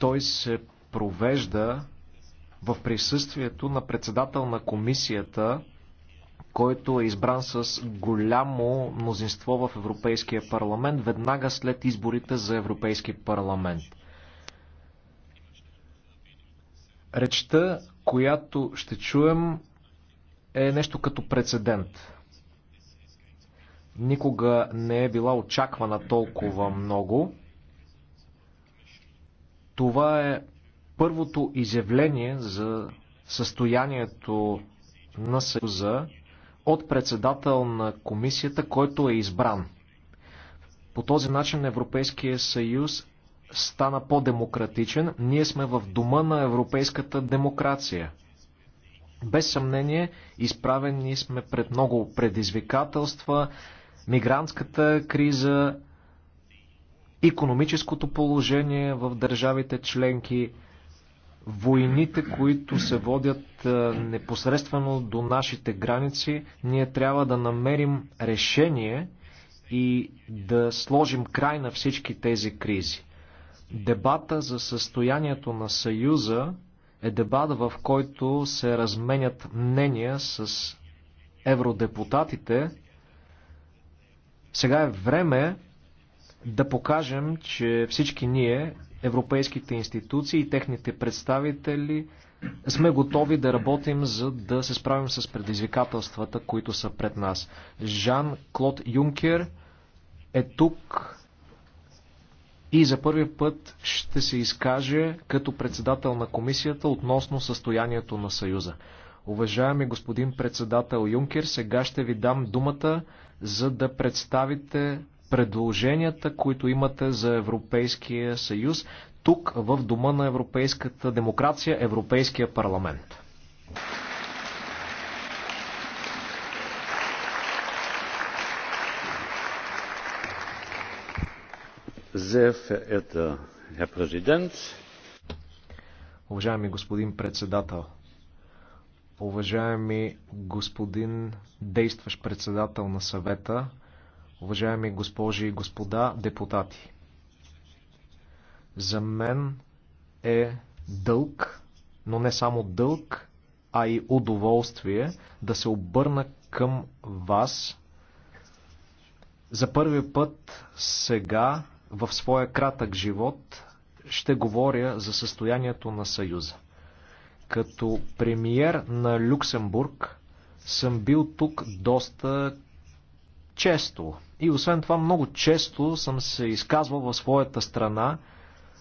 Той се провежда в присъствието на председател на комисията, който е избран с голямо мнозинство в Европейския парламент, веднага след изборите за Европейски парламент. Речта, която ще чуем, е нещо като прецедент. Никога не е била очаквана толкова много. Това е първото изявление за състоянието на Съюза от председател на комисията, който е избран. По този начин Европейския съюз стана по-демократичен. Ние сме в дома на европейската демокрация. Без съмнение, изправени сме пред много предизвикателства, мигрантската криза, економическото положение в държавите членки, войните, които се водят непосредствено до нашите граници, ние трябва да намерим решение и да сложим край на всички тези кризи. Дебата за състоянието на Съюза е дебат, в който се разменят мнения с евродепутатите. Сега е време да покажем, че всички ние, европейските институции и техните представители, сме готови да работим, за да се справим с предизвикателствата, които са пред нас. Жан-Клод Юнкер е тук и за първи път ще се изкаже като председател на комисията относно състоянието на Съюза. Уважаеми господин председател Юнкер, сега ще ви дам думата, за да представите предложенията, които имате за Европейския съюз тук в Дома на европейската демокрация, Европейския парламент. уважаеми господин председател, уважаеми господин действащ председател на съвета, уважаеми госпожи и господа депутати. За мен е дълг, но не само дълг, а и удоволствие да се обърна към вас за първи път сега в своя кратък живот ще говоря за състоянието на Съюза. Като премиер на Люксембург съм бил тук доста често. И освен това много често съм се изказвал в своята страна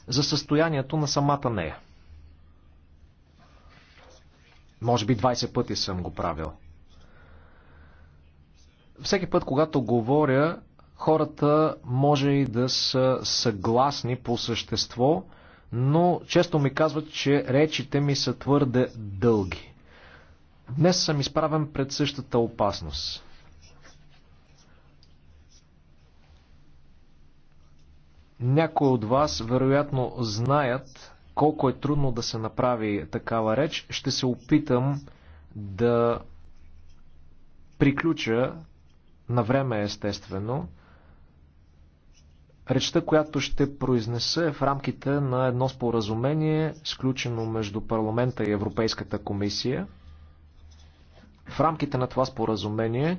за състоянието на самата нея. Може би 20 пъти съм го правил. Всеки път, когато говоря, хората може и да са съгласни по същество, но често ми казват, че речите ми са твърде дълги. Днес съм изправен пред същата опасност. Някои от вас вероятно знаят колко е трудно да се направи такава реч. Ще се опитам да приключа на време естествено. Речта, която ще произнеса е в рамките на едно споразумение, сключено между парламента и Европейската комисия. В рамките на това споразумение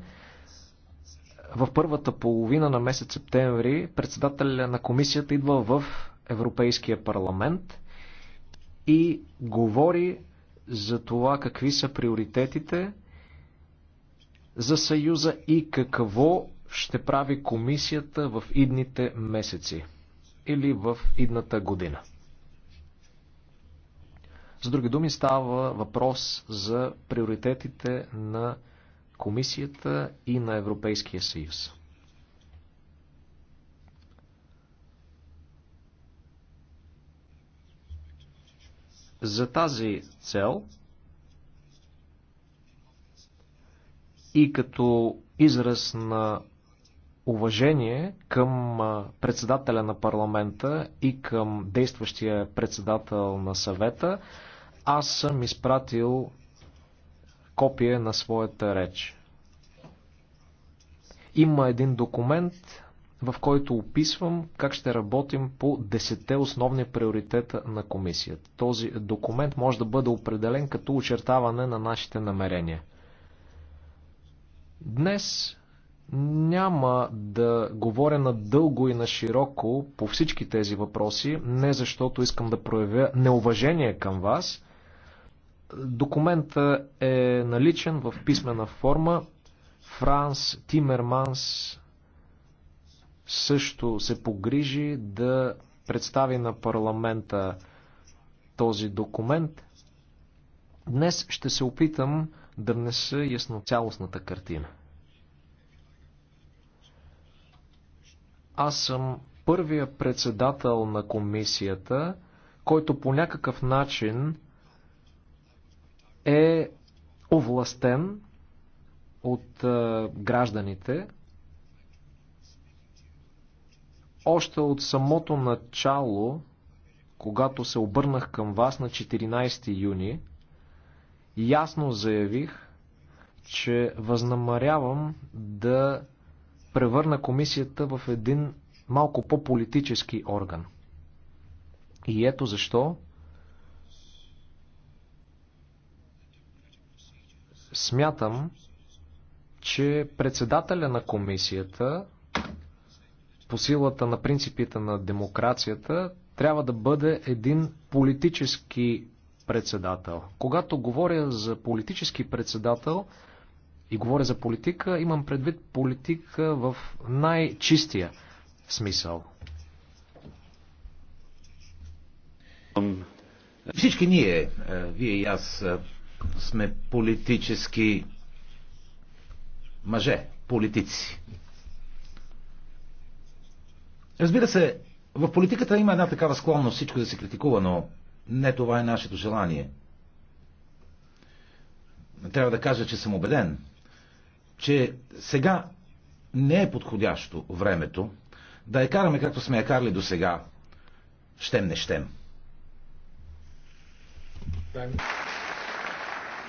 в първата половина на месец септември председателя на комисията идва в Европейския парламент и говори за това какви са приоритетите за Съюза и какво ще прави комисията в идните месеци или в идната година. С други думи става въпрос за приоритетите на комисията и на Европейския съюз. За тази цел и като израз на уважение към председателя на парламента и към действащия председател на съвета, аз съм изпратил копие на своята реч. Има един документ, в който описвам как ще работим по десете основни приоритета на комисията. Този документ може да бъде определен като очертаване на нашите намерения. Днес няма да говоря на дълго и на широко по всички тези въпроси, не защото искам да проявя неуважение към вас, Документът е наличен в писмена форма. Франс Тимерманс също се погрижи да представи на парламента този документ. Днес ще се опитам да внеса ясно цялостната картина. Аз съм първия председател на комисията, който по някакъв начин е овластен от е, гражданите още от самото начало, когато се обърнах към вас на 14 юни, ясно заявих, че възнамарявам да превърна комисията в един малко по-политически орган. И ето защо Смятам, че председателя на комисията по силата на принципите на демокрацията трябва да бъде един политически председател. Когато говоря за политически председател и говоря за политика, имам предвид политика в най-чистия смисъл. Всички ние, е, вие и аз, е, сме политически мъже, политици. Разбира се, в политиката има една такава склонност всичко да се критикува, но не това е нашето желание. Трябва да кажа, че съм убеден, че сега не е подходящо времето да я караме както сме я карали до сега, щем не щем. you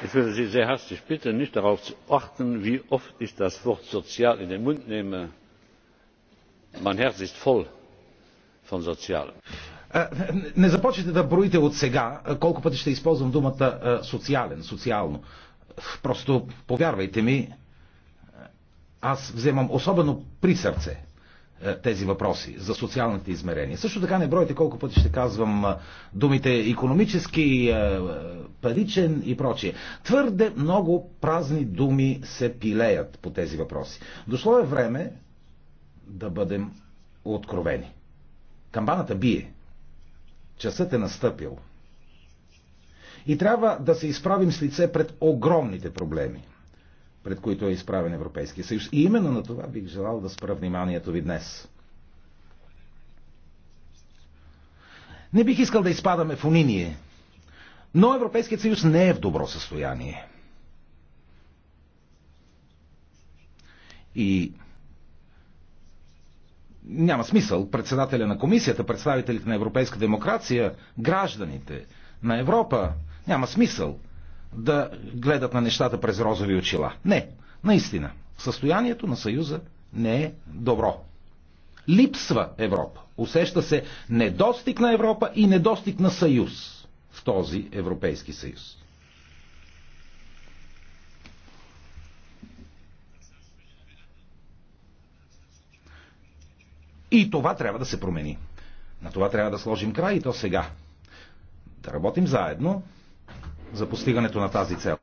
ich würde sie sehr herzlich bitten nicht darauf zu achten wie oft ich das wort sozial in den mund nehme. mein herz ist voll von sozialem. Не започвайте да броите от сега колко пъти ще използвам думата социален, социално. Просто повярвайте ми, аз вземам особено при сърце е, тези въпроси за социалните измерения. Също така не бройте колко пъти ще казвам е, думите економически, е, паричен и прочие. Твърде много празни думи се пилеят по тези въпроси. Дошло е време да бъдем откровени. Камбаната бие. Часът е настъпил. И трябва да се изправим с лице пред огромните проблеми пред които е изправен Европейския съюз. И именно на това бих желал да спра вниманието ви днес. Не бих искал да изпадаме в униние, но Европейският съюз не е в добро състояние. И няма смисъл председателя на комисията, представителите на европейска демокрация, гражданите на Европа, няма смисъл да гледат на нещата през розови очила. Не, наистина, състоянието на Съюза не е добро. Липсва Европа. Усеща се недостиг на Европа и недостиг на Съюз в този Европейски съюз. И това трябва да се промени. На това трябва да сложим край и то сега. Да работим заедно, за постигането на тази цел.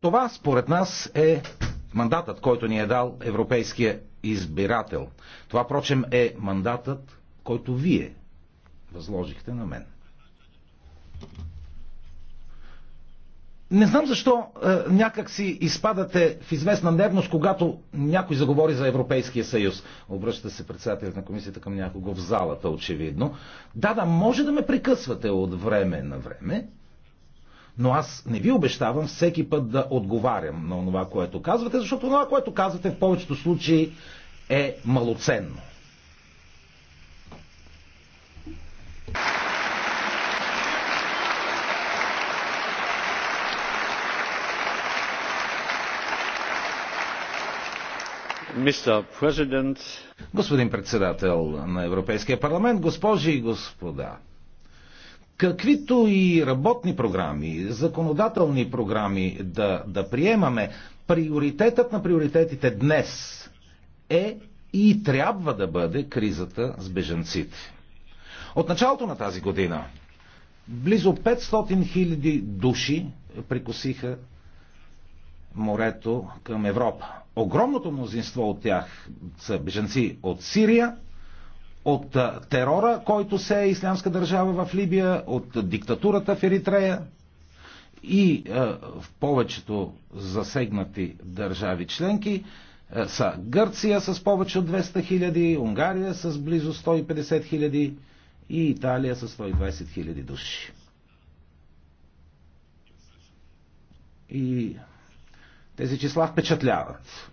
Това, според нас, е мандатът, който ни е дал европейския избирател. Това, прочем, е мандатът, който вие възложихте на мен. Не знам защо е, някак си изпадате в известна нервност, когато някой заговори за Европейския съюз. Обръща се председателят на комисията към някого в залата, очевидно. Да, да, може да ме прекъсвате от време на време, но аз не ви обещавам всеки път да отговарям на това, което казвате, защото това, което казвате в повечето случаи е малоценно. Господин председател на Европейския парламент, госпожи и господа, каквито и работни програми, законодателни програми да, да приемаме, приоритетът на приоритетите днес е и трябва да бъде кризата с бежанците. От началото на тази година близо 500 000 души прикосиха морето към Европа. Огромното мнозинство от тях са беженци от Сирия, от терора, който се е ислямска държава в Либия, от диктатурата в Еритрея и е, в повечето засегнати държави членки е, са Гърция с повече от 200 хиляди, Унгария с близо 150 хиляди и Италия с 120 хиляди души. И тези числа впечатляват.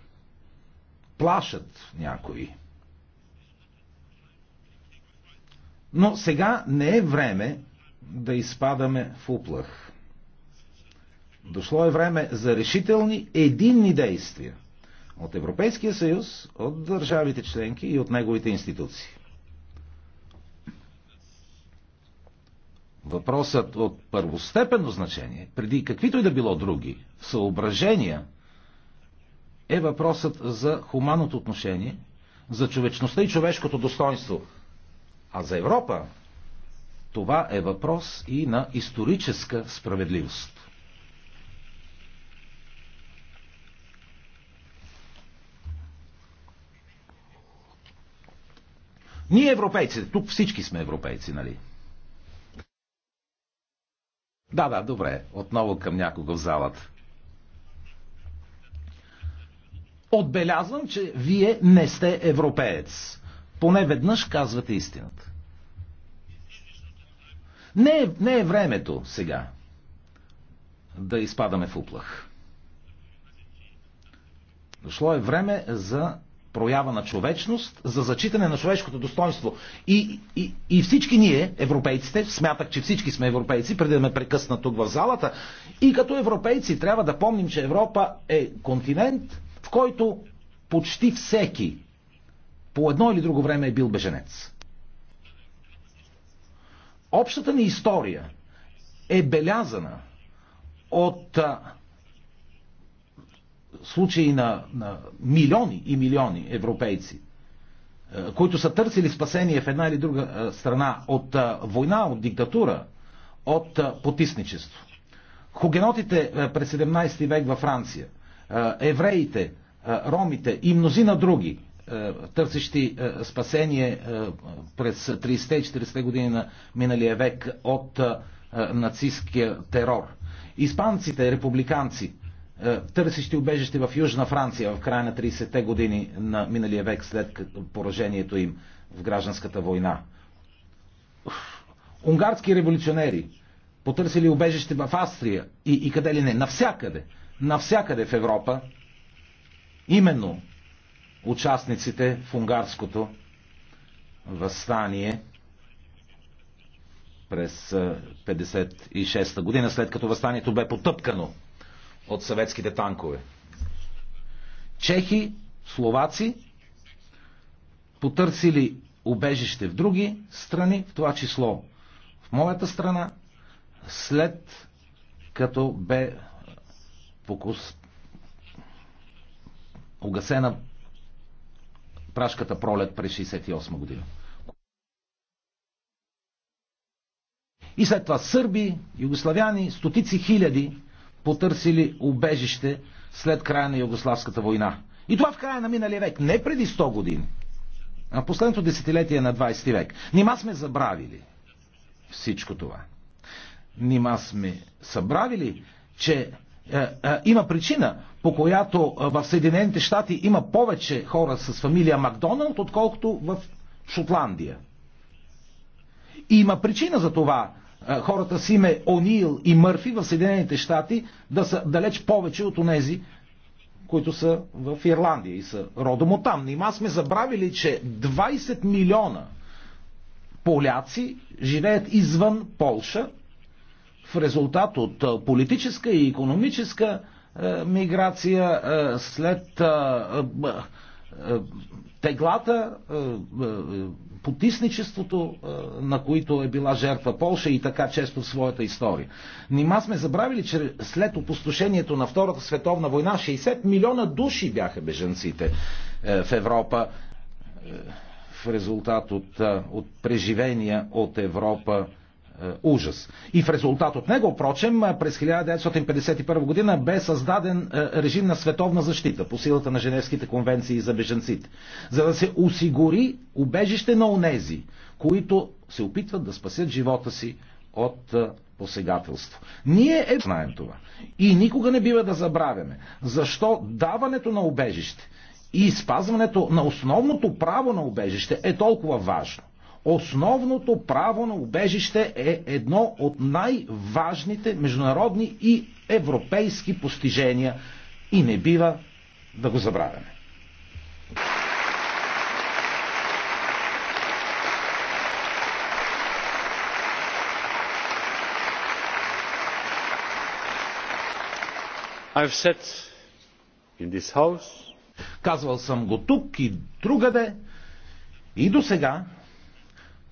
Плашат някои. Но сега не е време да изпадаме в уплах. Дошло е време за решителни, единни действия от Европейския съюз, от държавите членки и от неговите институции. въпросът от първостепенно значение, преди каквито и да било други съображения, е въпросът за хуманното отношение, за човечността и човешкото достоинство. А за Европа това е въпрос и на историческа справедливост. Ние европейците, тук всички сме европейци, нали? Да, да, добре. Отново към някого в залата. Отбелязвам, че вие не сте европеец. Поне веднъж казвате истината. Не е, не е времето сега да изпадаме в уплах. Дошло е време за проява на човечност, за зачитане на човешкото достоинство. И, и, и всички ние, европейците, смятах, че всички сме европейци, преди да ме прекъснат тук в залата, и като европейци трябва да помним, че Европа е континент, в който почти всеки по едно или друго време е бил беженец. Общата ни история е белязана от случаи на, на милиони и милиони европейци, е, които са търсили спасение в една или друга е, страна от е, война, от диктатура, от потисничество. Хугенотите през 17 век във Франция, евреите, ромите и мнозина други, търсещи спасение през 30-те и 40-те години на миналия век от нацистския терор. Испанците, републиканци, е, търсещи убежище в Южна Франция в края на 30-те години на миналия век след поражението им в гражданската война. Унгарски революционери потърсили убежище в Австрия и, и къде ли не, навсякъде, навсякъде в Европа, именно участниците в унгарското възстание през 56-та е, година, след като възстанието бе потъпкано от съветските танкове. Чехи, словаци потърсили убежище в други страни, в това число в моята страна, след като бе покус... угасена прашката пролет през 68 година. И след това сърби, югославяни, стотици хиляди потърсили убежище след края на Югославската война. И това в края на миналия век, не преди 100 години, а последното десетилетие на 20 век. Нима сме забравили всичко това. Нима сме събравили, че е, е, има причина, по която е, в Съединените щати има повече хора с фамилия Макдоналд, отколкото в Шотландия. И има причина за това, хората с име Онил и Мърфи в Съединените щати да са далеч повече от онези, които са в Ирландия и са родом от там. Нима сме забравили, че 20 милиона поляци живеят извън Полша в резултат от политическа и економическа е, миграция е, след е, теглата потисничеството, е, на които е била жертва Полша и така често в своята история. Нима сме забравили, че след опустошението на Втората световна война 60 милиона души бяха беженците е, в Европа е, в резултат от, от преживения от Европа е, ужас. И в резултат от него, впрочем, е, през 1951 година бе създаден е, режим на световна защита по силата на Женевските конвенции за беженците, за да се осигури убежище на онези, които се опитват да спасят живота си от посегателство. Ние е знаем това. И никога не бива да забравяме, защо даването на убежище и спазването на основното право на убежище е толкова важно. Основното право на убежище е едно от най-важните международни и европейски постижения и не бива да го забравяме. I've said in this house. Казвал съм го тук и другаде и до сега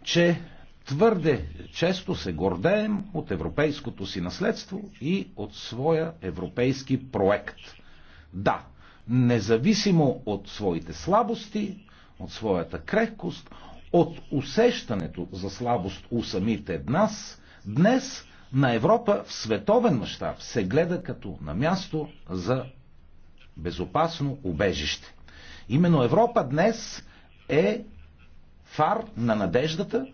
че твърде често се гордеем от европейското си наследство и от своя европейски проект. Да, независимо от своите слабости, от своята крехкост, от усещането за слабост у самите нас, днес на Европа в световен мащаб се гледа като на място за безопасно убежище. Именно Европа днес е фар на надеждата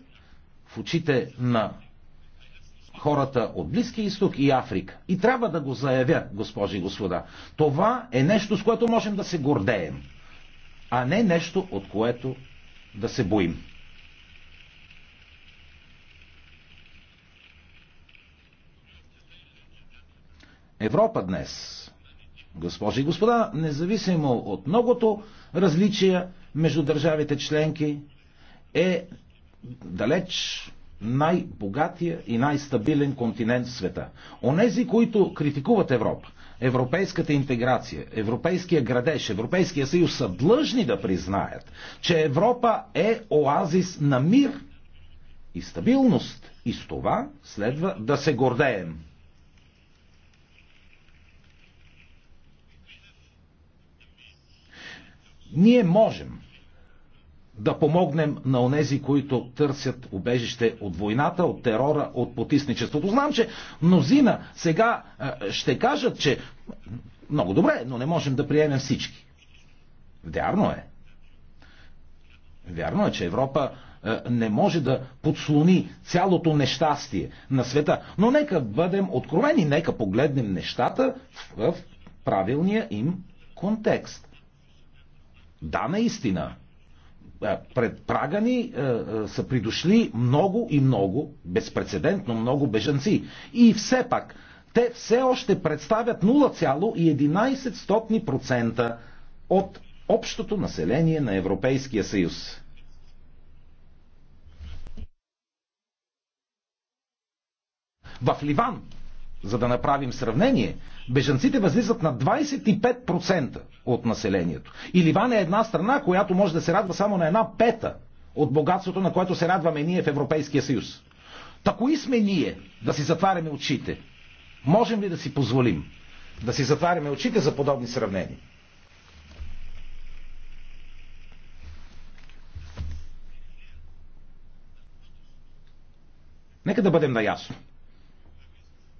в очите на хората от Близкия изток и Африка. И трябва да го заявя, госпожи и господа. Това е нещо, с което можем да се гордеем, а не нещо, от което да се боим. Европа днес, госпожи и господа, независимо от многото различия между държавите членки, е далеч най-богатия и най-стабилен континент в света. Онези, които критикуват Европа, европейската интеграция, европейския градеж, Европейския съюз са длъжни да признаят, че Европа е оазис на мир и стабилност. И с това следва да се гордеем. Ние можем да помогнем на онези, които търсят убежище от войната, от терора, от потисничеството. Знам, че мнозина сега е, ще кажат, че много добре, но не можем да приемем всички. Вярно е. Вярно е, че Европа е, не може да подслони цялото нещастие на света. Но нека бъдем откровени, нека погледнем нещата в правилния им контекст. Да, наистина, е, пред прага ни е, е, са придошли много и много, безпредседентно много бежанци. И все пак, те все още представят 0,11% от общото население на Европейския съюз. В Ливан за да направим сравнение, бежанците възлизат на 25% от населението. И Ливан е една страна, която може да се радва само на една пета от богатството, на което се радваме ние в Европейския съюз. Та кои сме ние да си затваряме очите? Можем ли да си позволим да си затваряме очите за подобни сравнения? Нека да бъдем наясно.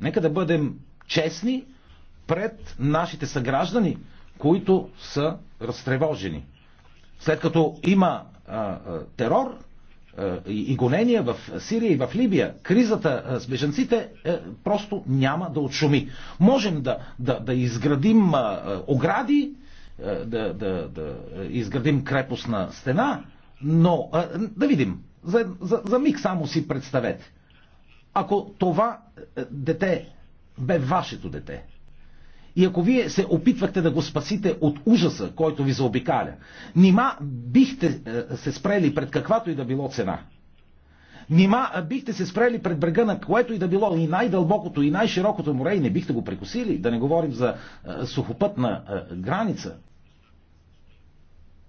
Нека да бъдем честни пред нашите съграждани, които са разтревожени. След като има а, а, терор а, и, гонения в Сирия и в Либия, кризата а, с беженците е, просто няма да отшуми. Можем да, да, да изградим а, а, огради, а, да, да, да изградим крепостна стена, но а, да видим. За, за, за миг само си представете ако това е, е, дете бе вашето дете, и ако вие се опитвахте да го спасите от ужаса, който ви заобикаля, нима бихте е, се спрели пред каквато и да било цена. Нима бихте се спрели пред брега на което и да било и най-дълбокото, и най-широкото море и не бихте го прекусили, да не говорим за сухопътна граница,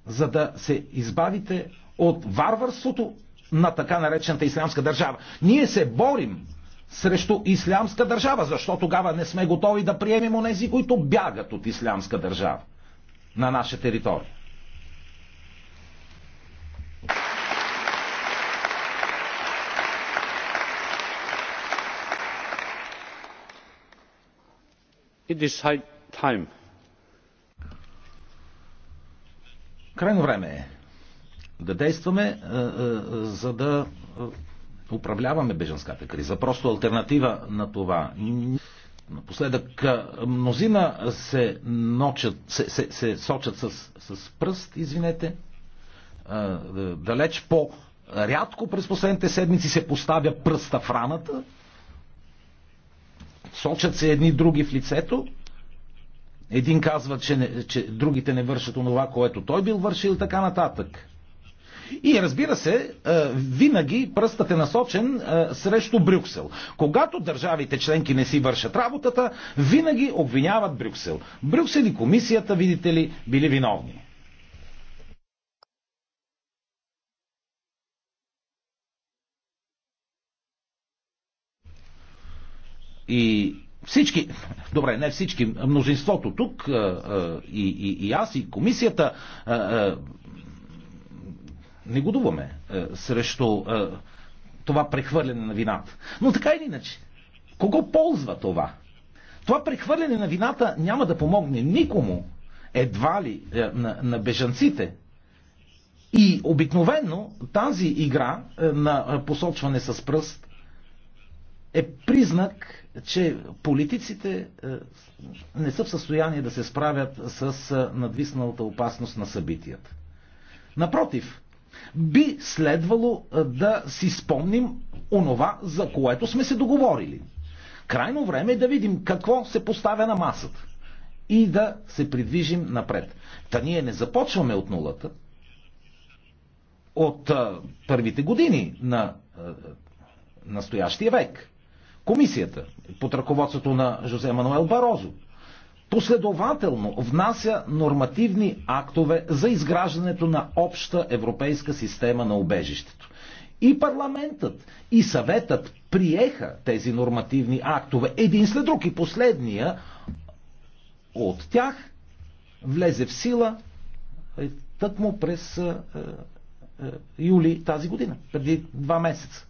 за да се избавите от варварството на така наречената ислямска държава. Ние се борим срещу ислямска държава, защо тогава не сме готови да приемем онези, които бягат от ислямска държава на наша територия. It is high time. Крайно време е да действаме, е, е, за да е, управляваме беженската криза. Просто альтернатива на това. Напоследък мнозина се, ночат, се, се, се сочат с, с пръст, извинете, далеч по рядко през последните седмици се поставя пръста в раната, сочат се едни други в лицето, един казва, че, не, че другите не вършат онова, което той бил вършил, така нататък. И разбира се, е, винаги пръстът е насочен е, срещу Брюксел. Когато държавите членки не си вършат работата, винаги обвиняват Брюксел. Брюксел и комисията, видите ли, били виновни. И всички, добре, не всички, мнозинството тук е, и, и, и аз и комисията негодуваме е, срещу е, това прехвърляне на вината. Но така или иначе, кого ползва това? Това прехвърляне на вината няма да помогне никому, едва ли е, на, на бежанците. И обикновено тази игра е, на е, посочване с пръст е признак, че политиците е, не са в състояние да се справят с е, надвисналата опасност на събитията. Напротив, би следвало да си спомним онова, за което сме се договорили. Крайно време е да видим какво се поставя на масата и да се придвижим напред. Та ние не започваме от нулата. От а, първите години на а, настоящия век. Комисията под ръководството на Жозе Мануел Барозо последователно внася нормативни актове за изграждането на обща европейска система на убежището. И парламентът, и съветът приеха тези нормативни актове. Един след друг и последния от тях влезе в сила е, тъкмо през е, е, е, юли тази година, преди два месеца.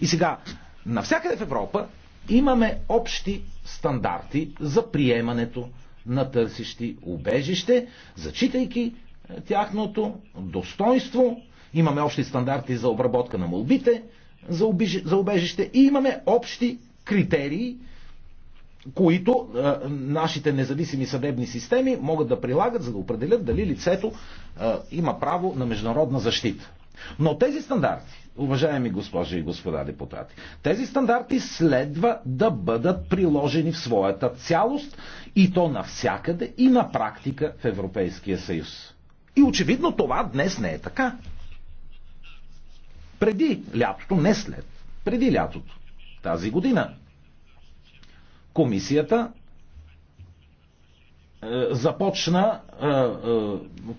И сега, навсякъде в Европа имаме общи стандарти за приемането на търсещи убежище, зачитайки е, тяхното достоинство, имаме общи стандарти за обработка на молбите за, убежи, за убежище и имаме общи критерии, които е, нашите независими съдебни системи могат да прилагат, за да определят дали лицето е, има право на международна защита. Но тези стандарти уважаеми госпожи и господа депутати. Тези стандарти следва да бъдат приложени в своята цялост и то навсякъде и на практика в Европейския съюз. И очевидно това днес не е така. Преди лятото, не след, преди лятото, тази година, комисията е, започна е, е,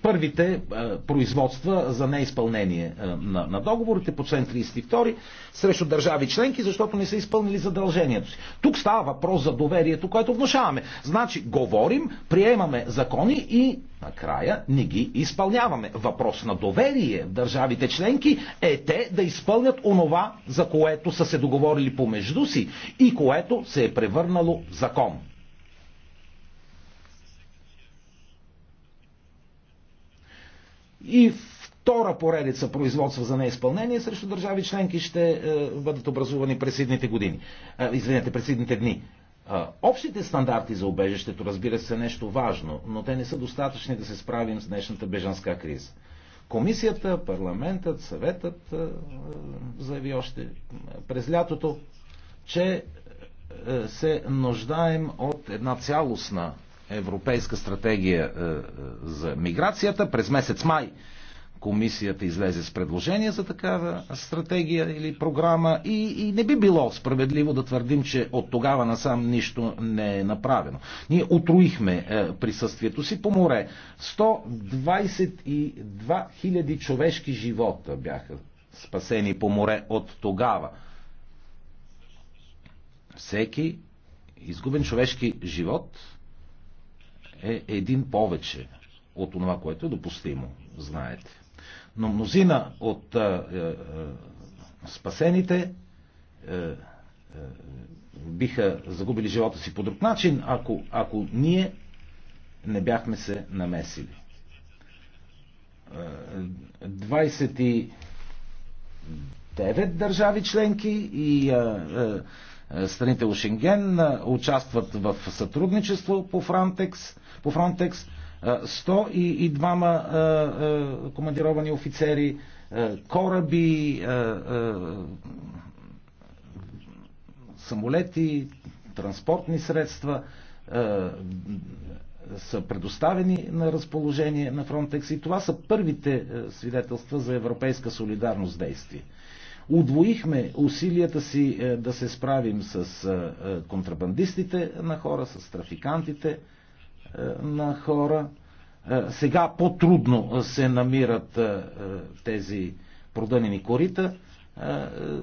първите производства за неизпълнение на договорите по член 32 срещу държави членки, защото не са изпълнили задължението си. Тук става въпрос за доверието, което внушаваме. Значи, говорим, приемаме закони и накрая не ги изпълняваме. Въпрос на доверие в държавите членки е те да изпълнят онова, за което са се договорили помежду си и което се е превърнало в закон. И втора поредица производства за неизпълнение срещу държави членки ще е, бъдат образувани през следните години. Е, извинете, през следните дни. Е, общите стандарти за убежището, разбира се, е нещо важно, но те не са достатъчни да се справим с днешната бежанска криза. Комисията, парламентът, съветът заяви още през лятото, че се нуждаем от една цялостна европейска стратегия е, е, за миграцията. През месец май комисията излезе с предложение за такава стратегия или програма и, и не би било справедливо да твърдим, че от тогава насам нищо не е направено. Ние отруихме е, присъствието си по море. 122 000 човешки живота бяха спасени по море от тогава. Всеки изгубен човешки живот е един повече от това, което е допустимо, знаете. Но мнозина от е, е, спасените е, е, биха загубили живота си по друг начин, ако, ако ние не бяхме се намесили. 29 е, държави членки и а, е, а, е, е, страните от Шенген е, участват в сътрудничество по Фронтекс, по Фронтекс е, 102 командировани офицери, кораби, самолети, транспортни средства са предоставени на разположение на Фронтекс и това са първите свидетелства за европейска солидарност действие. Удвоихме усилията си е, да се справим с е, е, контрабандистите на хора, с трафикантите на хора. Сега по-трудно се намират тези продънени корита,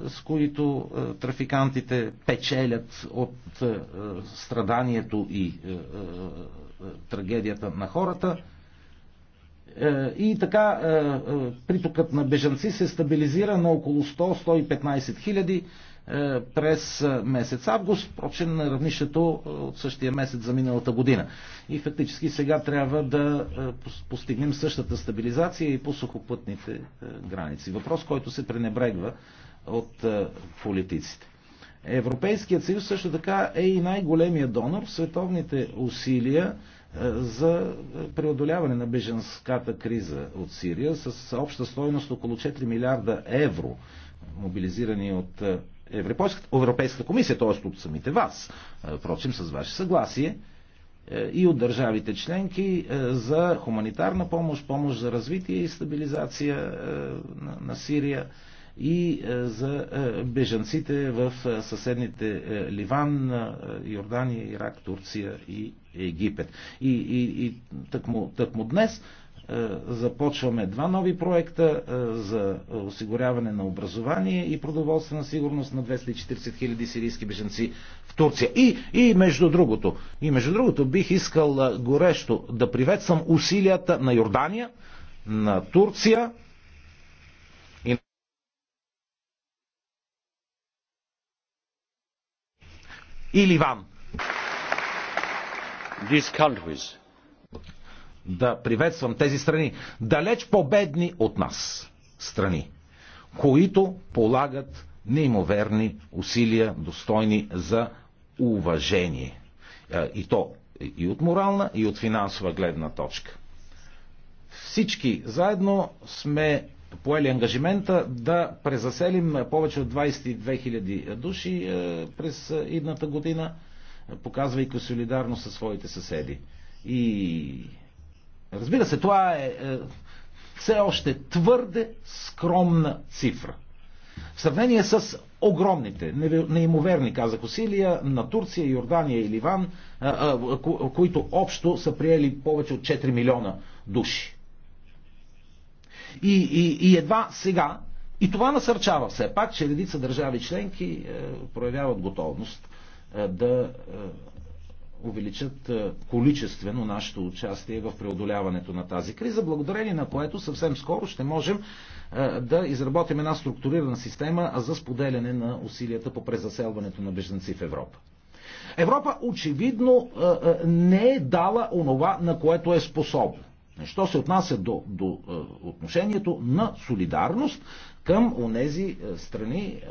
с които трафикантите печелят от страданието и трагедията на хората. Е, и така е, е, притокът на бежанци се стабилизира на около 100-115 хиляди през месец август, впрочем на равнището от същия месец за миналата година. И фактически сега трябва да постигнем същата стабилизация и по сухопътните граници. Въпрос, който се пренебрегва от политиците. Европейският съюз също така е и най-големия донор в световните усилия е, за преодоляване на беженската криза от Сирия с обща стойност около 4 милиарда евро, мобилизирани е, от Европейската комисия, т.е. от самите вас, е, впрочем с ваше съгласие, и от държавите членки за хуманитарна помощ, помощ за развитие и стабилизация на Сирия и е, за е, бежанците в е, съседните Ливан, Йордания, Ирак, Турция и Египет. И, и, и тъкмо, тъкмо днес започваме два нови проекта за осигуряване на образование и продоволствена сигурност на 240 хиляди сирийски беженци в Турция. И, и, между другото, и между другото бих искал горещо да приветствам усилията на Йордания, на Турция, и Ливан. Да приветствам тези страни, далеч победни от нас страни, които полагат неимоверни усилия, достойни за уважение. Е, и то и от морална, и от финансова гледна точка. Всички заедно сме поели ангажимента да презаселим повече от 22 000 души е, през е, идната година, показвайки солидарност със своите съседи. И разбира се, това е, е все още твърде скромна цифра. В сравнение с огромните, неимоверни, казах, усилия на Турция, Йордания и Ливан, които общо са приели повече от 4 милиона души. И, и, и едва сега, и това насърчава все пак, че редица държави членки е, проявяват готовност е, да е, увеличат е, количествено нашето участие в преодоляването на тази криза, благодарение на което съвсем скоро ще можем е, да изработим една структурирана система за споделяне на усилията по презаселването на беженци в Европа. Европа очевидно е, не е дала онова, на което е способна. Що се отнася до, до е, отношението на солидарност към онези е, страни, е,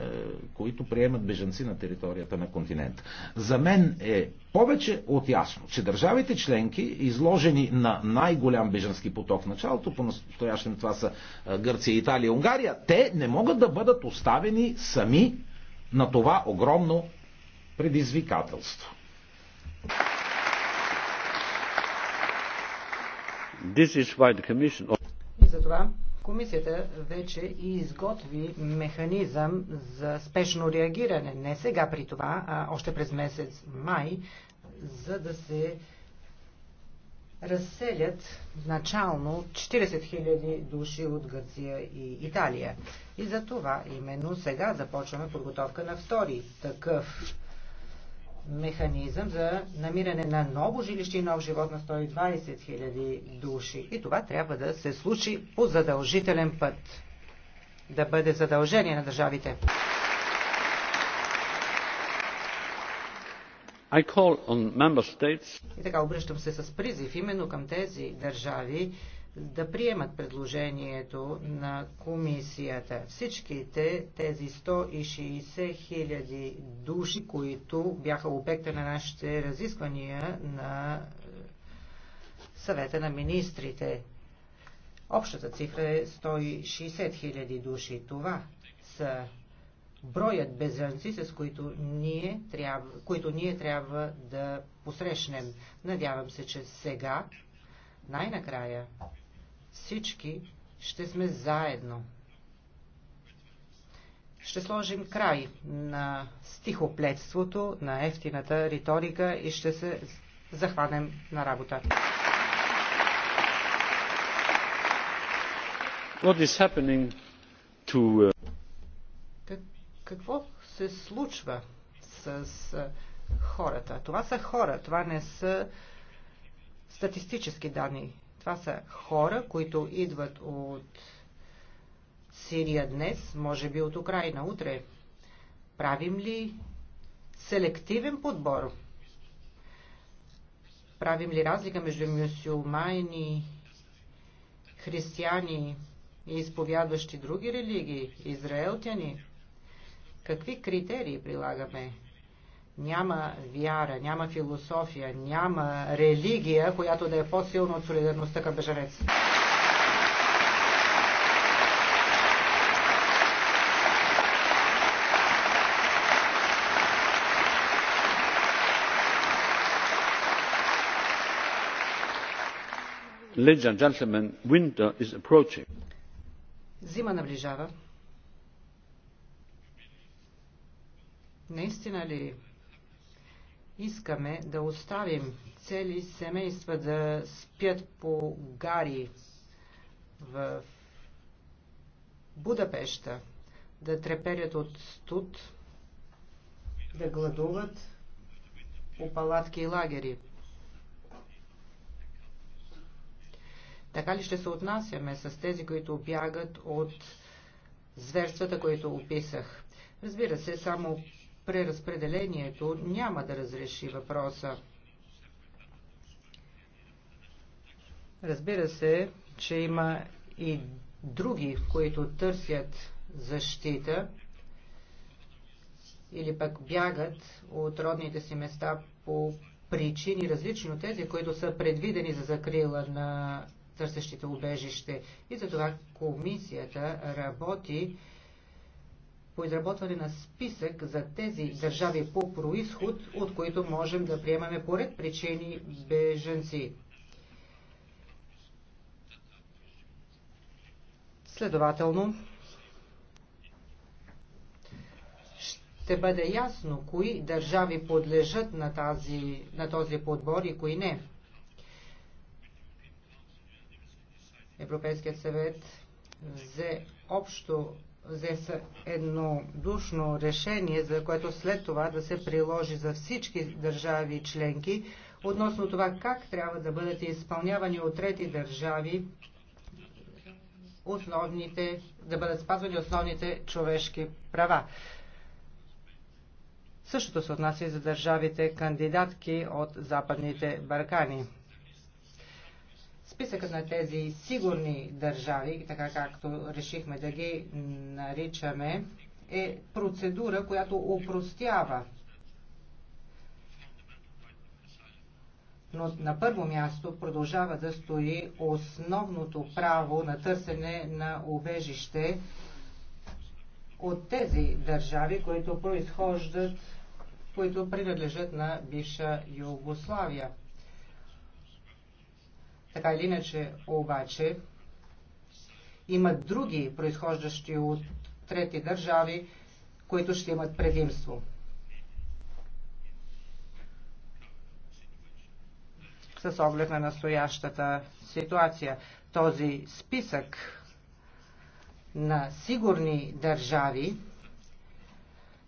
които приемат бежанци на територията на континент. За мен е повече от ясно, че държавите членки, изложени на най-голям бежански поток в началото, по-настоящем това са Гърция, Италия Унгария, те не могат да бъдат оставени сами на това огромно предизвикателство. затова комисията вече изготви механизъм за спешно реагиране. Не сега при това, а още през месец май, за да се разселят начално 40 000 души от Гърция и Италия. И за това именно сега започваме подготовка на втори такъв механизъм за намиране на ново жилище и нов живот на 120 000 души. И това трябва да се случи по задължителен път. Да бъде задължение на държавите. I call on member states. И така обръщам се с призив именно към тези държави, да приемат предложението на комисията. Всичките тези 160 хиляди души, които бяха обекта на нашите разисквания на е, съвета на министрите. Общата цифра е 160 хиляди души. Това са броят безранци, с които ние, трябва, които ние трябва да посрещнем. Надявам се, че сега, най-накрая, всички ще сме заедно. Ще сложим край на стихоплетството, на ефтината риторика и ще се захванем на работа. What is happening to... Uh, какво се случва с хората? Това са хора, това не са статистически данни. Това са хора, които идват от Сирия днес, може би от Украина утре. Правим ли селективен подбор? Правим ли разлика между мюсюлмани, християни и изповядващи други религии, израелтяни? Какви критерии прилагаме? Няма вяра, няма философия, няма религия, която да е по-силна от солидарността към бежанец. Ladies and gentlemen, winter is approaching. Зима наближава. Наистина ли Искаме да оставим цели семейства да спят по гари в Будапеща, да треперят от студ, да гладуват по палатки и лагери. Така ли ще се отнасяме с тези, които бягат от зверствата, които описах? Разбира се, само преразпределението няма да разреши въпроса. Разбира се, че има и други, които търсят защита или пък бягат от родните си места по причини различни от тези, които са предвидени за закрила на търсещите убежище. И за това комисията работи по изработване на списък за тези държави по происход, от които можем да приемаме поред причини беженци. Следователно, ще бъде ясно кои държави подлежат на, тази, на този подбор и кои не. Европейският съвет взе общо взе се еднодушно решение, за което след това да се приложи за всички държави членки, относно това как трябва да бъдат изпълнявани от трети държави основните, да бъдат спазвани основните човешки права. Същото се отнася и за държавите кандидатки от Западните Баркани. Списъкът на тези сигурни държави, така както решихме да ги наричаме, е процедура, която упростява. Но на първо място продължава да стои основното право на търсене на убежище от тези държави, които произхождат, които принадлежат на бивша Югославия. Така или иначе, обаче, има други, произхождащи от трети държави, които ще имат предимство. С оглед на настоящата ситуация, този списък на сигурни държави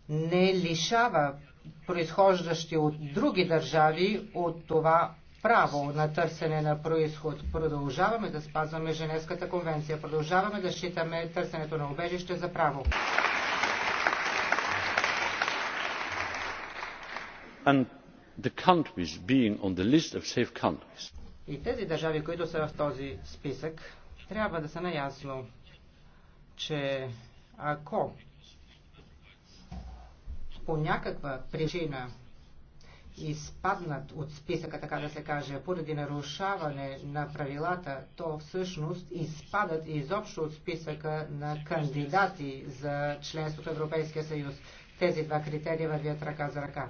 не лишава произхождащи от други държави от това право на търсене на происход. Продължаваме да спазваме Женевската конвенция. Продължаваме да считаме търсенето на убежище за право. And the countries being on the list of safe countries. И тези държави, които са в този списък, трябва да са наясно, че ако по някаква причина изпаднат от списъка, така да се каже, поради нарушаване на правилата, то всъщност изпадат изобщо от списъка на кандидати за членство в Европейския съюз. Тези два критерия вървят ръка за ръка.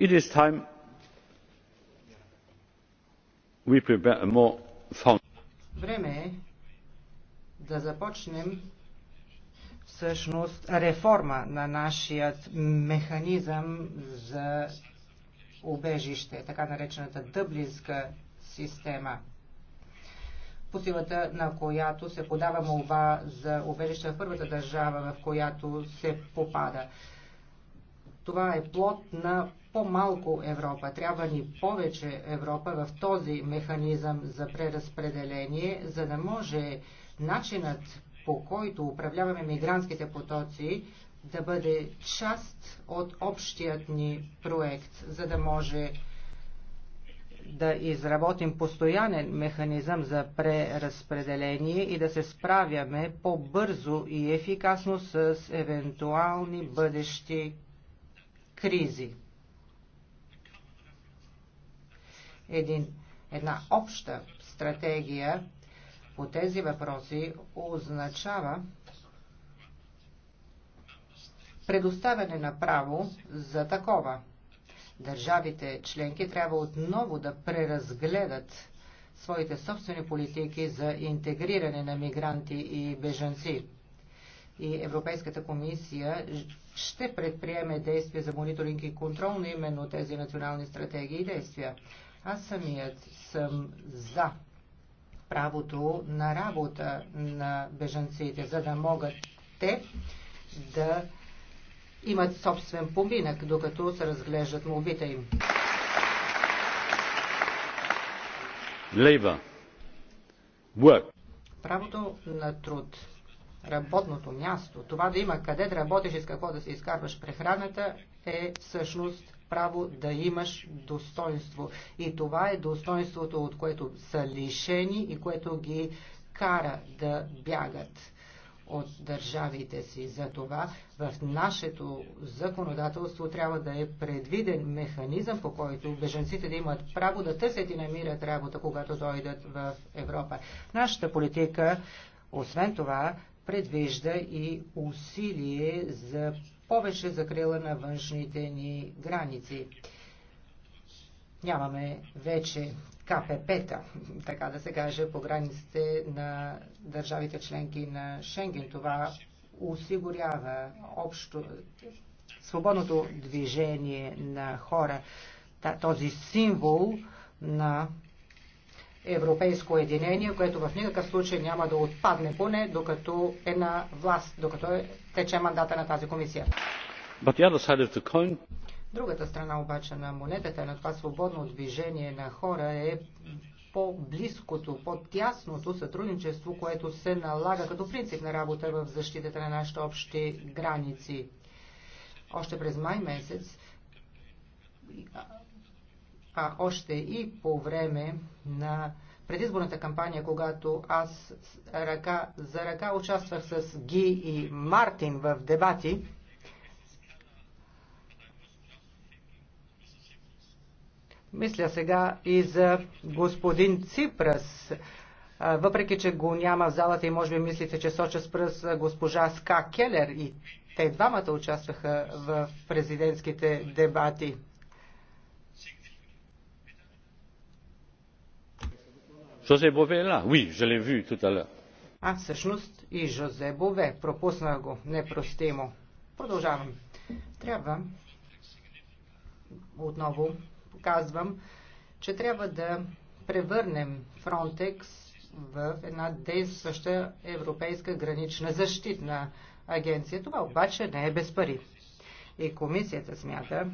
It is time we prepare a more Време е да започнем всъщност реформа на нашият механизъм за убежище, така наречената дъблинска система по силата на която се подава молба за убежище в първата държава, в която се попада. Това е плод на по-малко Европа. Трябва ни повече Европа в този механизъм за преразпределение, за да може начинът по който управляваме мигрантските потоци, да бъде част от общият ни проект, за да може да изработим постоянен механизъм за преразпределение и да се справяме по-бързо и ефикасно с евентуални бъдещи кризи. Един, една обща стратегия по тези въпроси означава предоставяне на право за такова. Държавите членки трябва отново да преразгледат своите собствени политики за интегриране на мигранти и бежанци. И Европейската комисия ще предприеме действия за мониторинг и контрол на именно тези национални стратегии и действия. Аз самият съм за правото на работа на бежанците, за да могат те да имат собствен поминък, докато се разглеждат молбите им. Labor. Work. Правото на труд, работното място, това да има къде да работиш и с какво да се изкарваш прехраната е всъщност право да имаш достоинство. И това е достоинството, от което са лишени и което ги кара да бягат от държавите си. Затова в нашето законодателство трябва да е предвиден механизъм, по който беженците да имат право да търсят и намират работа, когато дойдат в Европа. Нашата политика, освен това, предвижда и усилие за повече закрила на външните ни граници. Нямаме вече КПП-та, така да се каже, по границите на държавите членки на Шенген. Това осигурява общо свободното движение на хора. Този символ на европейско единение, което в никакъв случай няма да отпадне, поне докато е на власт, докато е Тече мандата на тази комисия. Другата страна обаче на монетата, на това свободно движение на хора е по-близкото, по-тясното сътрудничество, което се налага като принцип на работа в защитата на нашите общи граници. Още през май месец, а още и по време на предизборната кампания, когато аз ръка за ръка участвах с Ги и Мартин в дебати, Мисля сега и за господин Ципрас. Въпреки, че го няма в залата и може би мислите, че соча с пръст госпожа Ска Келер и те двамата участваха в президентските дебати. Жозе Бове е ла. Oui, je l'ai vu tout А, всъщност и Жозе Бове. пропусна го. Непростимо. Продължавам. Трябва, отново показвам, че трябва да превърнем Фронтекс в една действаща европейска гранична защитна агенция. Това обаче не е без пари. И комисията смята,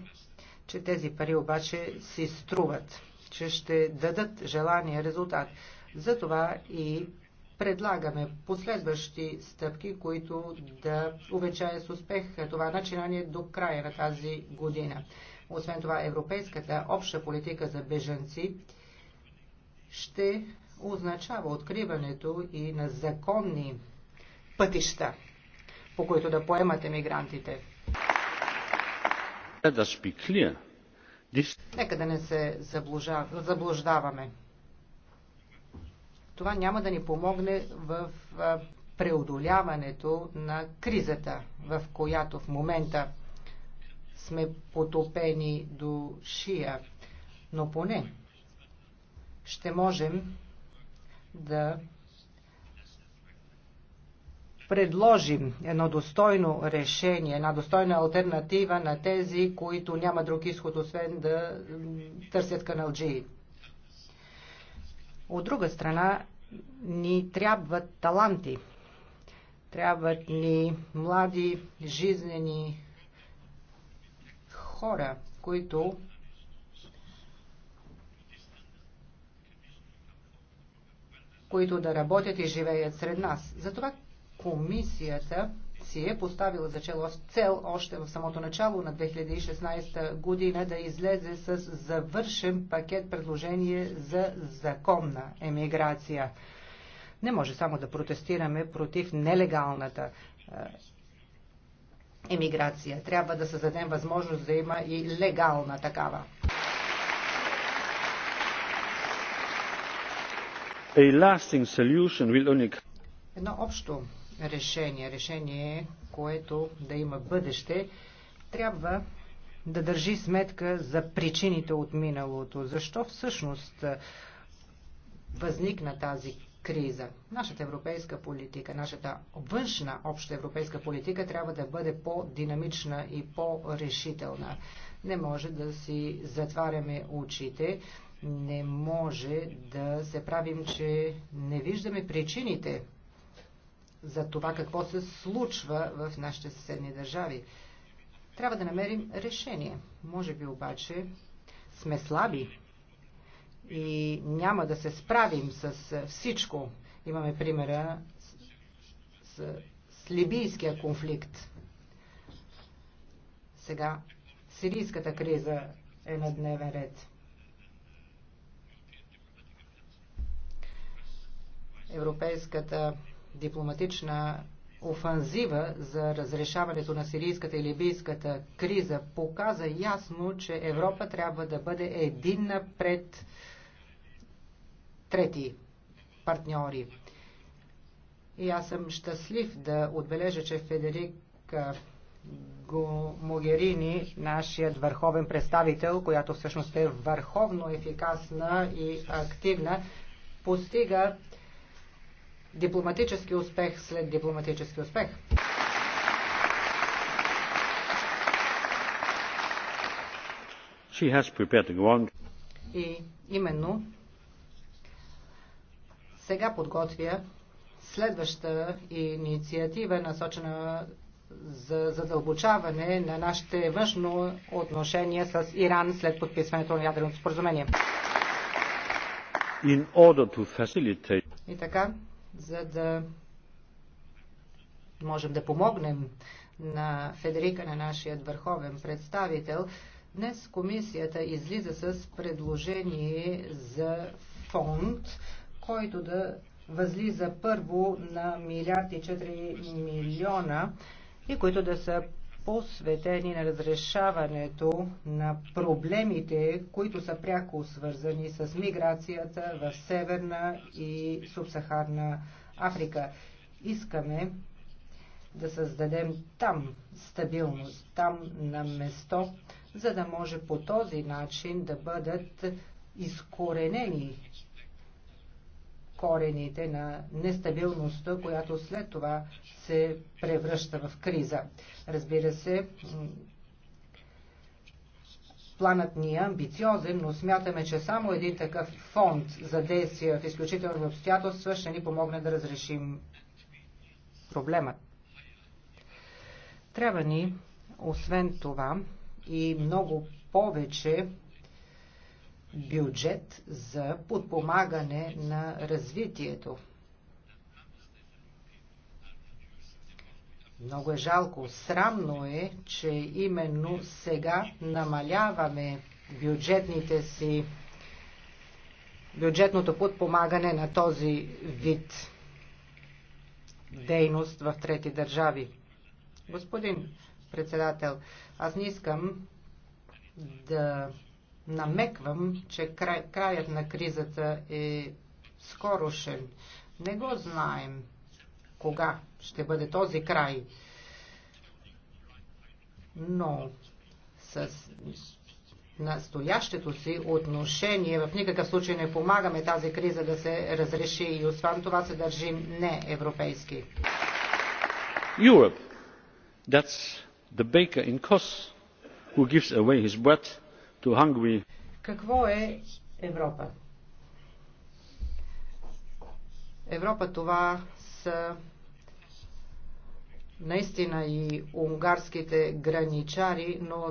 че тези пари обаче си струват че ще дадат желания резултат. Затова и предлагаме последващи стъпки, които да увечае с успех това начинание до края на тази година. Освен това, европейската обща политика за бежанци ще означава откриването и на законни пътища, по които да поемат емигрантите. Let us be clear Нека да не се заблуждаваме. Това няма да ни помогне в преодоляването на кризата, в която в момента сме потопени до шия. Но поне ще можем да предложим едно достойно решение, една достойна альтернатива на тези, които няма друг изход, освен да търсят каналджии. От друга страна, ни трябват таланти. Трябват ни млади, жизнени хора, които които да работят и живеят сред нас. Затова комисията си е поставила за чело цел още в самото начало на 2016 година да излезе с завършен пакет предложение за законна емиграция. Не може само да протестираме против нелегалната е, емиграция. Трябва да създадем възможност да има и легална такава. A lasting solution will only... Едно общо решение, решение, е, което да има бъдеще, трябва да държи сметка за причините от миналото. Защо всъщност възникна тази криза. Нашата европейска политика, нашата външна обща европейска политика трябва да бъде по-динамична и по-решителна. Не може да си затваряме очите, не може да се правим, че не виждаме причините за това какво се случва в нашите съседни държави. Трябва да намерим решение. Може би обаче сме слаби и няма да се справим с всичко. Имаме примера с, с либийския конфликт. Сега сирийската криза е на дневен ред. Европейската дипломатична офанзива за разрешаването на сирийската и либийската криза показа ясно, че Европа трябва да бъде единна пред трети партньори. И аз съм щастлив да отбележа, че Федерик Могерини, нашият върховен представител, която всъщност е върховно ефикасна и активна, постига дипломатически успех след дипломатически успех. She has prepared to go on. И именно сега подготвя следваща инициатива, насочена за задълбочаване на нашите външно отношения с Иран след подписването на ядреното споразумение. In order to facilitate... И така, за да можем да помогнем на Федерика, на нашия върховен представител. Днес комисията излиза с предложение за фонд, който да възлиза първо на милиарди 4 милиона и които да са посветени на разрешаването на проблемите, които са пряко свързани с миграцията в Северна и Субсахарна Африка. Искаме да създадем там стабилност, там на место, за да може по този начин да бъдат изкоренени корените на нестабилността, която след това се превръща в криза. Разбира се, Планът ни е амбициозен, но смятаме, че само един такъв фонд за действия в изключителни обстоятелства ще ни помогне да разрешим проблема. Трябва ни, освен това, и много повече бюджет за подпомагане на развитието. Много е жалко, срамно е, че именно сега намаляваме бюджетните си бюджетното подпомагане на този вид дейност в трети държави. Господин председател, аз не искам да намеквам, че край, краят на кризата е скорошен. Не го знаем кога ще бъде този край. Но с настоящето си отношение в никакъв случай не помагаме тази криза да се разреши и освен това се държим не европейски. Европа, That's the baker in Kos who gives away his bread какво е Европа? Европа това са наистина и унгарските граничари, но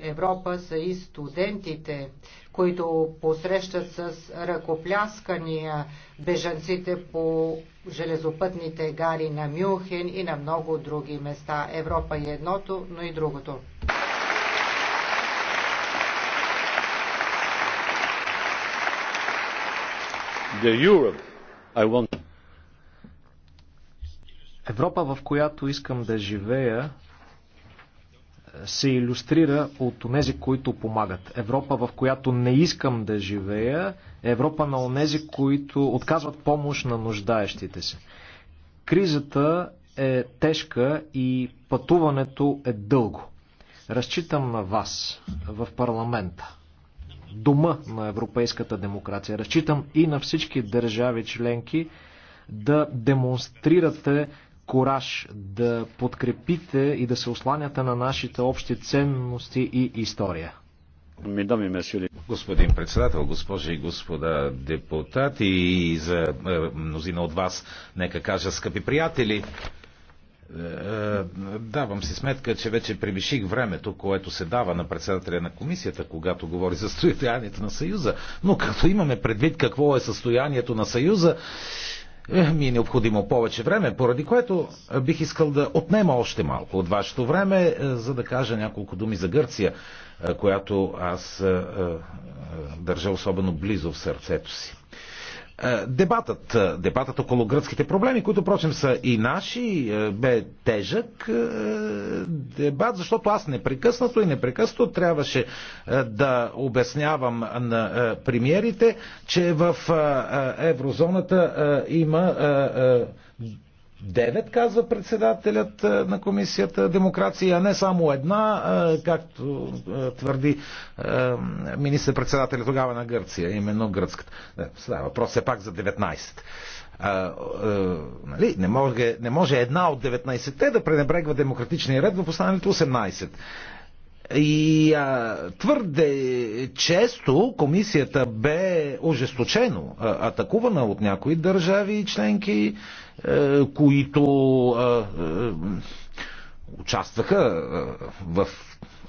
Европа са и студентите, които посрещат с ръкопляскания бежанците по железопътните гари на Мюнхен и на много други места. Европа е едното, но и другото. Европа, в която искам да живея, се иллюстрира от онези, които помагат. Европа, в която не искам да живея, е Европа на онези, които отказват помощ на нуждаещите се. Кризата е тежка и пътуването е дълго. Разчитам на вас в парламента дома на европейската демокрация. Разчитам и на всички държави членки да демонстрирате кораж, да подкрепите и да се осланяте на нашите общи ценности и история. Господин председател, госпожи и господа депутати и за е, мнозина от вас, нека кажа, скъпи приятели, е, е, давам си сметка, че вече превиших времето, което се дава на председателя на комисията, когато говори за състоянието на Съюза. Но като имаме предвид какво е състоянието на Съюза, е, ми е необходимо повече време, поради което бих искал да отнема още малко от вашето време, за да кажа няколко думи за Гърция, която аз държа особено близо в сърцето си. Е, дебатът, е, дебатът около гръцките проблеми, които, впрочем, са и наши, е, бе тежък дебат, защото аз непрекъснато и непрекъснато трябваше да обяснявам на премиерите, че в еврозоната има Девет казва председателят е, на комисията демокрация, а не само една, е, както е, твърди министър-председателя тогава на Гърция, именно гръцката. Става въпрос е пак за 19. А, а, нали, не, може, не може една от 19-те да пренебрегва демократичния ред в останалите 18. И а, твърде често комисията бе ожесточено атакувана от някои държави и членки, а, е, които а, а, е, участваха а, е, в,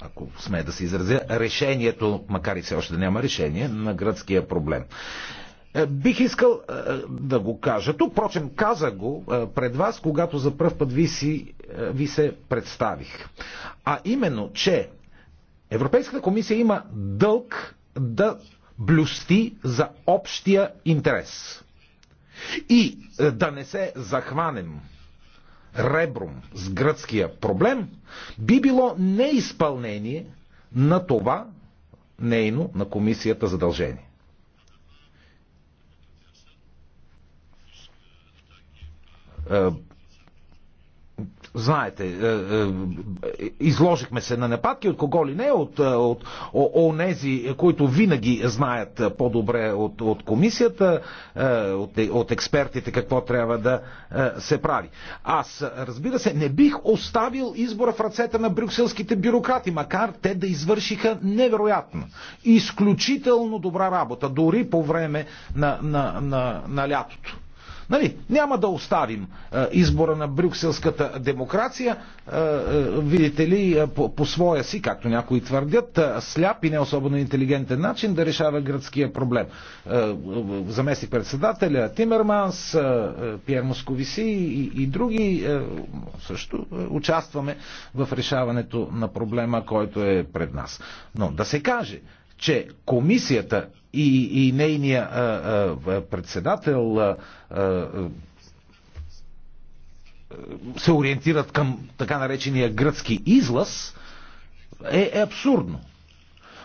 ако сме да се изразя, решението, макар и все още да няма решение, на гръцкия проблем. Бих искал да го кажа. Тук, впрочем, каза го пред вас, когато за първ път ви, си, ви се представих. А именно, че Европейската комисия има дълг да блюсти за общия интерес. И е, да не се захванем ребром с гръцкия проблем, би било неизпълнение на това нейно на комисията задължение. Е, Знаете, е, е, изложихме се на нападки от кого ли не, от, е, от онези, които винаги знаят по-добре от, от комисията, от, от експертите какво трябва да се прави. Аз, разбира се, не бих оставил избора в ръцете на брюкселските бюрократи, макар те да извършиха невероятно, изключително добра работа, дори по време на, на, на, на лятото. Нали, няма да оставим е, избора на брюкселската демокрация, е, е, видите ли, по, по своя си, както някои твърдят, сляп и не особено интелигентен начин да решава гръцкия проблем. Заместник председателя Тимерманс, Пьер Московиси и, и други също участваме в решаването на проблема, който е пред нас. Но да се каже, че комисията и, и нейния а, а, председател а, а, се ориентират към така наречения гръцки излаз, е, е абсурдно.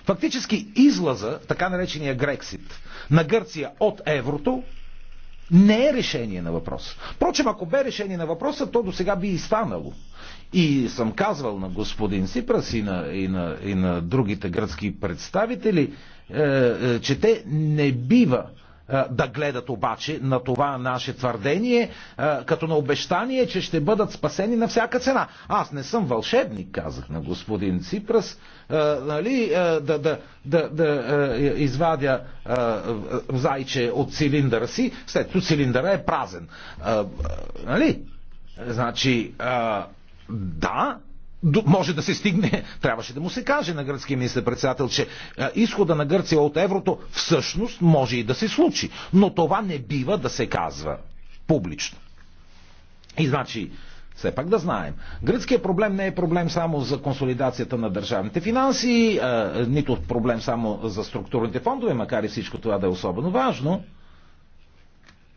Фактически излаза, така наречения Грексит, на Гърция от еврото не е решение на въпроса. Впрочем, ако бе решение на въпроса, то до сега би и станало. И съм казвал на господин Сипрас и на, и на, и на другите гръцки представители, е, е, че те не бива е, да гледат обаче на това наше твърдение като на обещание, че ще бъдат спасени на всяка цена. Аз не съм вълшебник, казах на господин е, нали, да, да, да, да извадя зайче от цилиндъра си, след като цилиндъра е празен. Нали? Значи, да, може да се стигне, трябваше да му се каже на гръцкия министр-председател, че изхода на Гърция от еврото всъщност може и да се случи. Но това не бива да се казва публично. И значи, все пак да знаем. Гръцкият проблем не е проблем само за консолидацията на държавните финанси, нито проблем само за структурните фондове, макар и всичко това да е особено важно,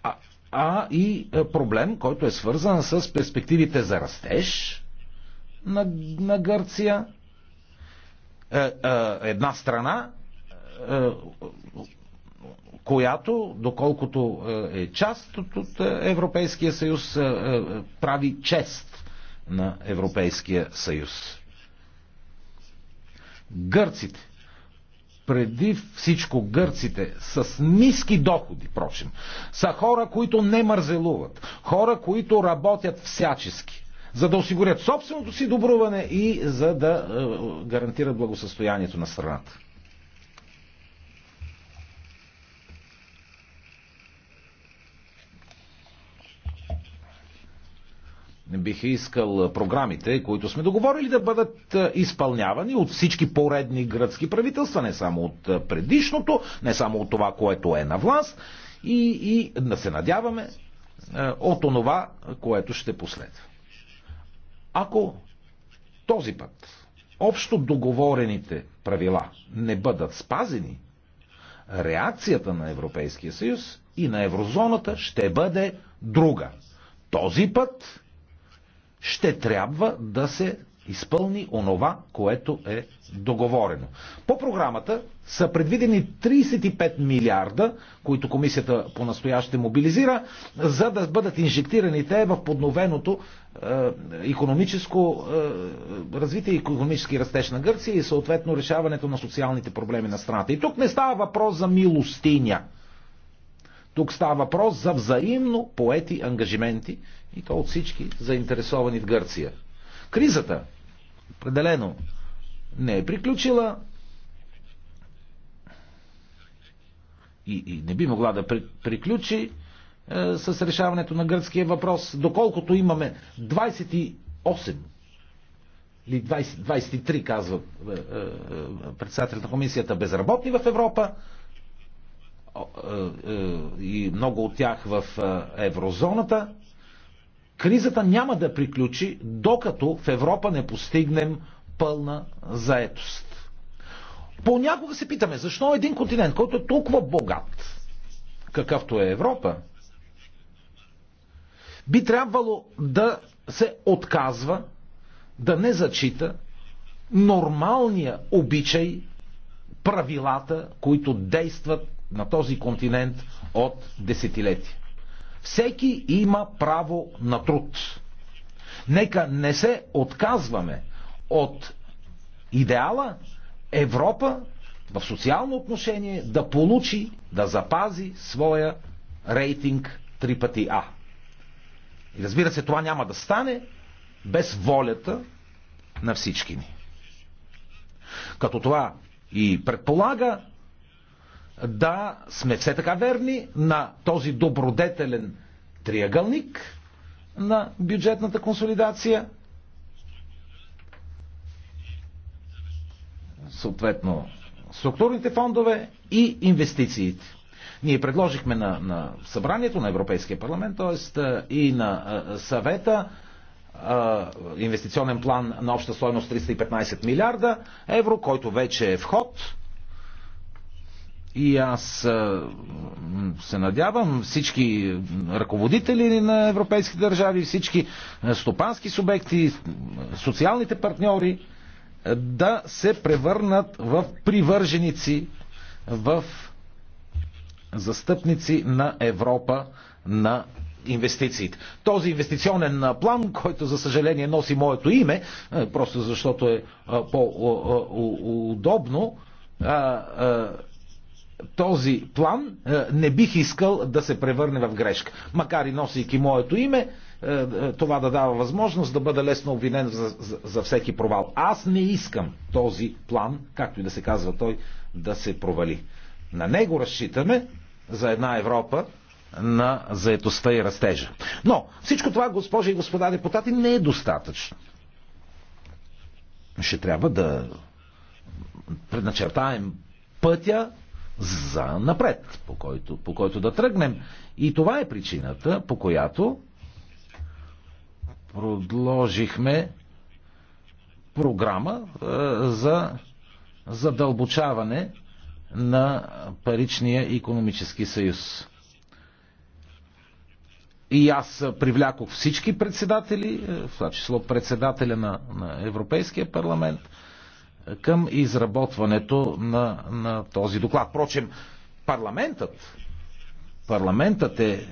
а, а и проблем, който е свързан с перспективите за растеж, на, на Гърция. Е, е, една страна, е, която, доколкото е, е част от, от Европейския съюз, е, е, прави чест на Европейския съюз. Гърците преди всичко гърците с ниски доходи, прочим, са хора, които не мързелуват, хора, които работят всячески за да осигурят собственото си добруване и за да е, гарантират благосъстоянието на страната. Не бих искал програмите, които сме договорили да бъдат е, изпълнявани от всички поредни гръцки правителства, не само от е, предишното, не само от това, което е на власт и, и да се надяваме от онова, което ще последва. Ако този път общо договорените правила не бъдат спазени, реакцията на Европейския съюз и на еврозоната ще бъде друга. Този път ще трябва да се изпълни онова, което е договорено. По програмата са предвидени 35 милиарда, които комисията по настояще мобилизира, за да бъдат инжектирани те в подновеното економическо е, развитие и економически растеж на Гърция и съответно решаването на социалните проблеми на страната. И тук не става въпрос за милостиня. Тук става въпрос за взаимно поети ангажименти и то от всички заинтересовани в Гърция. Кризата определено не е приключила и, и не би могла да приключи е, с решаването на гръцкия въпрос, доколкото имаме 28 или 20, 23, казва е, е, председателят на комисията, безработни в Европа и много от тях в еврозоната, кризата няма да приключи, докато в Европа не постигнем пълна заетост. Понякога се питаме, защо един континент, който е толкова богат, какъвто е Европа, би трябвало да се отказва, да не зачита нормалния обичай, правилата, които действат на този континент от десетилетия. Всеки има право на труд. Нека не се отказваме от идеала Европа в социално отношение да получи, да запази своя рейтинг три пъти А. И разбира се, това няма да стане без волята на всички ни. Като това и предполага да сме все така верни на този добродетелен триъгълник на бюджетната консолидация. Съответно, структурните фондове и инвестициите. Ние предложихме на, на събранието на Европейския парламент, т.е. и на съвета, инвестиционен план на обща стоеност 315 милиарда евро, който вече е в ход. И аз се надявам всички ръководители на европейски държави, всички стопански субекти, социалните партньори да се превърнат в привърженици, в застъпници на Европа на инвестициите. Този инвестиционен план, който за съжаление носи моето име, просто защото е по-удобно, този план не бих искал да се превърне в грешка. Макар и носейки моето име, това да дава възможност да бъда лесно обвинен за, за, за всеки провал. Аз не искам този план, както и да се казва той, да се провали. На него разчитаме, за една Европа на заетостта и растежа. Но всичко това, госпожи и господа депутати, не е достатъчно. Ще трябва да предначертаем пътя за напред, по който, по който да тръгнем. И това е причината, по която продложихме програма е, за задълбочаване на паричния економически съюз. И аз привлякох всички председатели, е, в това число председателя на, на Европейския парламент, е, към изработването на, на този доклад. Впрочем, парламентът, парламентът е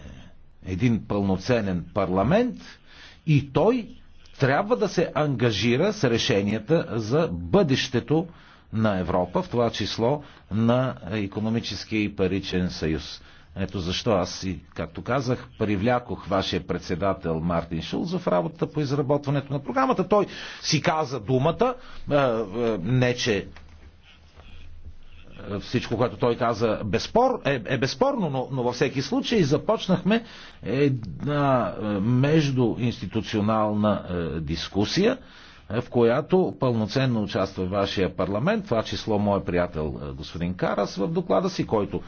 един пълноценен парламент и той трябва да се ангажира с решенията за бъдещето на Европа, в това число на економическия и паричен съюз. Ето защо аз и, както казах, привлякох вашия председател Мартин Шулз в работата по изработването на програмата. Той си каза думата, не че всичко, което той каза безпор, е, е безспорно, но, но във всеки случай започнахме една междуинституционална дискусия, в която пълноценно участва вашия парламент, това число моят приятел е, господин Карас в доклада си, който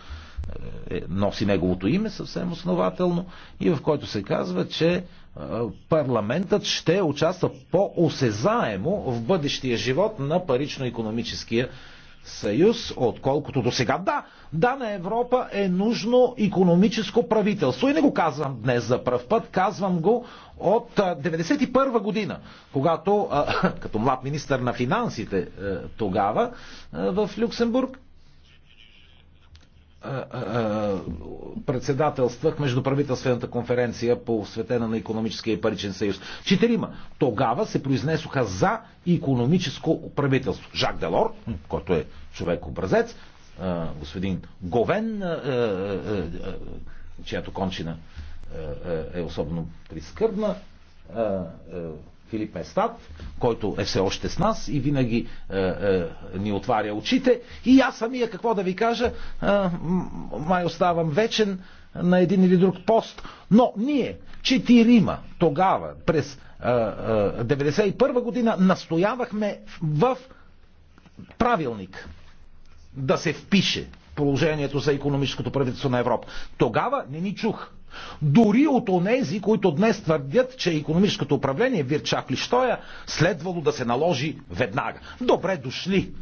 е, е, носи неговото име съвсем основателно и в който се казва, че парламентът ще участва по-осезаемо в бъдещия живот на парично-економическия съюз, отколкото до сега. Да, да, на Европа е нужно економическо правителство. И не го казвам днес за пръв път, казвам го от 1991 година, когато като млад министр на финансите тогава в Люксембург председателствах Междуправителствената конференция по светена на економическия и паричен съюз. Четирима. Тогава се произнесоха за економическо правителство. Жак Делор, който е човек образец, господин Говен, чиято кончина е особено прискърбна, Филип Местат, който е все още с нас и винаги е, е, ни отваря очите. И аз самия, какво да ви кажа, е, май оставам вечен на един или друг пост. Но ние, четирима, тогава, през е, е, 91 година, настоявахме в правилник да се впише положението за економическото правителство на Европа. Тогава не ни чух. Дори от онези, които днес твърдят, че економическото управление Вирчак Лиштоя следвало да се наложи веднага. Добре дошли!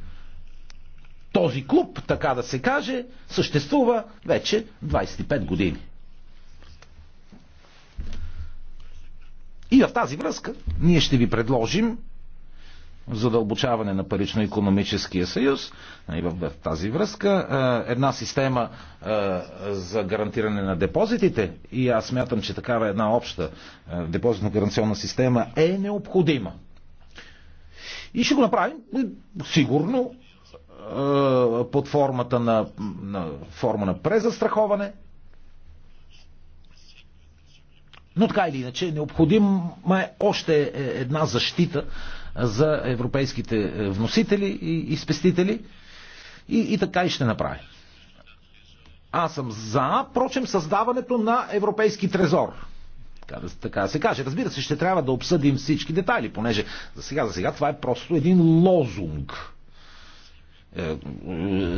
Този клуб, така да се каже, съществува вече 25 години. И в тази връзка ние ще ви предложим задълбочаване на парично-економическия съюз. И нали, в тази връзка една система за гарантиране на депозитите и аз смятам, че такава една обща депозитно-гаранционна система е необходима. И ще го направим е, сигурно под формата на, на форма на презастраховане. Но така или иначе, необходима е още е една защита за европейските е, вносители и, и спестители. И, и така и ще направи. Аз съм за, прочем, създаването на европейски трезор. Така, така се каже. Разбира се, ще трябва да обсъдим всички детайли, понеже за сега, за сега това е просто един лозунг, е,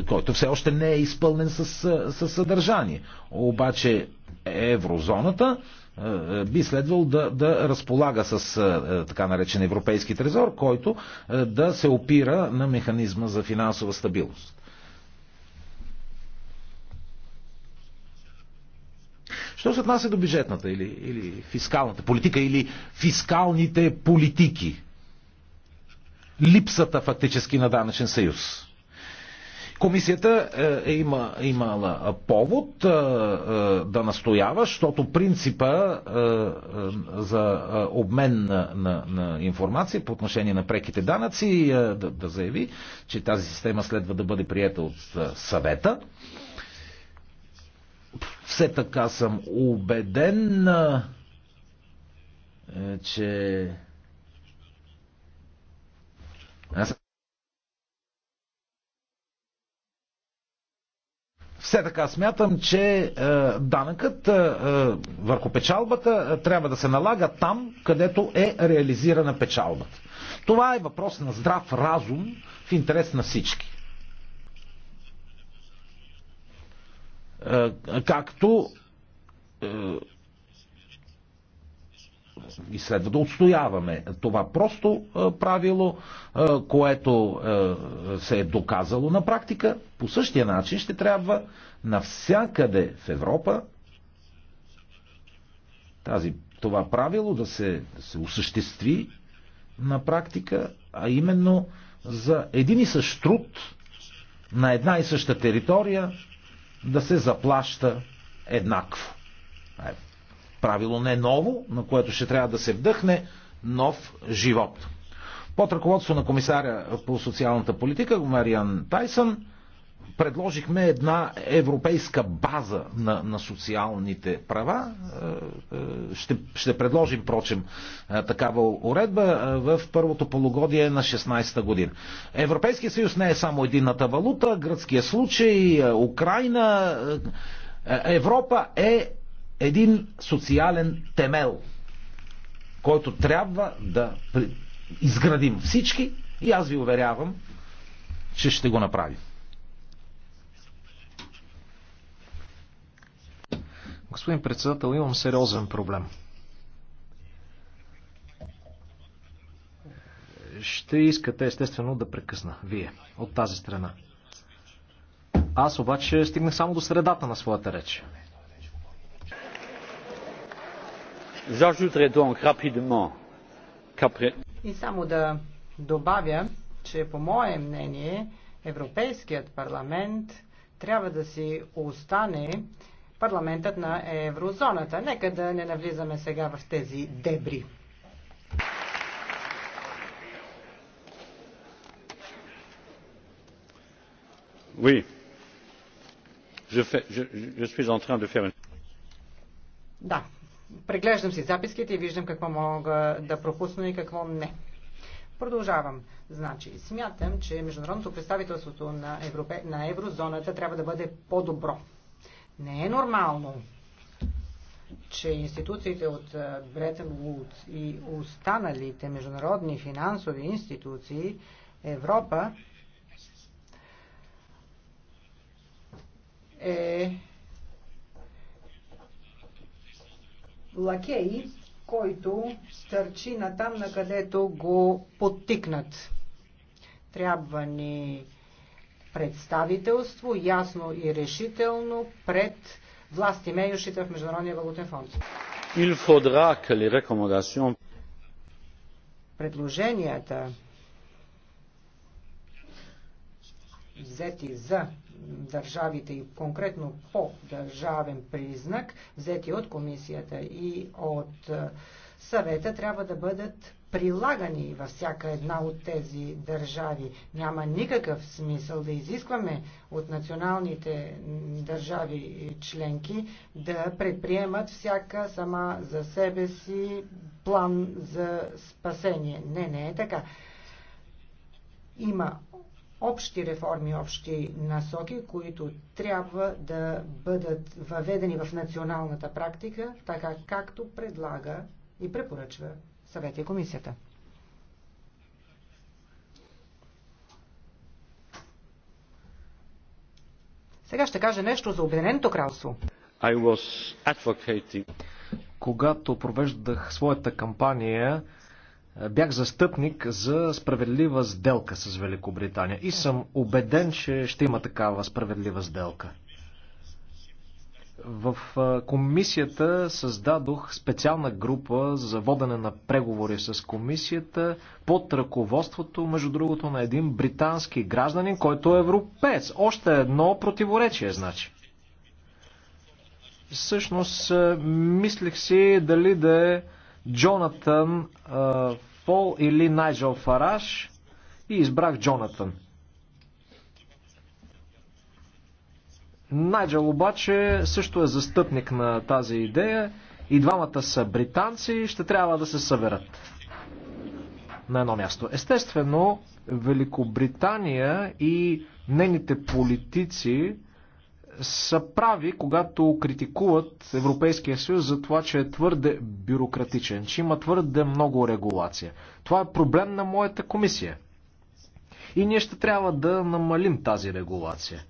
който все още не е изпълнен с, е, с съдържание. Обаче еврозоната е, е, би следвал да, да разполага с е, така наречен европейски трезор, който да се опира на механизма за финансова стабилност. Що се отнася до бюджетната или, или фискалната политика или фискалните политики? Липсата фактически на данъчен съюз. Комисията е, е, има, имала е, повод е, е, да настоява, защото принципа е, е за обмен на, на, на информация по отношение на преките данъци е, да, да заяви, че тази система следва да бъде приета от съвета. Все така съм убеден, е, че Все така смятам, че е, данъкът е, е, върху печалбата трябва да се налага там, където е реализирана печалбата. Това е въпрос на здрав разум в интерес на всички. Както и следва да отстояваме това просто е, правило, е, което е, се е доказало на практика. По същия начин ще трябва навсякъде в Европа тази, това правило да се, да се осъществи на практика, а именно за един и същ труд на една и съща територия да се заплаща еднакво правило не ново, на което ще трябва да се вдъхне нов живот. Под ръководство на комисаря по социалната политика Мариан Тайсън предложихме една европейска база на, на социалните права. Е, е, ще, ще предложим, прочим, е, такава уредба в първото полугодие на 16-та година. Европейския съюз не е само единната валута, гръцкия случай, Украина. Европа е един социален темел, който трябва да изградим всички и аз ви уверявам, че ще го направим. Господин председател, имам сериозен проблем. Ще искате, естествено, да прекъсна вие от тази страна. Аз обаче стигнах само до средата на своята реч. J'ajouterai donc rapidement qu'après... И само да добавя, че по мое мнение Европейският парламент трябва да си остане парламентът на еврозоната. Нека да не навлизаме сега в тези дебри. Oui. Je, fais, je, je suis en train de faire une... Да, Преглеждам си записките и виждам какво мога да пропусна и какво не. Продължавам. Значи, смятам, че международното представителството на, Европе, на еврозоната трябва да бъде по-добро. Не е нормално, че институциите от Бретен Вуд и останалите международни финансови институции Европа е лакей, който търчи на там, на където го подтикнат. Трябва ни представителство, ясно и решително, пред власти имеющите в Международния валутен фонд. Il faudra que les recommandations... Предложенията взети за държавите и конкретно по държавен признак, взети от комисията и от е, съвета, трябва да бъдат прилагани във всяка една от тези държави. Няма никакъв смисъл да изискваме от националните държави и членки да предприемат всяка сама за себе си план за спасение. Не, не е така. Има общи реформи, общи насоки, които трябва да бъдат въведени в националната практика, така както предлага и препоръчва съвет и комисията. Сега ще кажа нещо за Обединеното кралство. I was advocating. Когато провеждах своята кампания, е, бях застъпник за справедлива сделка с Великобритания и съм убеден, че ще има такава справедлива сделка. В е, комисията създадох специална група за водене на преговори с комисията под ръководството, между другото, на един британски гражданин, който е европеец. Още едно противоречие, значи. Всъщност, е, мислех си дали да е Джонатан Фол или Найджел Фараш и избрах Джонатан. Найджел обаче също е застъпник на тази идея и двамата са британци и ще трябва да се съберат на едно място. Естествено, Великобритания и нейните политици са прави, когато критикуват Европейския съюз за това, че е твърде бюрократичен, че има твърде много регулация. Това е проблем на моята комисия. И ние ще трябва да намалим тази регулация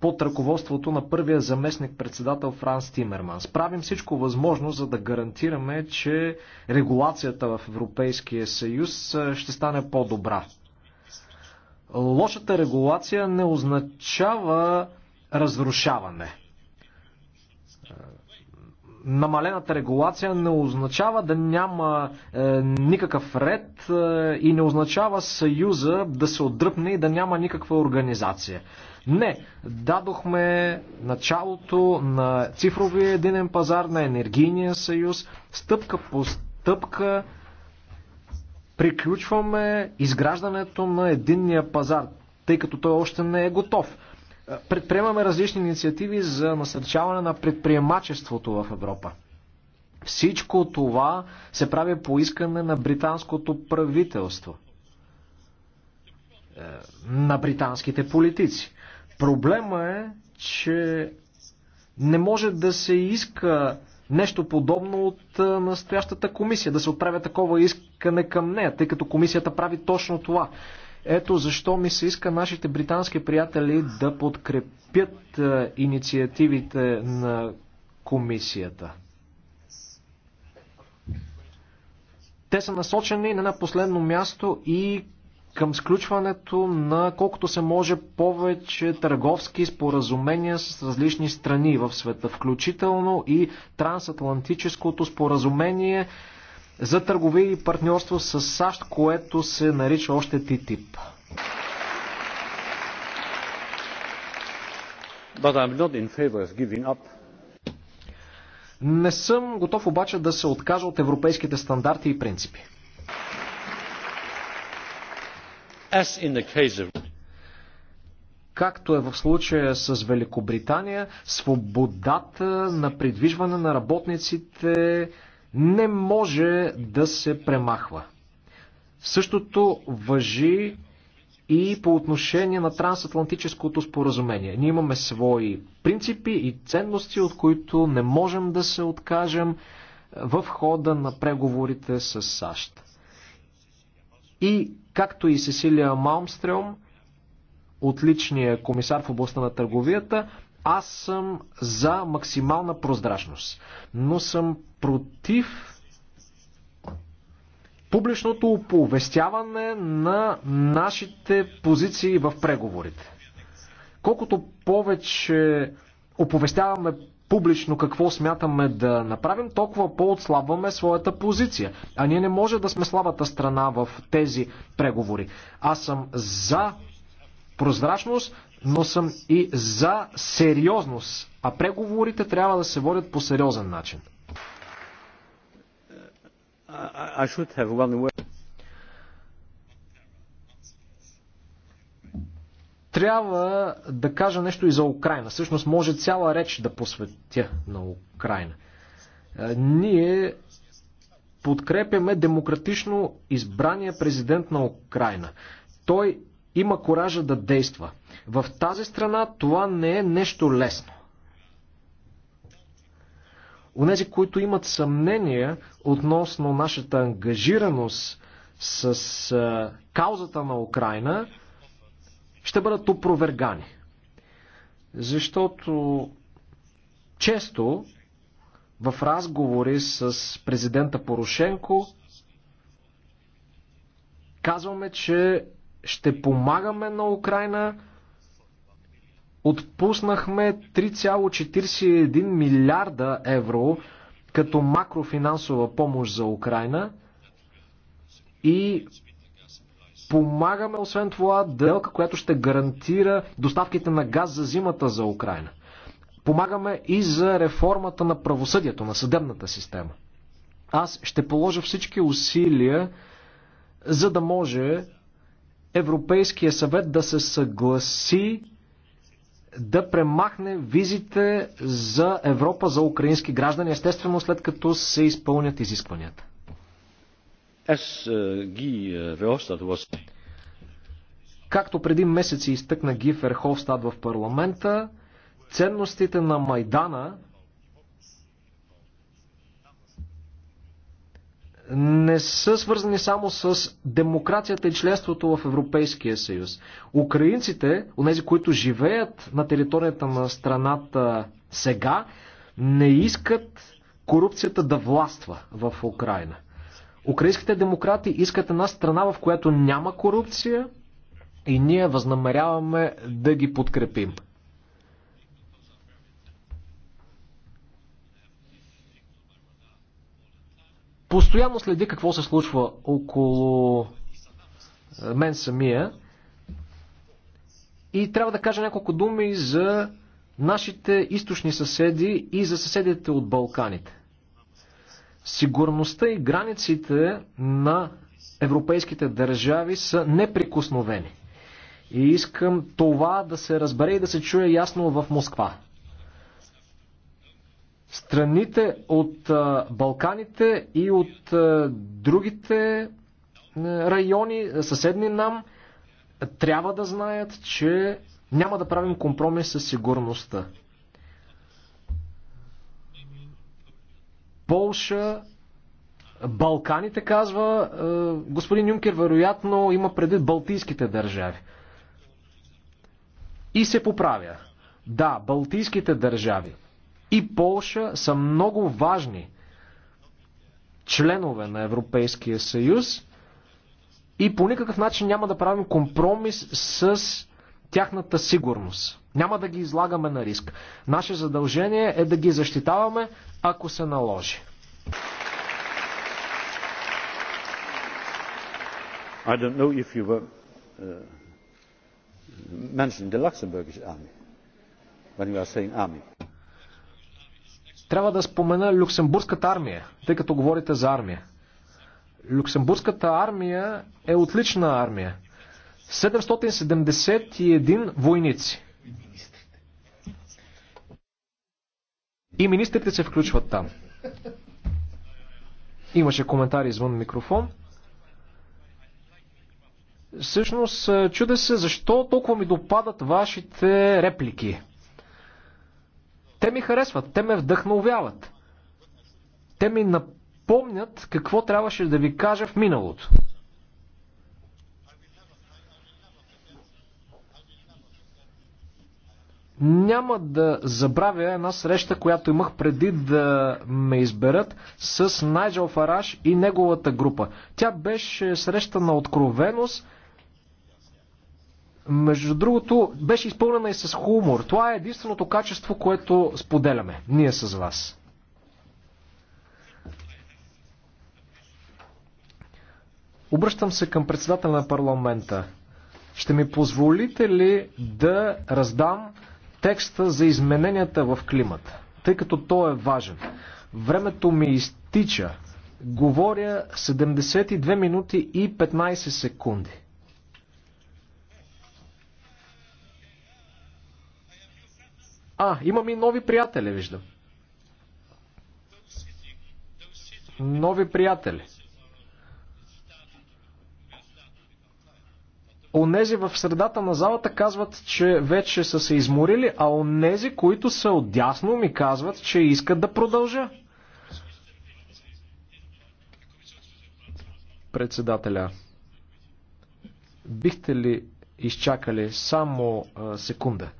под ръководството на първия заместник председател Франс Тимерман. Справим всичко възможно, за да гарантираме, че регулацията в Европейския съюз ще стане по-добра. Лошата регулация не означава разрушаване. Намалената регулация не означава да няма е, никакъв ред е, и не означава съюза да се отдръпне и да няма никаква организация. Не, дадохме началото на цифровия единен пазар, на енергийния съюз, стъпка по стъпка приключваме изграждането на единния пазар, тъй като той още не е готов. Предприемаме различни инициативи за насърчаване на предприемачеството в Европа. Всичко това се прави по искане на британското правителство, е, на британските политици. Проблема е, че не може да се иска нещо подобно от е, настоящата комисия, да се отправя такова искане към нея, тъй като комисията прави точно това. Ето защо ми се иска нашите британски приятели да подкрепят е, инициативите на комисията. Те са насочени не на последно място и към сключването на колкото се може повече търговски споразумения с различни страни в света, включително и трансатлантическото споразумение за търговия и партньорство с САЩ, което се нарича още ТТИП. Не съм готов обаче да се откажа от европейските стандарти и принципи. Of... Както е в случая с Великобритания, свободата на придвижване на работниците не може да се премахва. Същото въжи и по отношение на трансатлантическото споразумение. Ние имаме свои принципи и ценности, от които не можем да се откажем в хода на преговорите с САЩ. И, както и Сесилия Малмстрем, отличния комисар в областта на търговията, аз съм за максимална прозрачност, но съм против публичното оповестяване на нашите позиции в преговорите. Колкото повече оповестяваме публично какво смятаме да направим, толкова по-отслабваме своята позиция. А ние не може да сме слабата страна в тези преговори. Аз съм за прозрачност, но съм и за сериозност. А преговорите трябва да се водят по сериозен начин. Трябва да кажа нещо и за Украина. Всъщност може цяла реч да посветя на Украина. Е, ние подкрепяме демократично избрания президент на Украина. Той има коража да действа. В тази страна това не е нещо лесно. Онези, които имат съмнение относно нашата ангажираност с а, каузата на Украина, ще бъдат опровергани. Защото често в разговори с президента Порошенко казваме, че ще помагаме на Украина. Отпуснахме 3,41 милиарда евро като макрофинансова помощ за Украина и помагаме освен това делка, която ще гарантира доставките на газ за зимата за Украина. Помагаме и за реформата на правосъдието, на съдебната система. Аз ще положа всички усилия, за да може Европейския съвет да се съгласи да премахне визите за Европа за украински граждани, естествено след като се изпълнят изискванията. Uh, uh, Както преди месеци изтъкна Ги Ферховстад в парламента, ценностите на Майдана не са свързани само с демокрацията и членството в Европейския съюз. Украинците, онези, които живеят на територията на страната сега, не искат корупцията да властва в Украина. Украинските демократи искат една страна, в която няма корупция и ние възнамеряваме да ги подкрепим. постоянно следи какво се случва около е, мен самия. И трябва да кажа няколко думи за нашите източни съседи и за съседите от Балканите. Сигурността и границите на европейските държави са неприкосновени. И искам това да се разбере и да се чуе ясно в Москва страните от Балканите и от другите райони, съседни нам, трябва да знаят, че няма да правим компромис със сигурността. Полша, Балканите, казва господин Юнкер, вероятно има предвид Балтийските държави. И се поправя. Да, Балтийските държави и Полша са много важни членове на Европейския съюз и по никакъв начин няма да правим компромис с тяхната сигурност. Няма да ги излагаме на риск. Наше задължение е да ги защитаваме, ако се наложи. I don't know if you were uh, mentioning the Luxembourgish army when you are saying army. Трябва да спомена Люксембургската армия, тъй като говорите за армия. Люксембургската армия е отлична армия. 771 войници. И министрите се включват там. Имаше коментари извън микрофон. Всъщност, чуде се защо толкова ми допадат вашите реплики. Те ми харесват, те ме вдъхновяват. Те ми напомнят какво трябваше да ви кажа в миналото. Няма да забравя една среща, която имах преди да ме изберат с Найджел Фараш и неговата група. Тя беше среща на откровеност, между другото, беше изпълнена и с хумор. Това е единственото качество, което споделяме ние с вас. Обръщам се към председателя на парламента. Ще ми позволите ли да раздам текста за измененията в климата, тъй като то е важен. Времето ми изтича. Говоря 72 минути и 15 секунди. А, имам и нови приятели, виждам. Нови приятели. онези в средата на залата казват, че вече са се изморили, а онези, които са отдясно, ми казват, че искат да продължа. Председателя, бихте ли изчакали само а, секунда?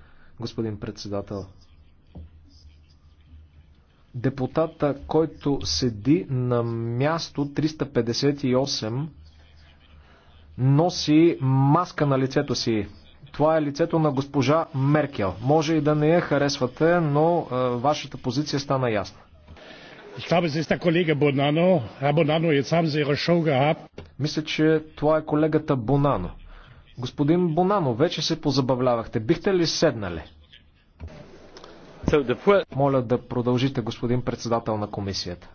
господин председател. Депутата, който седи на място 358, носи маска на лицето си. Това е лицето на госпожа Меркел. Може и да не я харесвате, но е, вашата позиция стана ясна. Мисля, че това е колегата Бонано. Господин Бонано, вече се позабавлявахте. Бихте ли седнали? Моля да продължите, господин председател на комисията.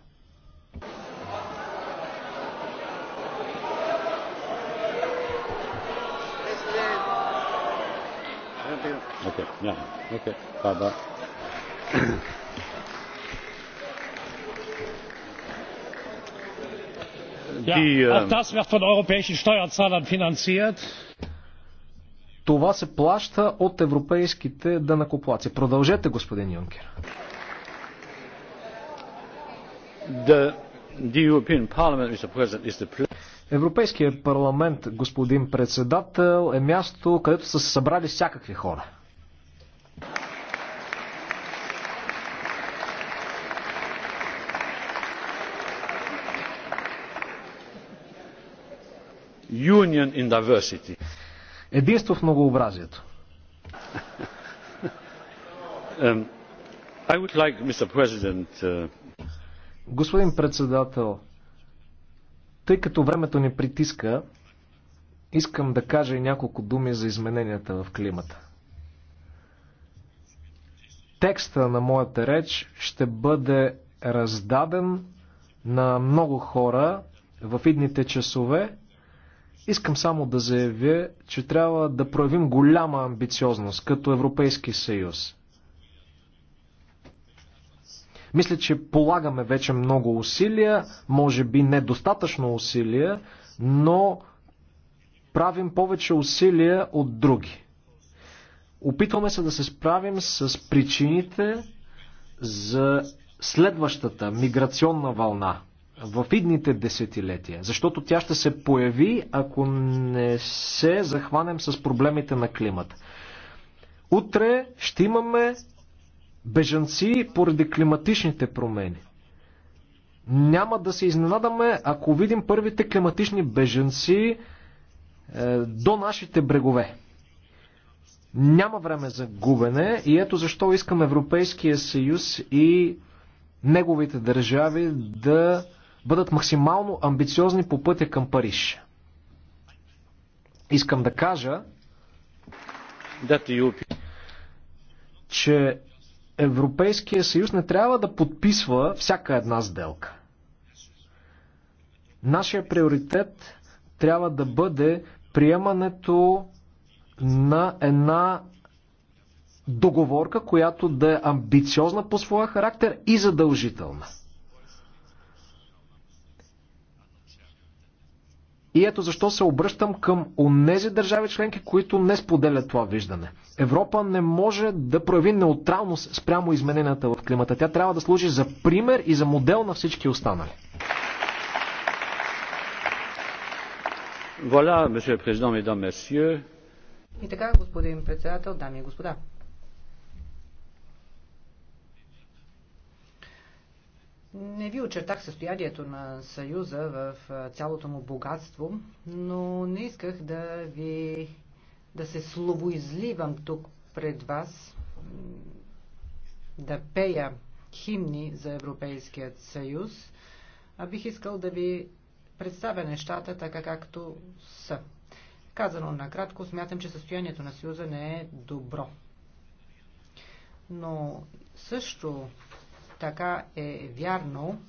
ja, äh, auch das wird von europäischen Steuerzahlern finanziert това се плаща от европейските дънакоплаци. Продължете, господин Юнкер. The, Европейския парламент, господин председател, е място, където са се събрали всякакви хора. Union in diversity. Единство в многообразието. Like, uh, Господин председател, тъй като времето ни притиска, искам да кажа и няколко думи за измененията в климата. Текста на моята реч ще бъде раздаден на много хора в идните часове. Искам само да заявя, че трябва да проявим голяма амбициозност като Европейски съюз. Мисля, че полагаме вече много усилия, може би недостатъчно усилия, но правим повече усилия от други. Опитваме се да се справим с причините за следващата миграционна вълна – в идните десетилетия, защото тя ще се появи, ако не се захванем с проблемите на климата. Утре ще имаме бежанци поради климатичните промени. Няма да се изненадаме, ако видим първите климатични бежанци е, до нашите брегове. Няма време за губене и ето защо искам Европейския съюз и неговите държави да бъдат максимално амбициозни по пътя към Париж. Искам да кажа, че Европейския съюз не трябва да подписва всяка една сделка. Нашия приоритет трябва да бъде приемането на една договорка, която да е амбициозна по своя характер и задължителна. И ето защо се обръщам към онези държави членки, които не споделят това виждане. Европа не може да прояви неутралност спрямо измененията в климата. Тя трябва да служи за пример и за модел на всички останали. Voilà, monsieur le président, mesdames, messieurs. И така, господин председател, дами и господа. Не ви очертах състоянието на Съюза в цялото му богатство, но не исках да ви да се словоизливам тук пред вас, да пея химни за Европейският съюз, а бих искал да ви представя нещата така както са. Казано накратко, смятам, че състоянието на Съюза не е добро. Но също така е вярно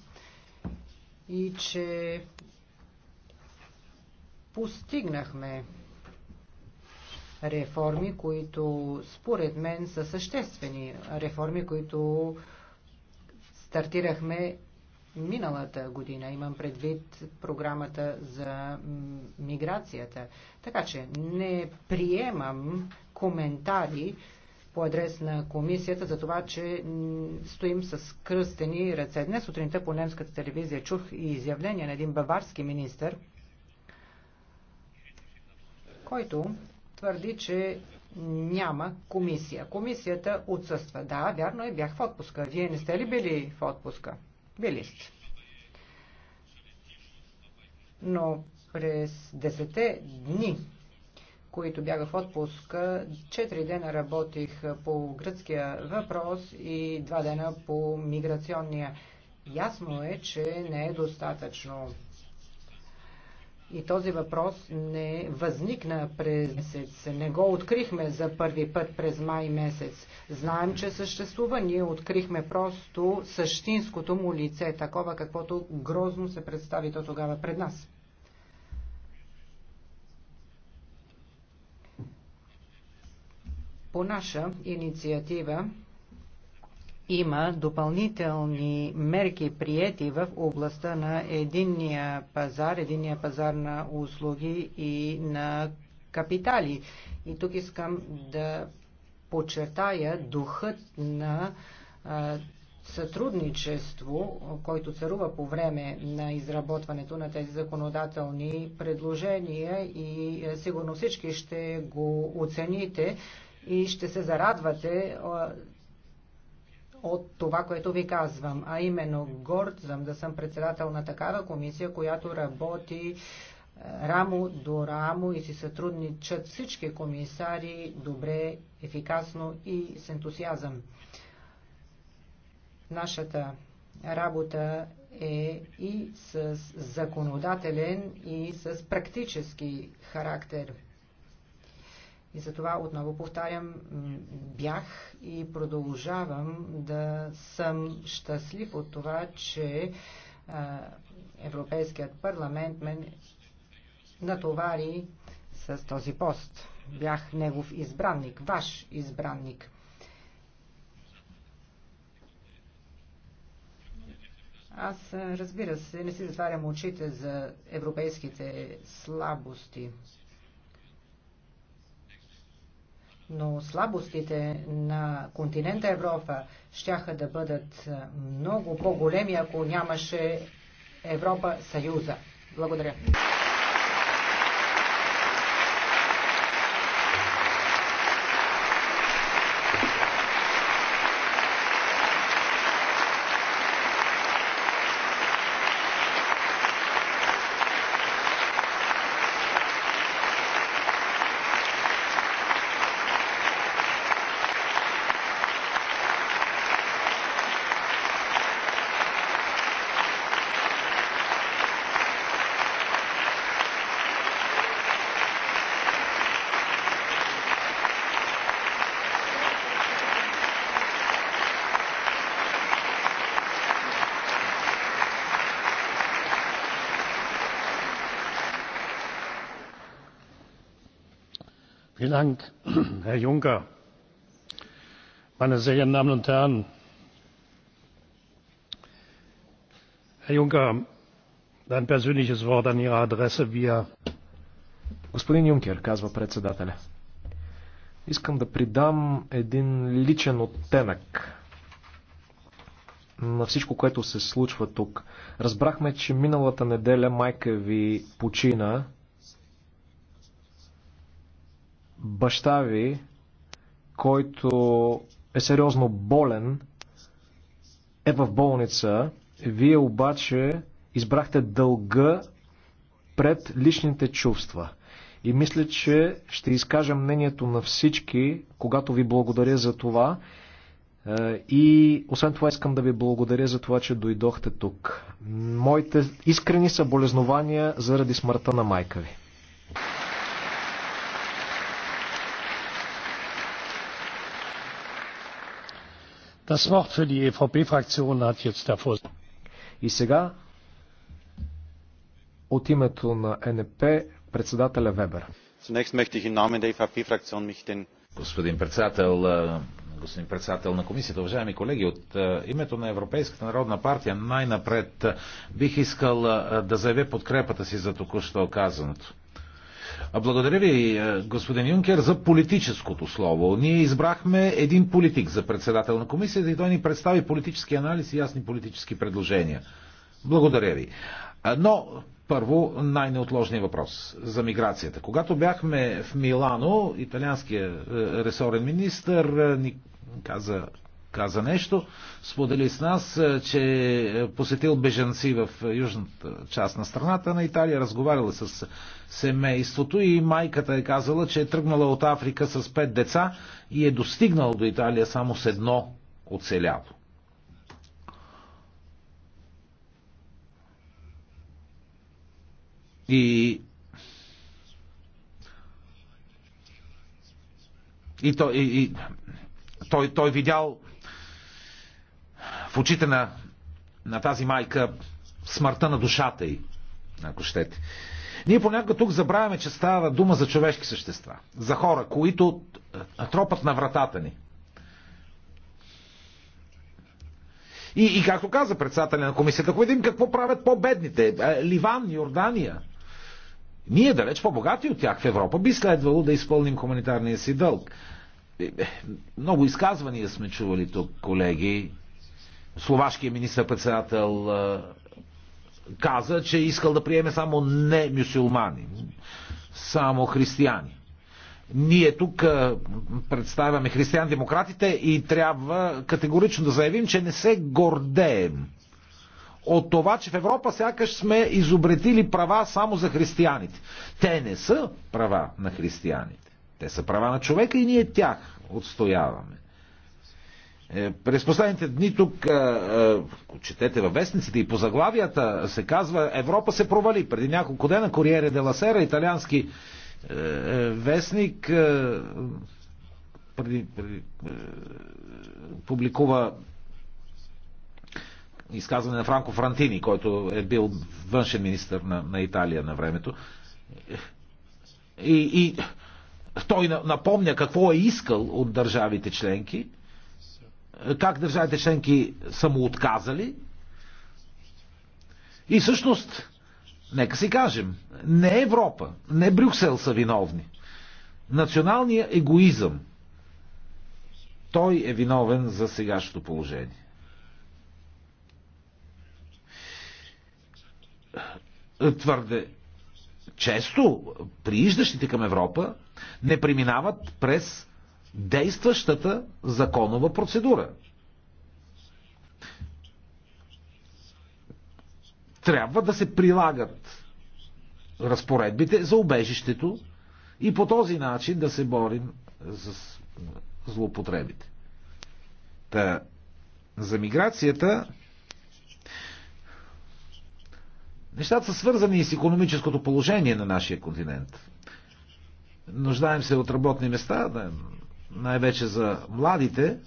и че постигнахме реформи, които според мен са съществени. Реформи, които стартирахме миналата година. Имам предвид програмата за миграцията. Така че не приемам коментари, по адрес на комисията за това, че стоим с кръстени ръце. Днес сутринта по немската телевизия чух и изявление на един баварски министр, който твърди, че няма комисия. Комисията отсъства. Да, вярно е, бях в отпуска. Вие не сте ли били в отпуска? Били сте. Но през 10 дни които бяха в отпуск. Четири дена работих по гръцкия въпрос и два дена по миграционния. Ясно е, че не е достатъчно. И този въпрос не възникна през месец. Не го открихме за първи път през май месец. Знаем, че съществува. Ние открихме просто същинското му лице, такова каквото грозно се представи то тогава пред нас. По наша инициатива има допълнителни мерки приети в областта на единния пазар, единния пазар на услуги и на капитали. И тук искам да подчертая духът на а, сътрудничество, който царува по време на изработването на тези законодателни предложения и сигурно всички ще го оцените и ще се зарадвате от това, което ви казвам. А именно, горд съм да съм председател на такава комисия, която работи е, рамо до рамо и си сътрудничат всички комисари добре, ефикасно и с ентусиазъм. Нашата работа е и с законодателен, и с практически характер. И затова отново повтарям, бях и продължавам да съм щастлив от това, че Европейският парламент мен натовари с този пост. Бях негов избранник, ваш избранник. Аз, разбира се, не си затварям очите за европейските слабости но слабостите на континента Европа щяха да бъдат много по-големи, ако нямаше Европа Съюза. Благодаря. vielen dank herr juncker meine sehr geehrten damen und herren! herr juncker ein persönliches wort an ihre adresse wir Господин Юнкер, казва председателя. Искам да придам един личен оттенък на всичко, което се случва тук. Разбрахме, че миналата неделя майка ви почина баща ви, който е сериозно болен, е в болница. Вие обаче избрахте дълга пред личните чувства. И мисля, че ще изкажа мнението на всички, когато ви благодаря за това. Е, и освен това искам да ви благодаря за това, че дойдохте тук. Моите искрени са болезнования заради смъртта на майка ви. E И сега от името на НП председателя Вебер. E господин председател, господин председател на комисията, уважаеми колеги, от името на Европейската народна партия най-напред бих искал да заявя подкрепата си за току-що казаното благодаря ви, е, господин Юнкер, за политическото слово. Ние избрахме един политик за председател на комисията и той ни представи политически анализ и ясни политически предложения. Благодаря ви. Но първо най-неотложният въпрос за миграцията. Когато бяхме в Милано, италианският е, ресорен министр е, ни каза каза нещо. Сподели с нас, е, че е посетил бежанци в южната част на страната на Италия, разговаряла е с семейството и майката е казала, че е тръгнала от Африка с пет деца и е достигнала до Италия само с едно оцеляло. И и той, и, и, той, той видял в очите на, на тази майка смъртта на душата й, ако щете. Ние понякога тук забравяме, че става дума за човешки същества, за хора, които е, тропат на вратата ни. И, и както каза председателя на комисията, ако видим какво правят по-бедните, е, Ливан, Йордания, ние далеч по-богати от тях в Европа би следвало да изпълним хуманитарния си дълг. Е, много изказвания сме чували тук, колеги словашкия министр-председател каза, че е искал да приеме само не мюсюлмани, само християни. Ние тук представяме християн-демократите и трябва категорично да заявим, че не се гордеем от това, че в Европа сякаш сме изобретили права само за християните. Те не са права на християните. Те са права на човека и ние тях отстояваме. Е, през последните дни тук, е, е, четете във вестниците и по заглавията, се казва Европа се провали. Преди няколко дена Кориере де Ласера, италиански вестник, преди, преди, публикува изказване на Франко Франтини, който е бил външен министр на, на Италия на времето. И, и той напомня какво е искал от държавите членки – как държавите членки са му отказали. И всъщност, нека си кажем, не Европа, не Брюксел са виновни. Националният егоизъм, той е виновен за сегашното положение. Твърде често прииждащите към Европа не преминават през действащата законова процедура. Трябва да се прилагат разпоредбите за убежището и по този начин да се борим с злоупотребите. Та, за миграцията нещата са свързани и с економическото положение на нашия континент. Нуждаем се от работни места, да, най-вече за младите,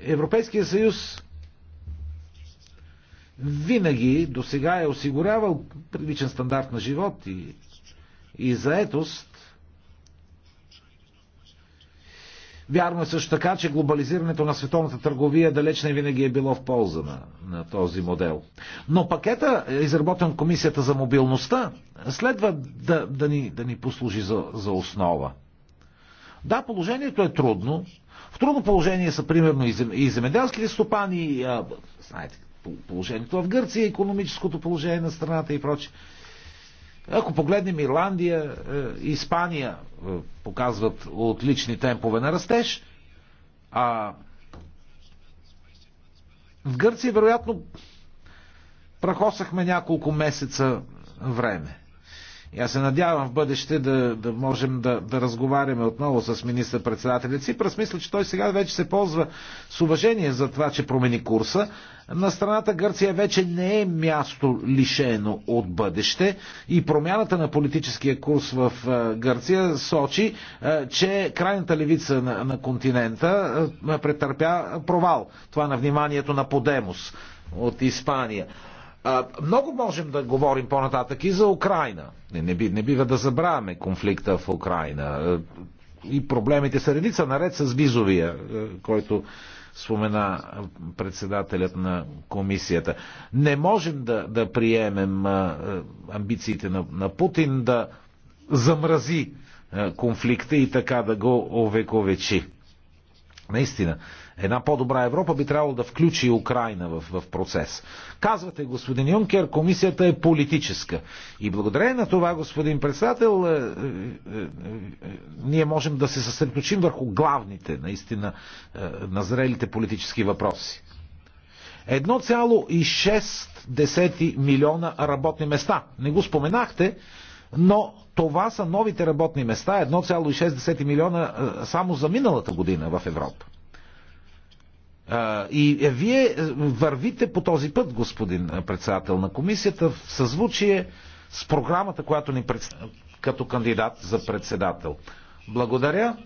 Европейския съюз винаги до сега е осигурявал приличен стандарт на живот и, и заетост. Вярно е също така, че глобализирането на световната търговия далеч не винаги е било в полза на, на този модел. Но пакета, е изработен от Комисията за мобилността, следва да, да, ни, да ни послужи за, за основа. Да, положението е трудно. В трудно положение са примерно и земеделските стопани, знаете, положението в Гърция, економическото положение на страната и прочее. Ако погледнем Ирландия, е, Испания е, показват отлични темпове на растеж, а в Гърция вероятно прахосахме няколко месеца време. И аз се надявам в бъдеще да, да можем да, да разговаряме отново с министър-председателя Ципрас. Мисля, че той сега вече се ползва с уважение за това, че промени курса. На страната Гърция вече не е място лишено от бъдеще и промяната на политическия курс в Гърция сочи, че крайната левица на, на континента претърпя провал. Това на вниманието на Подемос от Испания. Много можем да говорим по-нататък и за Украина. Не, не, би, не бива да забравяме конфликта в Украина и проблемите са редица, наред с визовия, който спомена председателят на комисията. Не можем да, да приемем амбициите на, на Путин да замрази конфликта и така да го овековечи. Наистина, Една по-добра Европа би трябвало да включи Украина в, в процес. Казвате, господин Юнкер, комисията е политическа. И благодарение на това, господин председател, е, е, е, ние можем да се съсредоточим върху главните, наистина, е, назрелите политически въпроси. 1,6 милиона работни места. Не го споменахте, но това са новите работни места, 1,6 милиона е, само за миналата година в Европа. И е, вие е, вървите по този път, господин е, председател на комисията, в съзвучие с програмата, която ни пред... като кандидат за председател. Благодаря.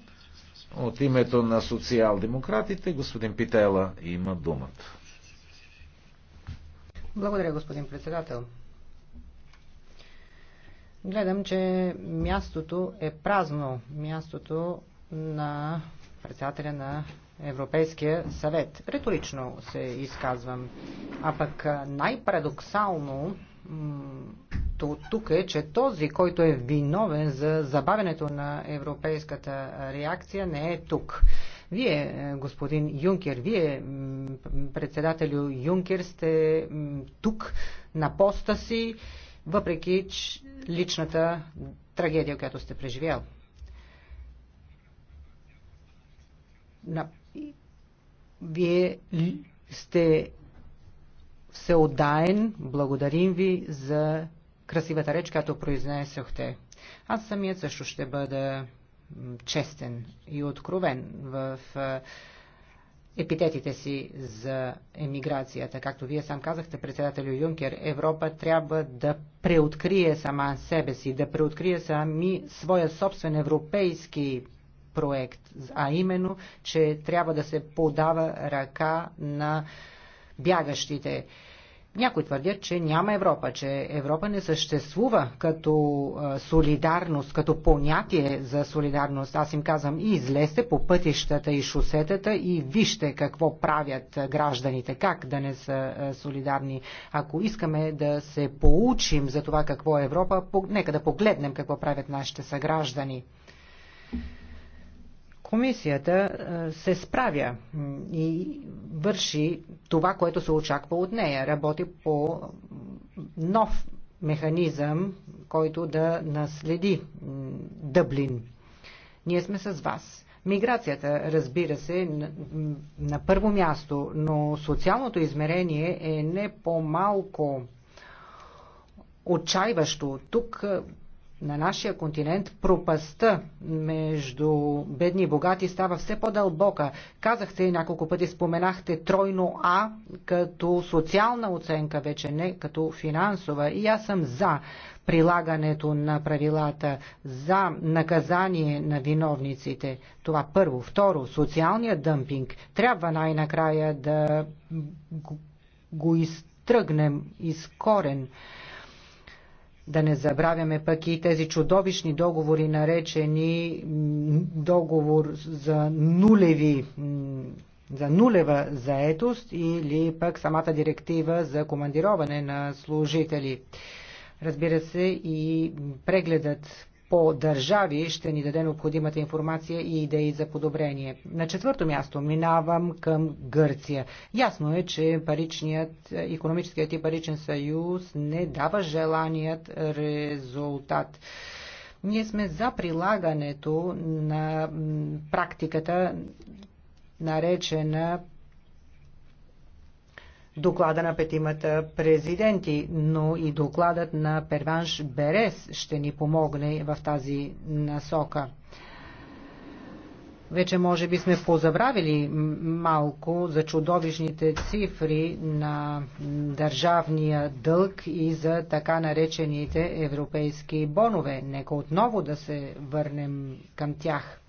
От името на социал-демократите господин Питела има думата. Благодаря, господин председател. Гледам, че мястото е празно. Мястото на председателя на Европейския съвет. Риторично се изказвам. А пък най-парадоксално тук е, че този, който е виновен за забавянето на европейската реакция, не е тук. Вие, е, господин Юнкер, вие, председателю Юнкер, сте тук на поста си, въпреки личната трагедия, която сте преживял. На вие сте всеотдаен. Благодарим ви за красивата реч, която произнесохте. Аз самият също ще бъда честен и откровен в епитетите си за емиграцията. Както вие сам казахте, председателю Юнкер, Европа трябва да преоткрие сама себе си, да преоткрие сами своя собствен европейски проект, а именно, че трябва да се подава ръка на бягащите. Някои твърдят, че няма Европа, че Европа не съществува като солидарност, като понятие за солидарност. Аз им казвам, и излезте по пътищата и шосетата и вижте какво правят гражданите, как да не са солидарни. Ако искаме да се поучим за това какво е Европа, нека да погледнем какво правят нашите съграждани. Комисията е, се справя и върши това, което се очаква от нея. Работи по нов механизъм, който да наследи Дъблин. Ние сме с вас. Миграцията, разбира се, на първо място, но социалното измерение е не по-малко отчаиващо. Тук е, на нашия континент пропаста между бедни и богати става все по-дълбока. Казахте и няколко пъти споменахте тройно А като социална оценка, вече не като финансова. И аз съм за прилагането на правилата, за наказание на виновниците. Това първо. Второ, социалният дъмпинг. Трябва най-накрая да го изтръгнем из корен. Да не забравяме пък и тези чудовищни договори, наречени договор за нулеви за нулева заетост или пък самата директива за командироване на служители. Разбира се, и прегледът по държави ще ни даде необходимата информация и идеи за подобрение. На четвърто място минавам към Гърция. Ясно е, че паричният, економическият и паричен съюз не дава желаният резултат. Ние сме за прилагането на практиката наречена доклада на петимата президенти, но и докладът на Перванш Берес ще ни помогне в тази насока. Вече може би сме позабравили малко за чудовищните цифри на държавния дълг и за така наречените европейски бонове. Нека отново да се върнем към тях.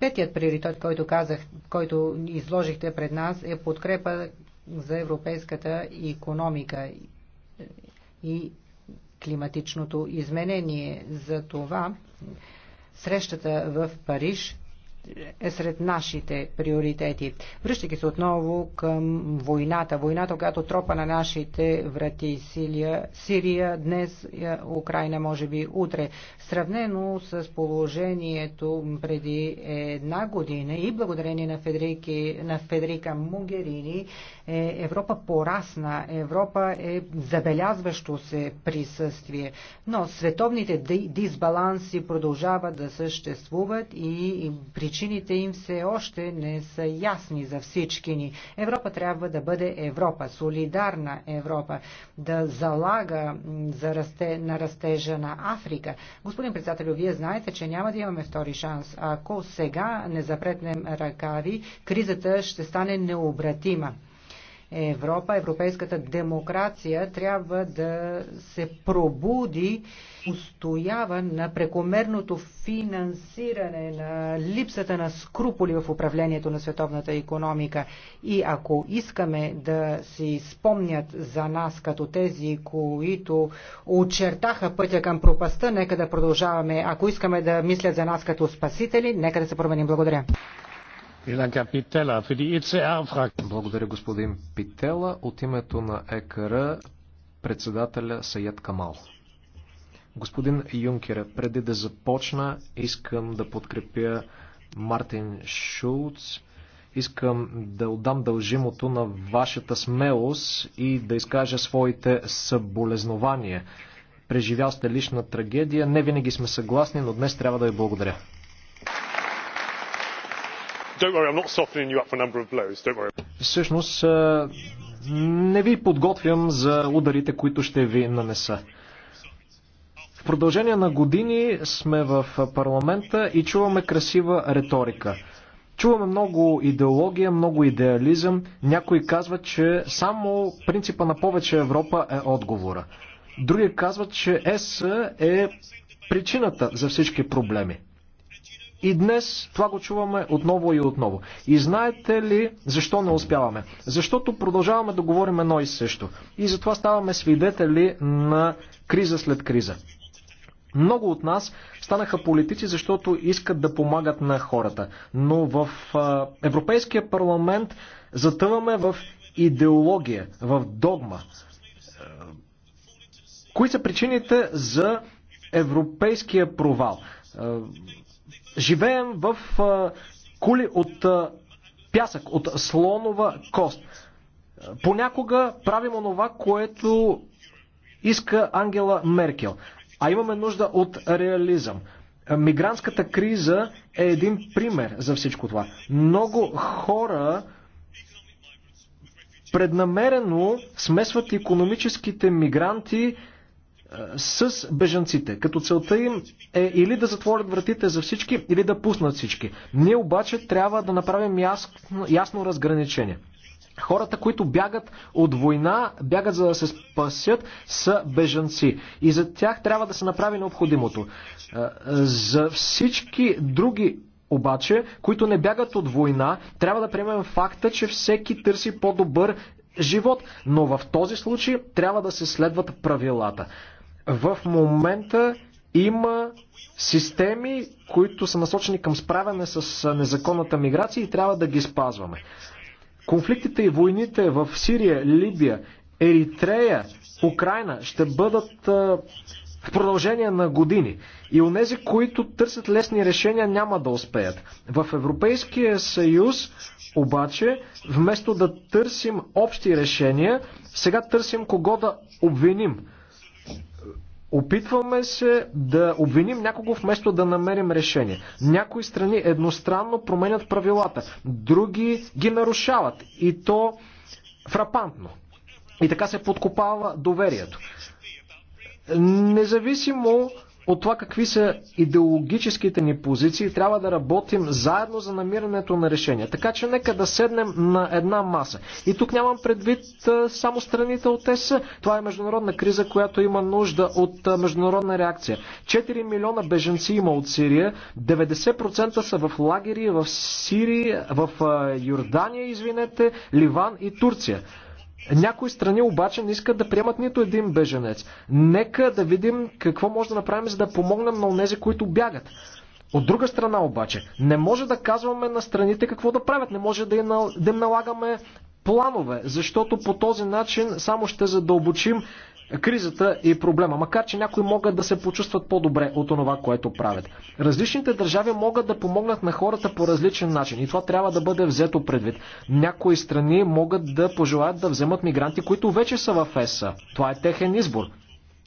Петият приоритет, който, казах, който изложихте пред нас е подкрепа за европейската економика и климатичното изменение. За това срещата в Париж е сред нашите приоритети. Връщайки се отново към войната, войната, която тропа на нашите врати Сирия, Сирия, днес е, Украина, може би утре. Сравнено с положението преди една година и благодарение на, Федерики, на Федерика Мугерини, е Европа порасна, Европа е забелязващо се присъствие. Но световните дисбаланси продължават да съществуват и причините им все още не са ясни за всички ни. Европа трябва да бъде Европа, солидарна Европа, да залага за расте, на растежа на Африка. Господин председател, вие знаете, че няма да имаме втори шанс. Ако сега не запретнем ръкави, кризата ще стане необратима. Европа, европейската демокрация трябва да се пробуди устоява на прекомерното финансиране на липсата на скруполи в управлението на световната економика. И ако искаме да си спомнят за нас като тези, които очертаха пътя към пропаста, нека да продължаваме. Ако искаме да мислят за нас като спасители, нека да се променим. Благодаря. E благодаря, господин Питела. От името на ЕКР председателя Саят Камал. Господин Юнкер, преди да започна, искам да подкрепя Мартин Шулц. Искам да отдам дължимото на вашата смелост и да изкажа своите съболезнования. Преживял сте лична трагедия. Не винаги сме съгласни, но днес трябва да ви благодаря. Всъщност, не ви подготвям за ударите, които ще ви нанеса. В продължение на години сме в парламента и чуваме красива риторика. Чуваме много идеология, много идеализъм. Някои казват, че само принципа на повече Европа е отговора. Други казват, че ЕС е причината за всички проблеми. И днес това го чуваме отново и отново. И знаете ли защо не успяваме? Защото продължаваме да говорим едно и също. И затова ставаме свидетели на криза след криза. Много от нас станаха политици, защото искат да помагат на хората. Но в Европейския парламент затъваме в идеология, в догма. Кои са причините за европейския провал? Живеем в кули от пясък, от слонова кост. Понякога правим онова, което иска Ангела Меркел. А имаме нужда от реализъм. Мигрантската криза е един пример за всичко това. Много хора преднамерено смесват економическите мигранти с бежанците, като целта им е или да затворят вратите за всички, или да пуснат всички. Ние обаче трябва да направим ясно, ясно разграничение. Хората, които бягат от война, бягат за да се спасят, са бежанци. И за тях трябва да се направи необходимото. Е, за всички други обаче, които не бягат от война, трябва да приемем факта, че всеки търси по-добър живот. Но в този случай трябва да се следват правилата. В момента има системи, които са насочени към справяне с незаконната миграция и трябва да ги спазваме. Конфликтите и войните в Сирия, Либия, Еритрея, Украина ще бъдат в продължение на години. И нези, които търсят лесни решения, няма да успеят. В Европейския съюз обаче, вместо да търсим общи решения, сега търсим кого да обвиним Опитваме се да обвиним някого вместо да намерим решение. Някои страни едностранно променят правилата, други ги нарушават и то фрапантно. И така се подкопава доверието. Независимо от това какви са идеологическите ни позиции. Трябва да работим заедно за намирането на решения. Така че нека да седнем на една маса. И тук нямам предвид само страните от ЕС. Това е международна криза, която има нужда от международна реакция. 4 милиона беженци има от Сирия. 90% са в лагери в Сирия, в Йордания, извинете, Ливан и Турция. Някои страни обаче не искат да приемат нито един беженец. Нека да видим какво може да направим, за да помогнем на онези, които бягат. От друга страна обаче, не може да казваме на страните какво да правят, не може да им, да им налагаме планове, защото по този начин само ще задълбочим кризата и проблема, макар че някои могат да се почувстват по-добре от това, което правят. Различните държави могат да помогнат на хората по различен начин и това трябва да бъде взето предвид. Някои страни могат да пожелаят да вземат мигранти, които вече са в ЕСА. Това е техен избор.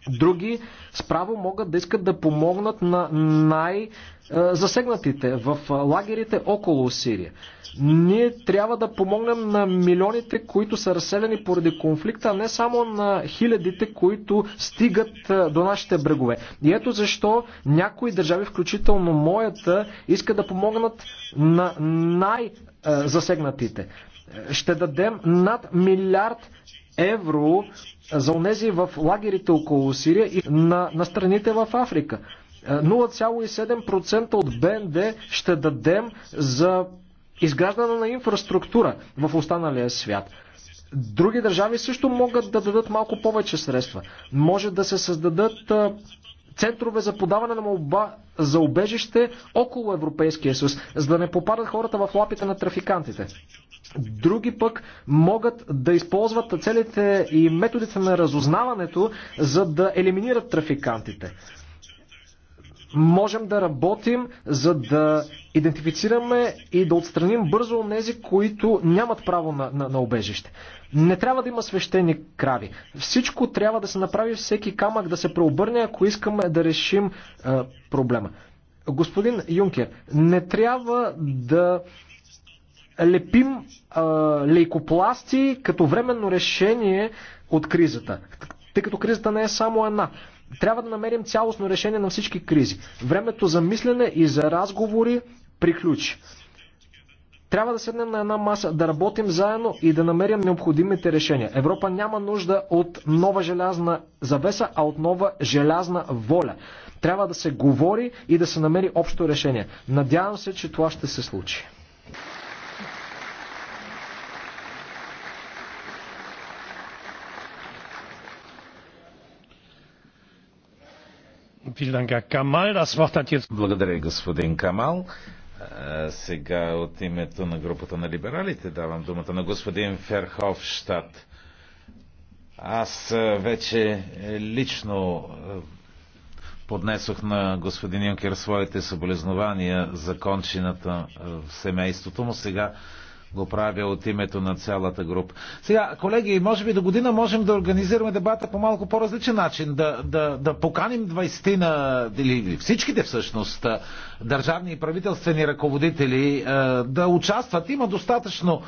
Други справо могат да искат да помогнат на най-засегнатите в лагерите около Сирия. Ние трябва да помогнем на милионите, които са разселени поради конфликта, а не само на хилядите, които стигат до нашите брегове. И ето защо някои държави, включително моята, искат да помогнат на най-засегнатите. Ще дадем над милиард евро за унези в лагерите около Сирия и на, на страните в Африка. 0,7% е, от БНД ще дадем за изграждане на инфраструктура в останалия свят. Други държави също могат да дадат малко повече средства. Може да се създадат е, центрове за подаване на молба за убежище около Европейския съюз, за да не попадат хората в лапите на трафикантите. Други пък могат да използват целите и методите на разузнаването, за да елиминират трафикантите. Можем да работим, за да идентифицираме и да отстраним бързо тези, които нямат право на, на, на убежище. Не трябва да има свещени крави. Всичко трябва да се направи, всеки камък да се преобърне, ако искаме да решим е, проблема. Господин Юнкер, не трябва да лепим а, лейкопласти като временно решение от кризата. Тъй като кризата не е само една. Трябва да намерим цялостно решение на всички кризи. Времето за мислене и за разговори приключи. Трябва да седнем на една маса, да работим заедно и да намерим необходимите решения. Европа няма нужда от нова желязна завеса, а от нова желязна воля. Трябва да се говори и да се намери общо решение. Надявам се, че това ще се случи. Благодаря, господин Камал. Сега от името на групата на либералите давам думата на господин Ферховштадт. Аз вече е, лично поднесох на господин Юнкер своите съболезнования за кончината в семейството му. Сега го правя от името на цялата група. Сега, колеги, може би до година можем да организираме дебата по малко по-различен начин. Да, да, да поканим 20 на, или всичките всъщност, държавни и правителствени ръководители да участват. Има достатъчно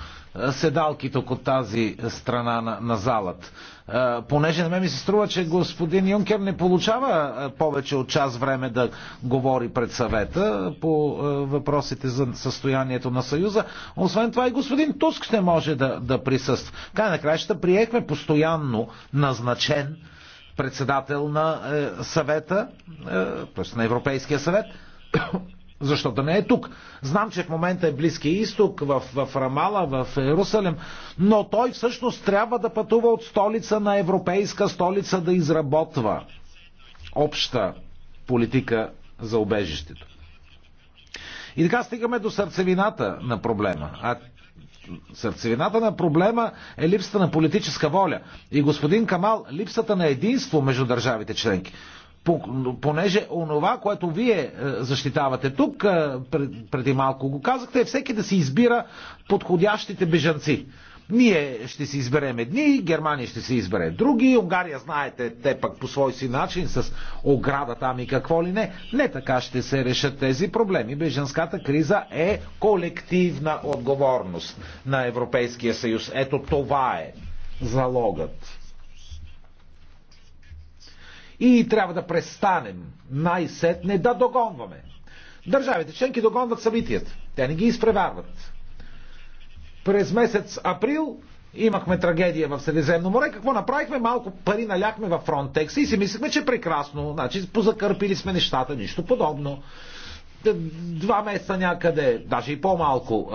седалки тук от тази страна на, на залът понеже на мен ми се струва, че господин Юнкер не получава повече от час време да говори пред съвета по въпросите за състоянието на Съюза. Освен това и господин Туск ще може да, да присъства. Край на краища приехме постоянно назначен председател на е, съвета, е, т.е. на Европейския съвет, защо да не е тук? Знам, че в момента е Близки изток, в, в Рамала, в Иерусалим, но той всъщност трябва да пътува от столица на европейска столица да изработва обща политика за обежището. И така стигаме до сърцевината на проблема. А сърцевината на проблема е липсата на политическа воля. И господин Камал, липсата на единство между държавите членки понеже онова, което вие е, защитавате тук, е, преди малко го казахте, е всеки да си избира подходящите бежанци. Ние ще си изберем едни, Германия ще си избере други, Унгария, знаете, те пък по свой си начин с ограда там и какво ли не. Не така ще се решат тези проблеми. Беженската криза е колективна отговорност на Европейския съюз. Ето това е залогът. И трябва да престанем най-сетне да догонваме. Държавите членки догонват събитията. Те не ги изпреварват. През месец април имахме трагедия в Средиземно море. Какво направихме? Малко пари наляхме във Фронтекс и си мислихме, че е прекрасно. Значи, позакърпили сме нещата, нищо подобно. Два месеца някъде, даже и по-малко,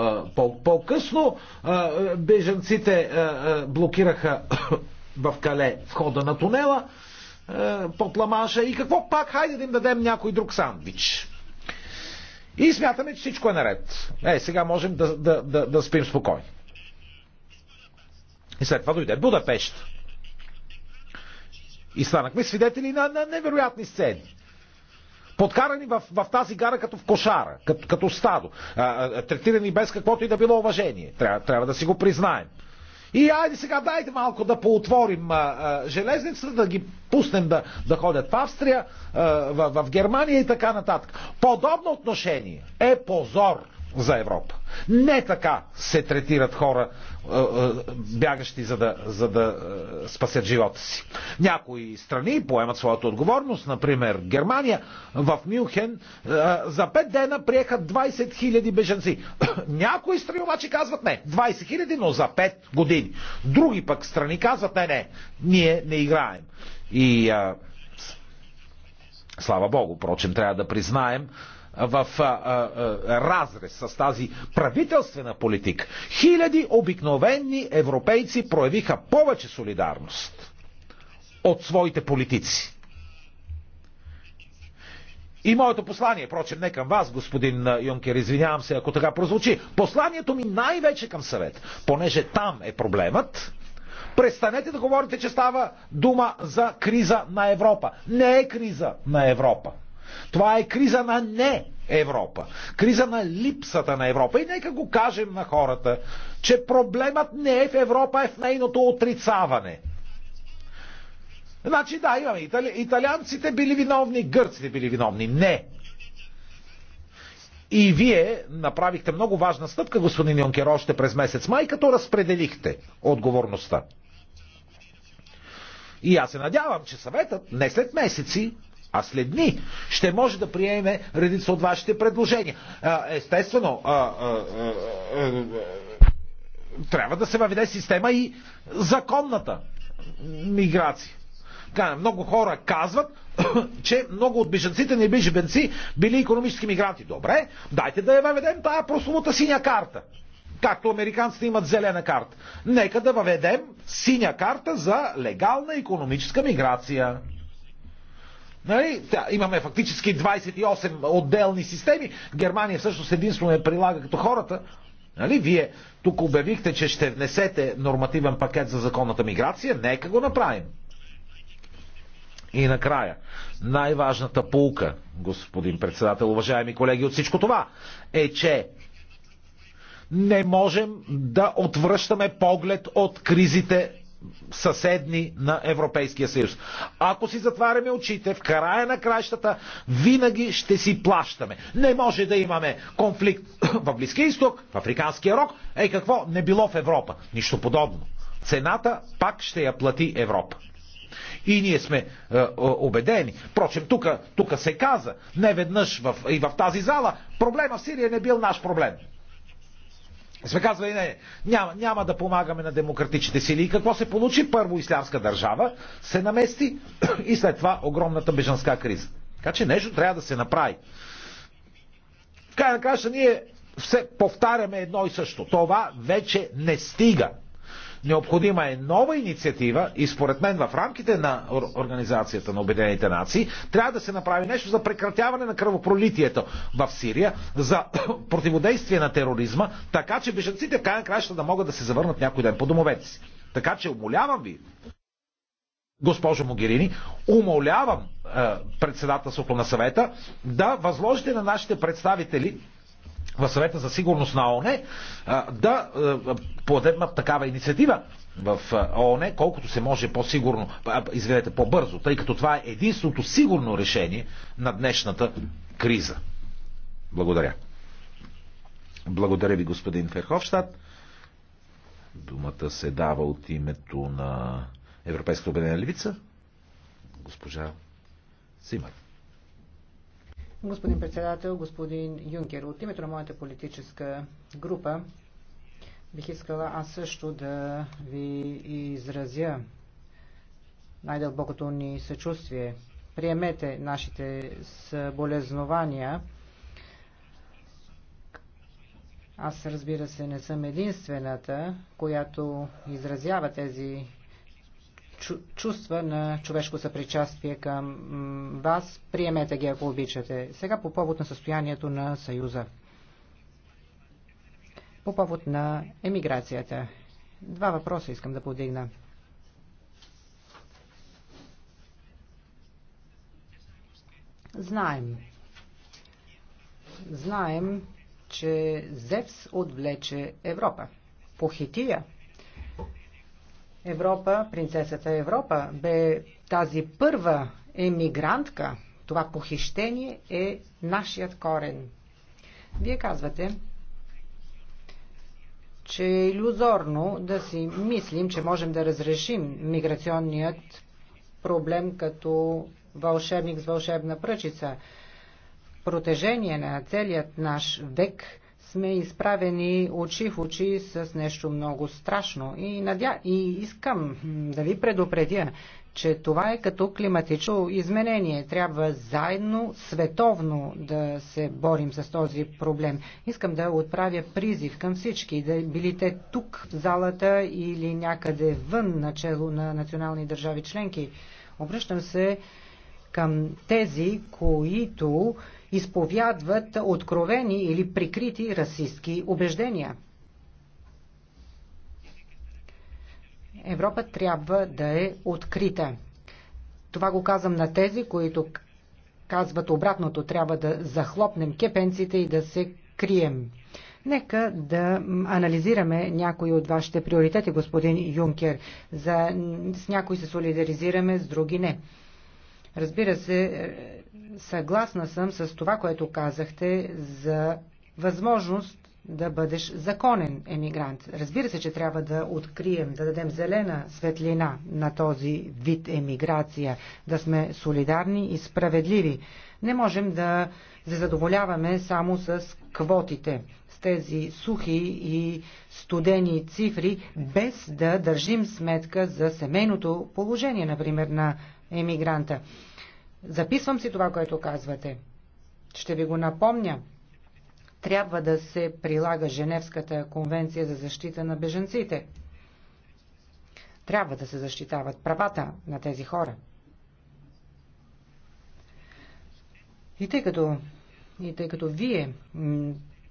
по-късно, беженците блокираха в Кале входа на тунела е, под ламаша и какво пак, хайде да им дадем някой друг сандвич. И смятаме, че всичко е наред. Е, сега можем да, да, да, да спим спокойно. И след това дойде Будапешт. И станахме свидетели на, на невероятни сцени. Подкарани в, в тази гара като в кошара, като, като стадо. А, третирани без каквото и да било уважение. Трябва, трябва да си го признаем. И айде сега дайте малко да поотворим а, а, железницата, да ги пуснем да, да ходят в Австрия, а, в, в Германия и така нататък. Подобно отношение е позор за Европа. Не така се третират хора бягащи, за да, за да спасят живота си. Някои страни поемат своята отговорност, например Германия, в Мюнхен за 5 дена приеха 20 000 беженци. Някои страни обаче казват не, 20 000, но за 5 години. Други пък страни казват не, не, ние не играем. И а, слава Богу, впрочем, трябва да признаем, в а, а, разрез с тази правителствена политика, хиляди обикновени европейци проявиха повече солидарност от своите политици. И моето послание, прочем, не към вас, господин Юнкер, извинявам се, ако така прозвучи. Посланието ми най-вече към съвет, понеже там е проблемът. Престанете да говорите, че става дума за криза на Европа. Не е криза на Европа. Това е криза на не Европа. Криза на липсата на Европа. И нека го кажем на хората, че проблемът не е в Европа, е в нейното отрицаване. Значи да, имаме. Итали... Италианците били виновни, гърците били виновни. Не. И вие направихте много важна стъпка, господин Йонкер, още през месец май, като разпределихте отговорността. И аз се надявам, че съветът не след месеци, а след дни ще може да приеме редица от вашите предложения. Естествено, трябва да се въведе система и законната миграция. Много хора казват, че много от беженците не би бенци, били економически мигранти. Добре, дайте да я въведем тая прословута синя карта. Както американците имат зелена карта. Нека да въведем синя карта за легална економическа миграция. Нали? Та, имаме фактически 28 отделни системи. Германия всъщност единствено е прилага като хората. Нали? Вие тук обявихте, че ще внесете нормативен пакет за законната миграция. Нека го направим. И накрая, най-важната полка, господин председател, уважаеми колеги, от всичко това е, че не можем да отвръщаме поглед от кризите съседни на Европейския съюз. Ако си затваряме очите, в края на кращата винаги ще си плащаме. Не може да имаме конфликт в Близкия изток, в Африканския рок, ей какво, не било в Европа. Нищо подобно. Цената пак ще я плати Европа. И ние сме е, е, убедени. Впрочем, тук се каза, не веднъж в, и в тази зала, проблема в Сирия не бил наш проблем сме казвали, не, няма, няма да помагаме на демократичните сили. И какво се получи? Първо ислямска държава се намести и след това огромната бежанска криза. Така че нещо трябва да се направи. В крайна на краща ние все повтаряме едно и също. Това вече не стига. Необходима е нова инициатива и според мен в рамките на Организацията на Обединените нации трябва да се направи нещо за прекратяване на кръвопролитието в Сирия, за противодействие на тероризма, така че бежанците в крайна краща да могат да се завърнат някой ден по домовете си. Така че умолявам ви, госпожо Могерини, умолявам е, председателството на съвета да възложите на нашите представители в съвета за сигурност на ООН да подемат такава инициатива в ООН, колкото се може по-сигурно, извинете, по-бързо, тъй като това е единственото сигурно решение на днешната криза. Благодаря. Благодаря ви, господин Ферховщад. Думата се дава от името на Европейската обединена левица. Госпожа Симър. Господин председател, господин Юнкер, от името на моята политическа група бих искала аз също да ви изразя най-дълбокото ни съчувствие. Приемете нашите съболезнования. Аз разбира се не съм единствената, която изразява тези чувства на човешко съпричастие към вас. Приемете ги, ако обичате. Сега по повод на състоянието на Съюза. По повод на емиграцията. Два въпроса искам да подигна. Знаем. Знаем, че Зевс отвлече Европа. Похития. Европа, принцесата Европа, бе тази първа емигрантка. Това похищение е нашият корен. Вие казвате, че е иллюзорно да си мислим, че можем да разрешим миграционният проблем като вълшебник с вълшебна пръчица. Протежение на целият наш век – сме изправени очи в очи с нещо много страшно. И, надя... и искам да ви предупредя, че това е като климатично изменение. Трябва заедно, световно да се борим с този проблем. Искам да отправя призив към всички, да били те тук в залата или някъде вън начало на национални държави членки. Обръщам се към тези, които изповядват откровени или прикрити расистски убеждения. Европа трябва да е открита. Това го казвам на тези, които казват обратното. Трябва да захлопнем кепенците и да се крием. Нека да анализираме някои от вашите приоритети, господин Юнкер. За... С някои се солидаризираме, с други не. Разбира се, е, съгласна съм с това, което казахте за възможност да бъдеш законен емигрант. Разбира се, че трябва да открием, да дадем зелена светлина на този вид емиграция, да сме солидарни и справедливи. Не можем да се задоволяваме само с квотите, с тези сухи и студени цифри, без да държим сметка за семейното положение, например, на емигранта. Записвам си това, което казвате. Ще ви го напомня. Трябва да се прилага Женевската конвенция за защита на беженците. Трябва да се защитават правата на тези хора. И тъй като, и тъй като вие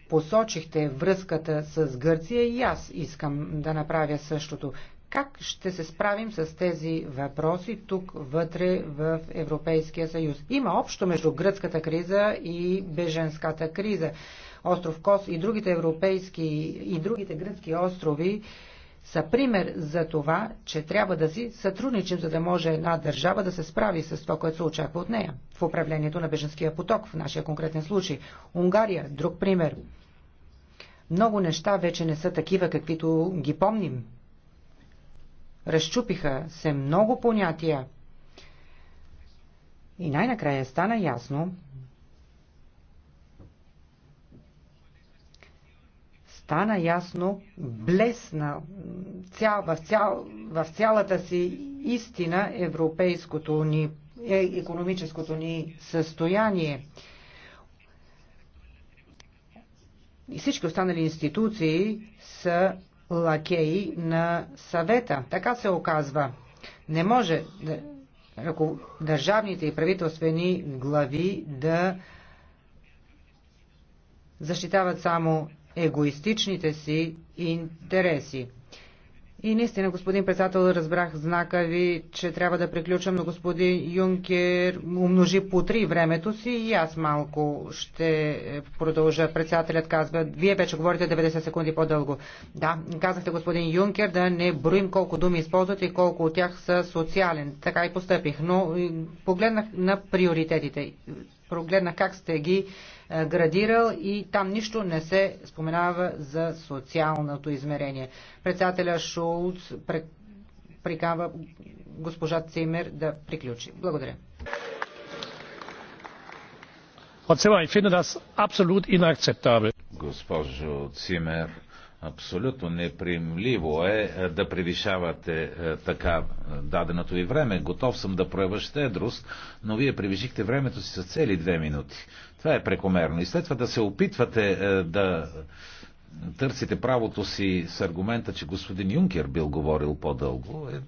посочихте връзката с Гърция и аз искам да направя същото. Как ще се справим с тези въпроси тук вътре в Европейския съюз? Има общо между гръцката криза и беженската криза. Остров Кос и другите европейски и другите гръцки острови са пример за това, че трябва да си сътрудничим, за да може една държава да се справи с това, което се очаква от нея в управлението на беженския поток, в нашия конкретен случай. Унгария, друг пример. Много неща вече не са такива, каквито ги помним Разчупиха се много понятия. И най-накрая стана ясно, стана ясно, блесна цял, в, цял, в цялата си истина европейското ни, е, економическото ни състояние. И всички останали институции са лакеи на съвета. Така се оказва. Не може държавните и правителствени глави да защитават само егоистичните си интереси. И наистина, господин председател, разбрах знака ви, че трябва да приключам, но господин Юнкер умножи по три времето си и аз малко ще продължа. Председателят казва, вие вече говорите 90 секунди по-дълго. Да, казахте господин Юнкер да не броим колко думи използвате и колко от тях са социален. Така и постъпих, но погледнах на приоритетите прогледна как сте ги е, градирал и там нищо не се споменава за социалното измерение. Председателя Шулц прикава госпожа Цимер да приключи. Благодаря. Госпожо Цимер, Абсолютно неприемливо е, е да превишавате е, така даденото ви време. Готов съм да проявя щедрост, но вие превишихте времето си с цели две минути. Това е прекомерно. И след това да се опитвате е, да търсите правото си с аргумента, че господин Юнкер бил говорил по-дълго, е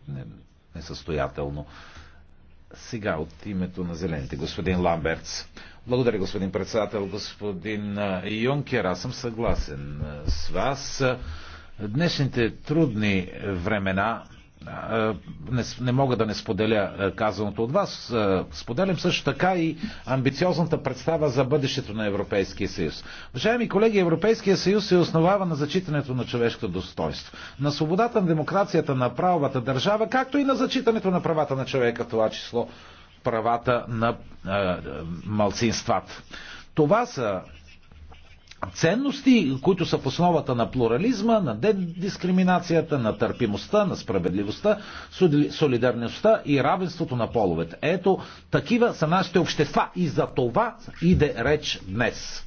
несъстоятелно. Сега от името на зелените, господин Ламберц. Благодаря, господин председател. Господин Юнкер, аз съм съгласен с вас. Днешните трудни времена не, не мога да не споделя казаното от вас. Споделям също така и амбициозната представа за бъдещето на Европейския съюз. Уважаеми колеги, Европейския съюз се основава на зачитането на човешкото достоинство, на свободата на демокрацията, на правовата държава, както и на зачитането на правата на човека, това число правата на малцинствата. Това са ценности, които са в основата на плурализма, на дискриминацията, на търпимостта, на справедливостта, солидарността и равенството на половете. Ето, такива са нашите общества и за това иде реч днес.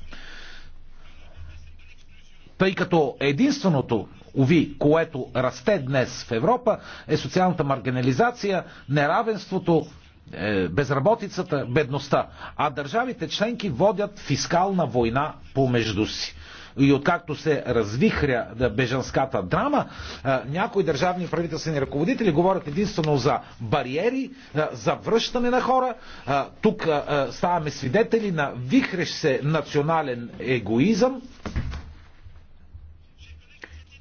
Тъй като единственото, уви, което расте днес в Европа е социалната маргинализация, неравенството, е, безработицата, бедността. А държавите членки водят фискална война помежду си и откакто се развихря е, бежанската драма, е, някои държавни правителствени ръководители говорят единствено за бариери, за връщане на хора. Тук ставаме свидетели на вихрещ се национален егоизъм.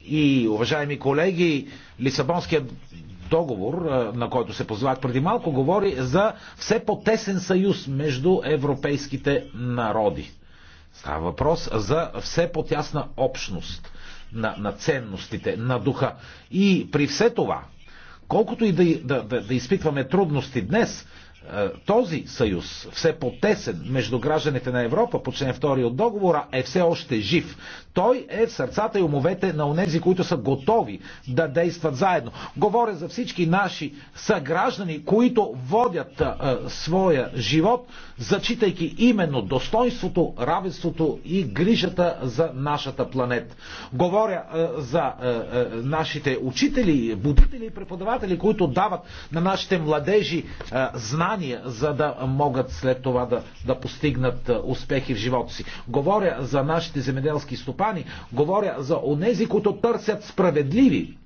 И, уважаеми колеги, Лисабонският договор, на който се позвах преди малко, говори за все по-тесен съюз между европейските народи. Става въпрос за все по-тясна общност на, на ценностите, на духа. И при все това, колкото и да, да, да, да изпитваме трудности днес, е, този съюз, все по-тесен между гражданите на Европа, по член 2 от договора, е все още жив. Той е в сърцата и умовете на онези, които са готови да действат заедно. Говоря за всички наши съграждани, които водят а, е, своя живот, зачитайки именно достоинството, равенството и грижата за нашата планета. Говоря а, е, за а, а, нашите учители, будители и преподаватели, които дават на нашите младежи знания знания, за да могат след това да, да постигнат успехи в живота си. Говоря за нашите земеделски стопани, говоря за онези, които търсят справедливи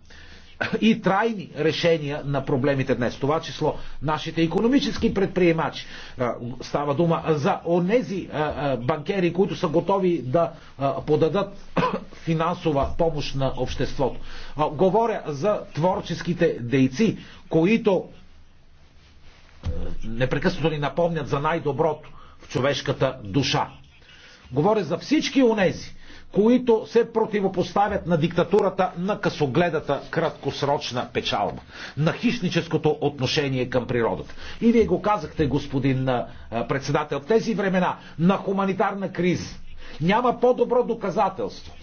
и трайни решения на проблемите днес. Това число нашите економически предприемачи. Става дума за онези банкери, които са готови да подадат финансова помощ на обществото. Говоря за творческите дейци, които непрекъснато ни напомнят за най-доброто в човешката душа. Говоря за всички онези, които се противопоставят на диктатурата на късогледата краткосрочна печалба, на хищническото отношение към природата. И вие го казахте, господин председател, в тези времена на хуманитарна криза няма по-добро доказателство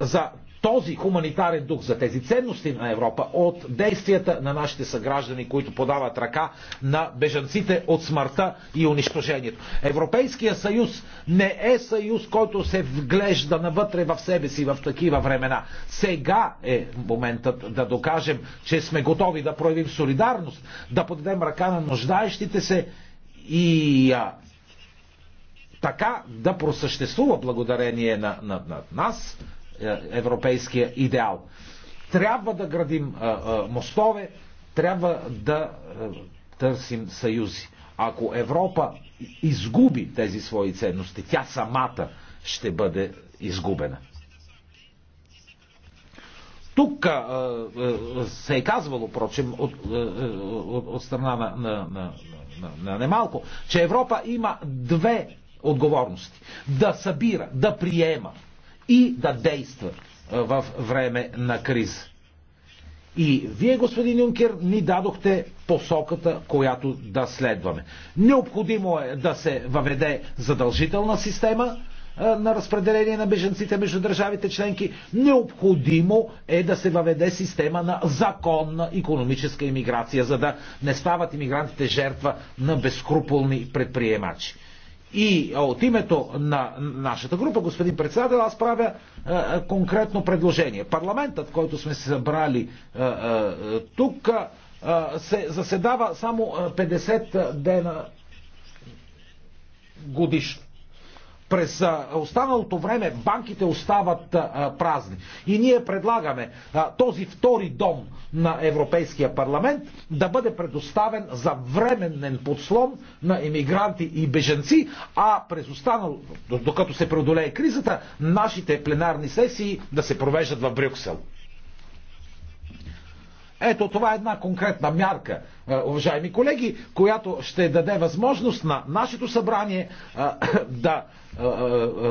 за този хуманитарен дух, за тези ценности на Европа, от действията на нашите съграждани, които подават ръка на бежанците от смъртта и унищожението. Европейския съюз не е съюз, който се вглежда навътре в себе си в такива времена. Сега е моментът да докажем, че сме готови да проявим солидарност, да подадем ръка на нуждаещите се и а, така да просъществува благодарение на, на, на нас е, европейския идеал. Трябва да градим мостове, трябва да търсим съюзи. Ако Европа изгуби тези свои ценности, тя самата ще бъде изгубена. Тук а, а, се е казвало, прочим, от, от, от страна на, на, на, на, на немалко, че Европа има две отговорности. Да събира, да приема и да действа в време на криза. И вие, господин Юнкер, ни дадохте посоката, която да следваме. Необходимо е да се въведе задължителна система на разпределение на беженците между държавите членки. Необходимо е да се въведе система на законна економическа иммиграция, за да не стават иммигрантите жертва на безкруполни предприемачи. И от името на нашата група, господин председател, аз правя а, конкретно предложение. Парламентът, който сме се събрали тук, а, се заседава само 50 дена годишно. През останалото време банките остават празни. И ние предлагаме този втори дом на Европейския парламент да бъде предоставен за временен подслон на емигранти и беженци, а през останалото, докато се преодолее кризата, нашите пленарни сесии да се провеждат в Брюксел. Ето това е една конкретна мярка, уважаеми колеги, която ще даде възможност на нашето събрание да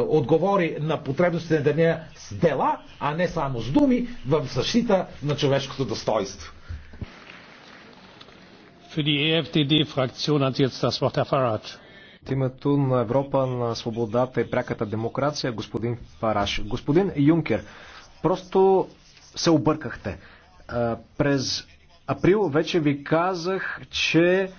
отговори на потребностите на деня с дела, а не само с думи, в защита на човешкото достоинство. E От името на Европа на свободата и пряката демокрация, господин Фараш. Господин Юнкер, просто се объркахте. През април вече ви казах, че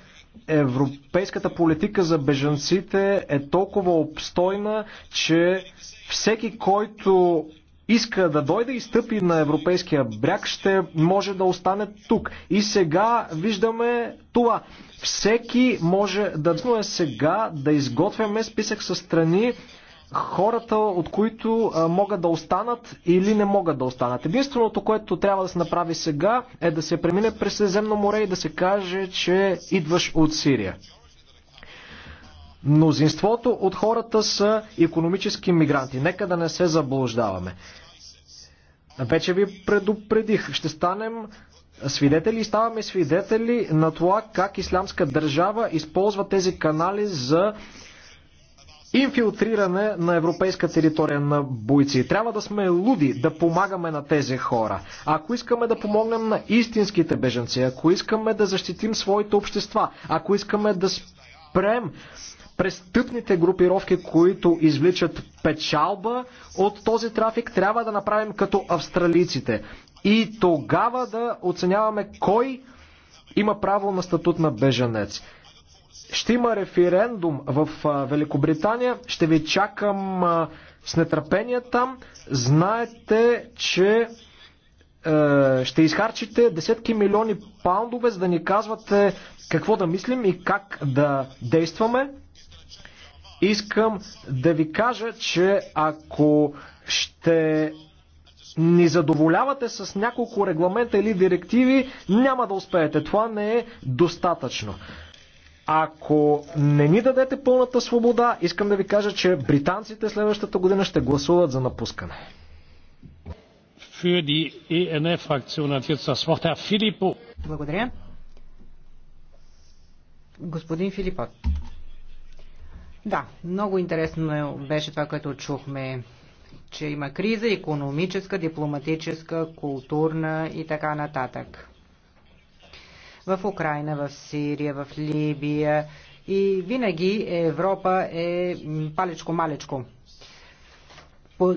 европейската политика за бежанците е толкова обстойна, че всеки, който иска да дойде и стъпи на европейския бряг, ще може да остане тук. И сега виждаме това. Всеки може да... е сега да изготвяме списък с страни, хората, от които могат да останат или не могат да останат. Единственото, което трябва да се направи сега е да се премине през Средиземно море и да се каже, че идваш от Сирия. Мнозинството от хората са економически мигранти. Нека да не се заблуждаваме. Вече ви предупредих, ще станем свидетели и ставаме свидетели на това как Ислямска държава използва тези канали за инфилтриране на европейска територия на бойци. Трябва да сме луди да помагаме на тези хора. Ако искаме да помогнем на истинските беженци, ако искаме да защитим своите общества, ако искаме да спрем престъпните групировки, които извличат печалба от този трафик, трябва да направим като австралийците. И тогава да оценяваме кой има право на статут на беженец ще има референдум в Великобритания. Ще ви чакам с нетърпение там. Знаете, че е, ще изхарчите десетки милиони паундове, за да ни казвате какво да мислим и как да действаме. Искам да ви кажа, че ако ще ни задоволявате с няколко регламента или директиви, няма да успеете. Това не е достатъчно. Ако не ни дадете пълната свобода, искам да ви кажа, че британците следващата година ще гласуват за напускане. E Благодаря. Господин Филипов. Да, много интересно е, беше това, което чухме, че има криза економическа, дипломатическа, културна и така нататък в Украина, в Сирия, в Либия и винаги Европа е палечко-малечко. По...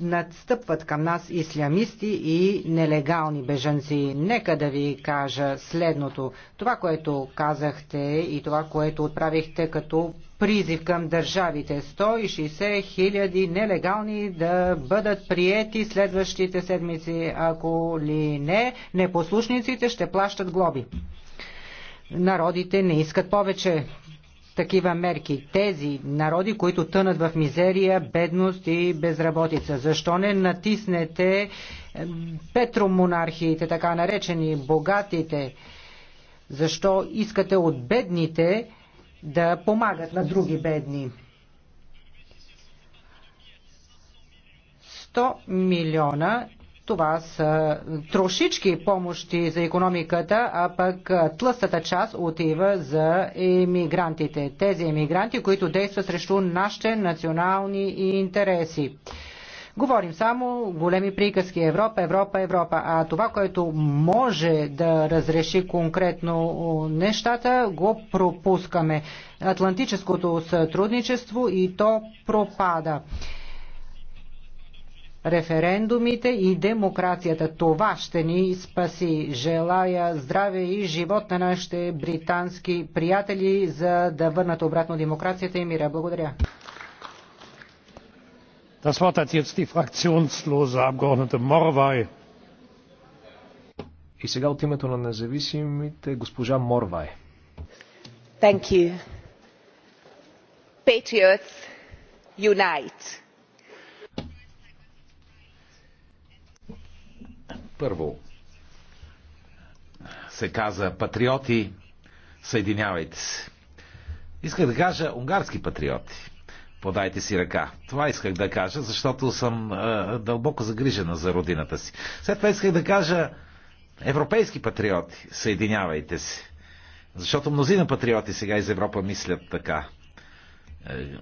Надстъпват към нас ислямисти и нелегални бежанци. Нека да ви кажа следното. Това, което казахте и това, което отправихте като призив към държавите. 160 хиляди нелегални да бъдат приети следващите седмици. Ако ли не, непослушниците ще плащат глоби. Народите не искат повече такива мерки. Тези народи, които тънат в мизерия, бедност и безработица. Защо не натиснете е, петромонархиите, така наречени богатите? Защо искате от бедните да помагат на други бедни. 100 милиона това са трошички помощи за економиката, а пък тлъстата част отива за емигрантите. Тези емигранти, които действат срещу нашите национални интереси. Говорим само големи приказки Европа, Европа, Европа. А това, което може да разреши конкретно нещата, го пропускаме. Атлантическото сътрудничество и то пропада референдумите и демокрацията. Това ще ни спаси. Желая здраве и живот на нашите британски приятели, за да върнат обратно демокрацията и мира. Благодаря das wort hat jetzt die fraktionslose abgeordnete morvai. И сега от името на независимите госпожа Морвай. Thank you. Patriots unite. Първо се каза патриоти, съединявайте се. Исках да кажа унгарски патриоти подайте си ръка. Това исках да кажа, защото съм а, дълбоко загрижена за родината си. След това исках да кажа, европейски патриоти, съединявайте се. Защото мнозина патриоти сега из Европа мислят така. Е, е,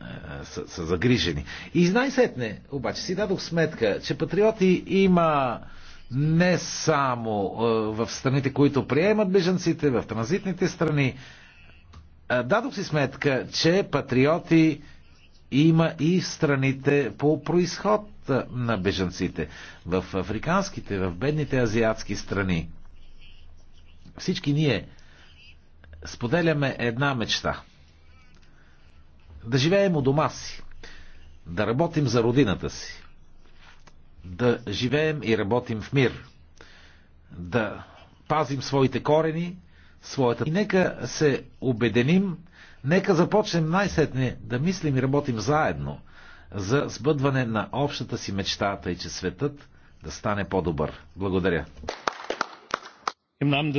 са, са загрижени. И най-сетне, обаче, си дадох сметка, че патриоти има не само е, в страните, които приемат бежанците, в транзитните страни. Е, дадох си сметка, че патриоти има и страните по происход на бежанците. В африканските, в бедните азиатски страни. Всички ние споделяме една мечта. Да живеем у дома си. Да работим за родината си. Да живеем и работим в мир. Да пазим своите корени, своята... И нека се обеденим, Нека започнем най-сетне да мислим и работим заедно за сбъдване на общата си мечтата и че светът да стане по-добър. Благодаря. Äh,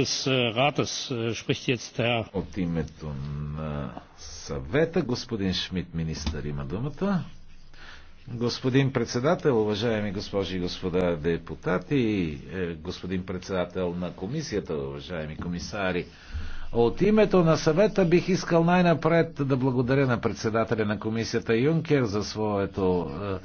äh, От името на съвета господин Шмидт, министър, има думата. Господин председател, уважаеми госпожи и господа депутати, е, господин председател на комисията, уважаеми комисари, от името на съвета бих искал най-напред да благодаря на председателя на комисията Юнкер за своето е,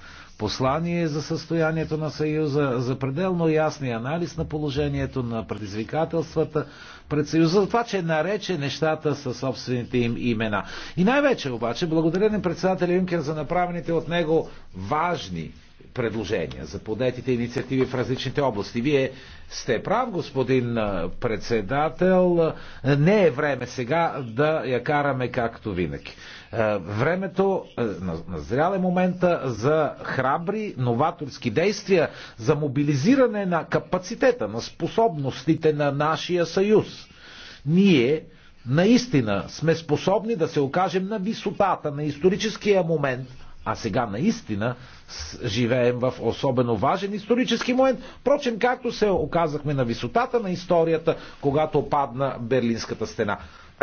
послание за състоянието на Съюза, за пределно ясния анализ на положението, на предизвикателствата пред Съюза, за това, че нарече нещата със собствените им имена. И най-вече обаче, благодаря на председателя Юнкер за направените от него важни предложения за подетите инициативи в различните области. Вие сте прав, господин председател. Не е време сега да я караме както винаги. Е, времето, е, назрял е момента за храбри новаторски действия, за мобилизиране на капацитета, на способностите на нашия съюз. Ние наистина сме способни да се окажем на висотата на историческия момент, а сега наистина живеем в особено важен исторически момент. Впрочем, както се оказахме на висотата на историята, когато падна Берлинската стена.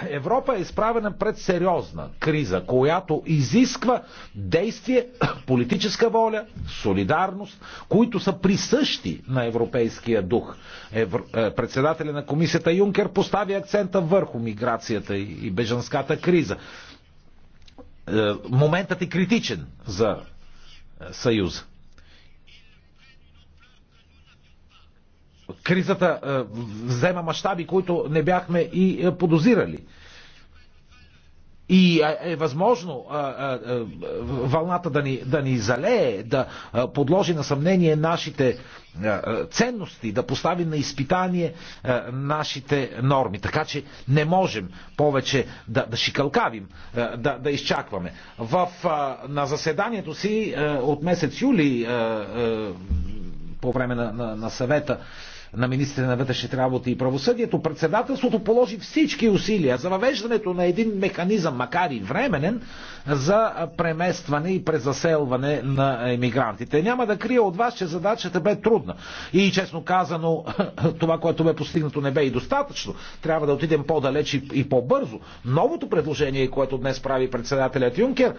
Европа е изправена пред сериозна криза, която изисква действие, политическа воля, солидарност, които са присъщи на европейския дух. Евро... Е, председателя на комисията Юнкер постави акцента върху миграцията и бежанската криза. Е, моментът е критичен за е, Съюза. кризата е, взема мащаби, които не бяхме и е, подозирали. И е, е възможно вълната да ни, да ни залее, да подложи на съмнение нашите ценности, да постави на изпитание нашите норми. Така че не можем повече да, да шикалкавим, да, да изчакваме. В, на заседанието си от месец юли по време на, на, на съвета на министри на вътрешните работи и правосъдието, председателството положи всички усилия за въвеждането на един механизъм, макар и временен, за преместване и презаселване на емигрантите. Няма да крия от вас, че задачата бе трудна. И честно казано, това, което бе постигнато, не бе и достатъчно. Трябва да отидем по-далеч и по-бързо. Новото предложение, което днес прави председателят Юнкер,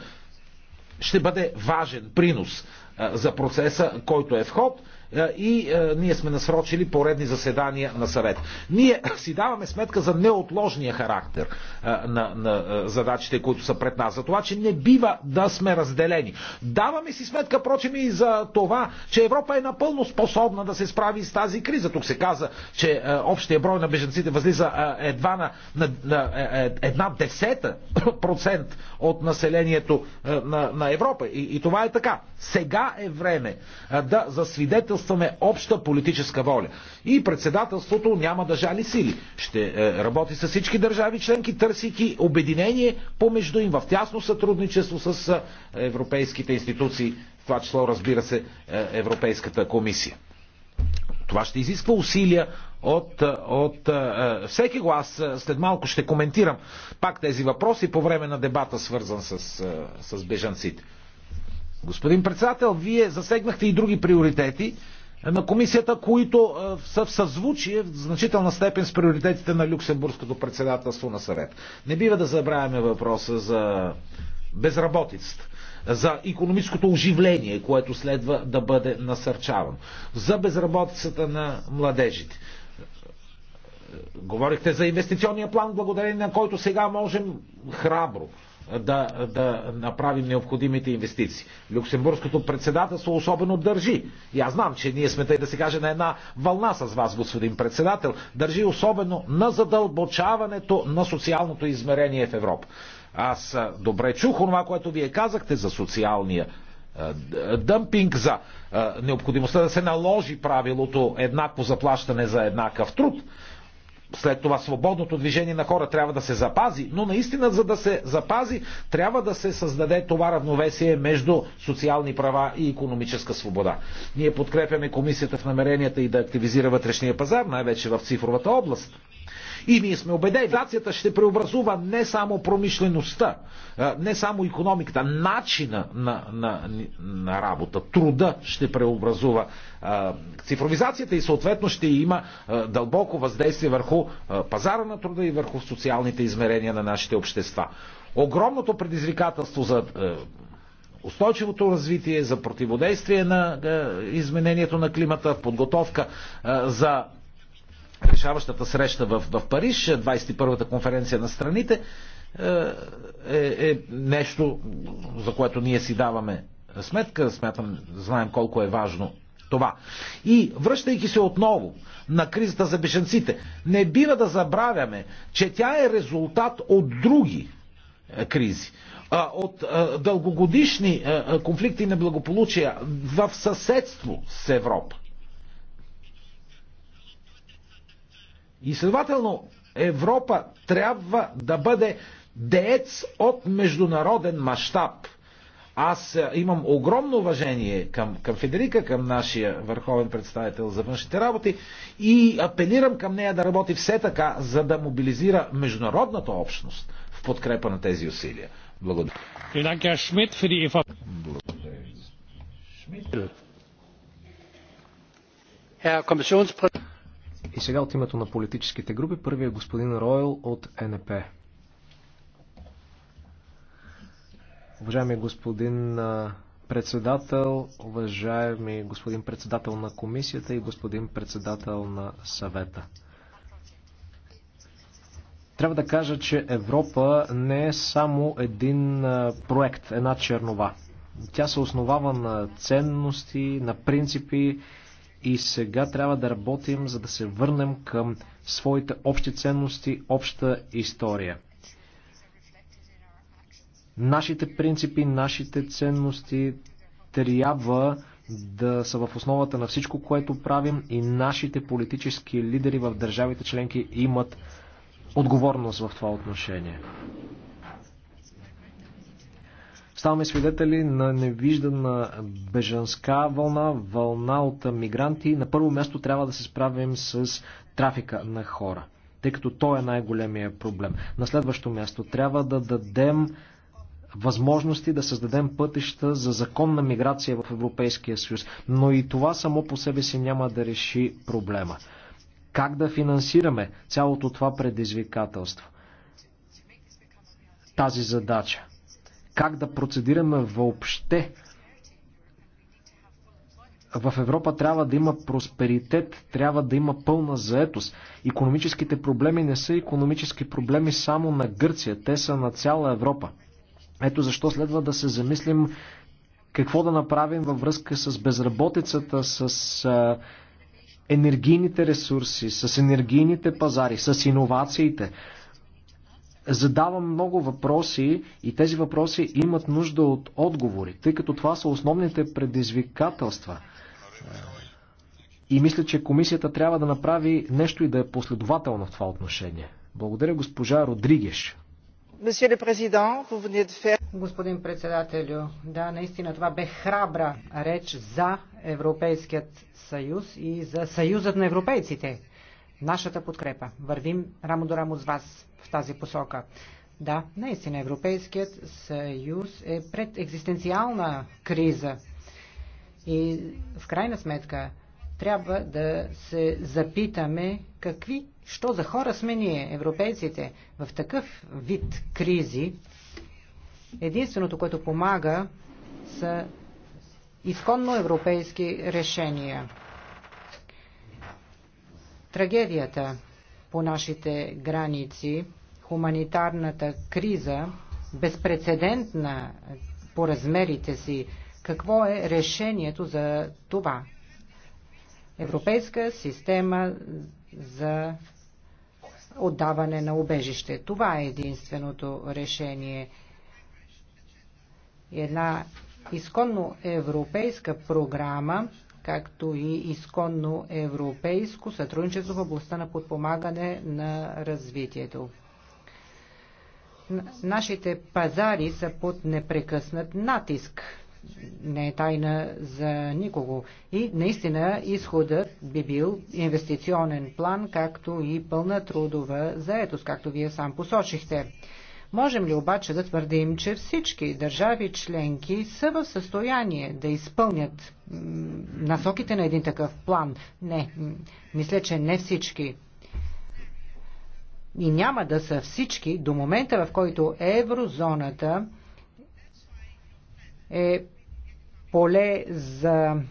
ще бъде важен принос за процеса, който е в ход е, и е, ние сме насрочили поредни заседания на съвет. Ние си даваме сметка за неотложния характер е, на, на задачите, които са пред нас, за това, че не бива да сме разделени. Даваме си сметка, прочим, и за това, че Европа е напълно способна да се справи с тази криза. Тук се каза, че общия брой на беженците възлиза едва на, на, на една десета процент от населението на, на Европа. И, и това е така. Сега е време да засвидетел свидетелстваме обща политическа воля. И председателството няма да жали сили. Ще е, работи с всички държави членки, търсики обединение помежду им в тясно сътрудничество с е, европейските институции, в това число, разбира се, е, Европейската комисия. Това ще изисква усилия от, от всеки го. Аз след малко ще коментирам пак тези въпроси по време на дебата, свързан с, с бежанците. Господин председател, вие засегнахте и други приоритети на комисията, които са в съзвучие в значителна степен с приоритетите на Люксембургското председателство на съвет. Не бива да забравяме въпроса за безработицата за економическото оживление, което следва да бъде насърчавано, за безработицата на младежите. Говорихте за инвестиционния план, благодарение на който сега можем храбро, да, да направим необходимите инвестиции. Люксембургското председателство особено държи. И аз знам, че ние сме тъй да се каже на една вълна с вас, господин председател. Държи особено на задълбочаването на социалното измерение в Европа. Аз добре чух това, което вие казахте за социалния дъмпинг, за необходимостта да се наложи правилото еднакво заплащане за еднакъв труд след това свободното движение на хора трябва да се запази, но наистина за да се запази трябва да се създаде това равновесие между социални права и економическа свобода. Ние подкрепяме комисията в намеренията и да активизира вътрешния пазар, най-вече в цифровата област. И ние сме убедени, инфлацията ще преобразува не само промишлеността, не само економиката, начина на, на, на работа, труда ще преобразува цифровизацията и съответно ще има дълбоко въздействие върху пазара на труда и върху социалните измерения на нашите общества. Огромното предизвикателство за устойчивото развитие, за противодействие на изменението на климата, подготовка за решаващата среща в, в Париж, 21-та конференция на страните, е, е, е нещо, за което ние си даваме сметка. Смятам, знаем колко е важно това. И връщайки се отново на кризата за бешенците, не бива да забравяме, че тя е резултат от други е, кризи от е, дългогодишни конфликти и неблагополучия в съседство с Европа. И следователно Европа трябва да бъде деец от международен мащаб. Аз е, имам огромно уважение към, към Федерика, към нашия върховен представител за външните работи и апелирам към нея да работи все така, за да мобилизира международната общност в подкрепа на тези усилия. Благодаря. Благодаря. Шмидт. И сега от името на политическите групи, първият е господин Ройл от НП. Уважаеми господин председател, уважаеми господин председател на комисията и господин председател на съвета. Трябва да кажа, че Европа не е само един проект, една чернова. Тя се основава на ценности, на принципи, и сега трябва да работим, за да се върнем към своите общи ценности, обща история. Нашите принципи, нашите ценности трябва да са в основата на всичко, което правим и нашите политически лидери в държавите членки имат отговорност в това отношение. Ставаме свидетели на невиждана бежанска вълна, вълна от мигранти. На първо място трябва да се справим с трафика на хора, тъй като той е най-големия проблем. На следващо място трябва да дадем възможности да създадем пътища за законна миграция в Европейския съюз. Но и това само по себе си няма да реши проблема. Как да финансираме цялото това предизвикателство? Тази задача как да процедираме въобще. В Европа трябва да има просперитет, трябва да има пълна заетост. Економическите проблеми не са економически проблеми само на Гърция, те са на цяла Европа. Ето защо следва да се замислим какво да направим във връзка с безработицата, с енергийните ресурси, с енергийните пазари, с иновациите задавам много въпроси и тези въпроси имат нужда от отговори, тъй като това са основните предизвикателства. Е, и мисля, че комисията трябва да направи нещо и да е последователна в това отношение. Благодаря госпожа Родригеш. Господин председателю, да, наистина това бе храбра реч за Европейският съюз и за съюзът на европейците нашата подкрепа. Вървим рамо до рамо с вас в тази посока. Да, наистина Европейският съюз е пред екзистенциална криза. И в крайна сметка трябва да се запитаме какви, що за хора сме ние, европейците, в такъв вид кризи. Единственото, което помага, са изконно европейски решения. Трагедията по нашите граници, хуманитарната криза, безпредседентна по размерите си, какво е решението за това? Европейска система за отдаване на убежище. Това е единственото решение. Една изконно европейска програма както и изконно европейско сътрудничество в областта на подпомагане на развитието. Нашите пазари са под непрекъснат натиск. Не е тайна за никого. И наистина изходът би бил инвестиционен план, както и пълна трудова заетост, както вие сам посочихте. Можем ли обаче да твърдим, че всички държави членки са в състояние да изпълнят насоките на един такъв план? Не, мисля, че не всички. И няма да са всички до момента, в който еврозоната е поле за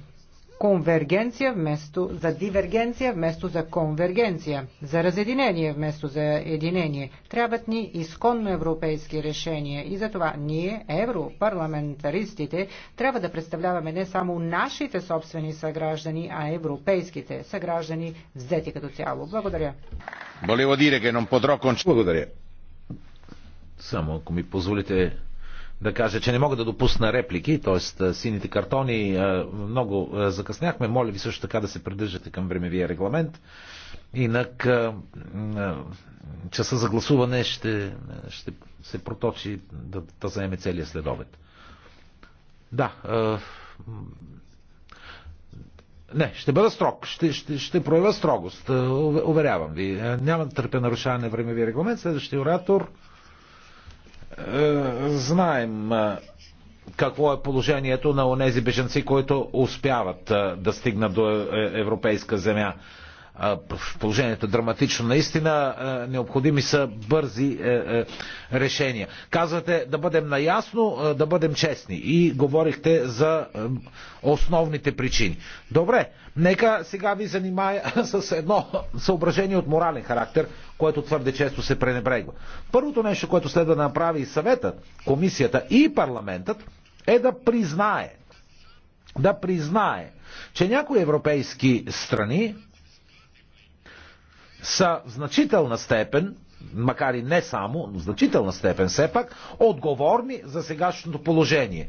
конвергенция вместо за дивергенция вместо за конвергенция, за разединение вместо за единение. Трябват ни изконно европейски решения и затова ние, европарламентаристите, трябва да представляваме не само нашите собствени съграждани, а европейските съграждани, взети като цяло. Благодаря. Благодаря. Само ако ми позволите да кажа, че не мога да допусна реплики, т.е. сините картони много закъсняхме. Моля ви също така да се придържате към времевия регламент. Инак часа за гласуване ще, ще се проточи да, да заеме целия следобед. Да. Не, ще бъда строг. Ще, ще, ще проявя строгост. Уверявам ви. Няма да търпя нарушаване на времевия регламент. Следващия оратор. Е, знаем е, какво е положението на онези беженци, които успяват е, да стигнат до европейска земя положението е драматично наистина, необходими са бързи е, е, решения. Казвате да бъдем наясно, е, да бъдем честни и говорихте за основните причини. Добре, нека сега ви занимая с едно съображение от морален характер, което твърде често се пренебрегва. Първото нещо, което следва да направи и съветът, комисията и парламентът е да признае да признае, че някои европейски страни са в значителна степен, макар и не само, но в значителна степен все пак, отговорни за сегашното положение.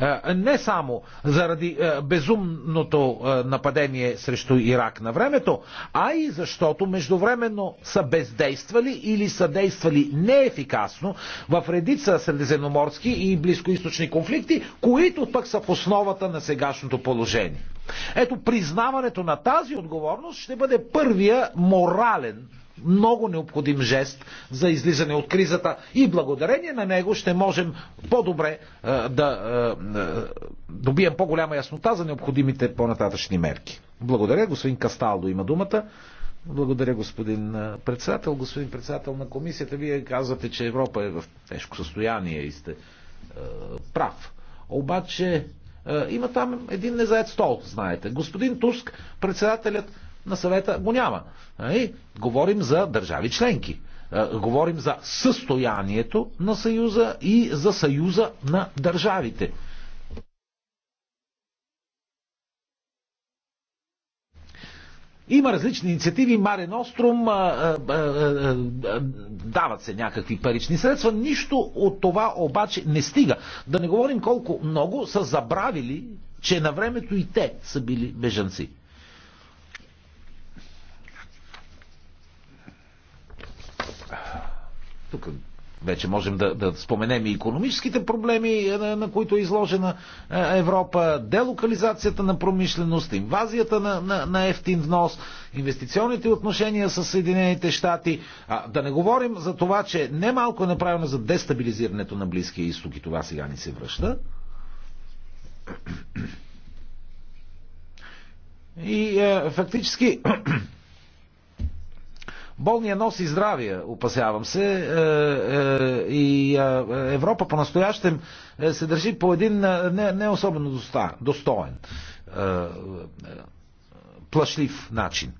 Е, не само заради е, безумното е, нападение срещу Ирак на времето, а и защото междувременно са бездействали или са действали неефикасно в редица средиземноморски и близкоисточни конфликти, които пък са в основата на сегашното положение. Ето, признаването на тази отговорност ще бъде първия морален много необходим жест за излизане от кризата и благодарение на него ще можем по-добре е, да е, е, добием по-голяма яснота за необходимите по-нататъчни мерки. Благодаря. Господин Касталдо има думата. Благодаря, господин председател. Господин председател на комисията, вие казвате, че Европа е в тежко състояние и сте е, прав. Обаче е, има там един незает стол, знаете. Господин Туск, председателят на съвета го няма. Нали? Говорим за държави членки. Е, говорим за състоянието на съюза и за съюза на държавите. Има различни инициативи, Марен а, а, а, а, дават се някакви парични средства, нищо от това обаче не стига. Да не говорим колко много са забравили, че на времето и те са били бежанци. Тук вече можем да, да споменем и економическите проблеми, е, на, на които е изложена е, Европа, делокализацията на промишленост, инвазията на, на, на ефтин внос, инвестиционните отношения с Съединените щати. А, да не говорим за това, че немалко е направено за дестабилизирането на Близкия изток и това сега ни се връща. И е, фактически Болния носи здравия, опасявам се, е, е, и е, Европа по-настоящем се държи по един не, не особено достоен, плашлив начин.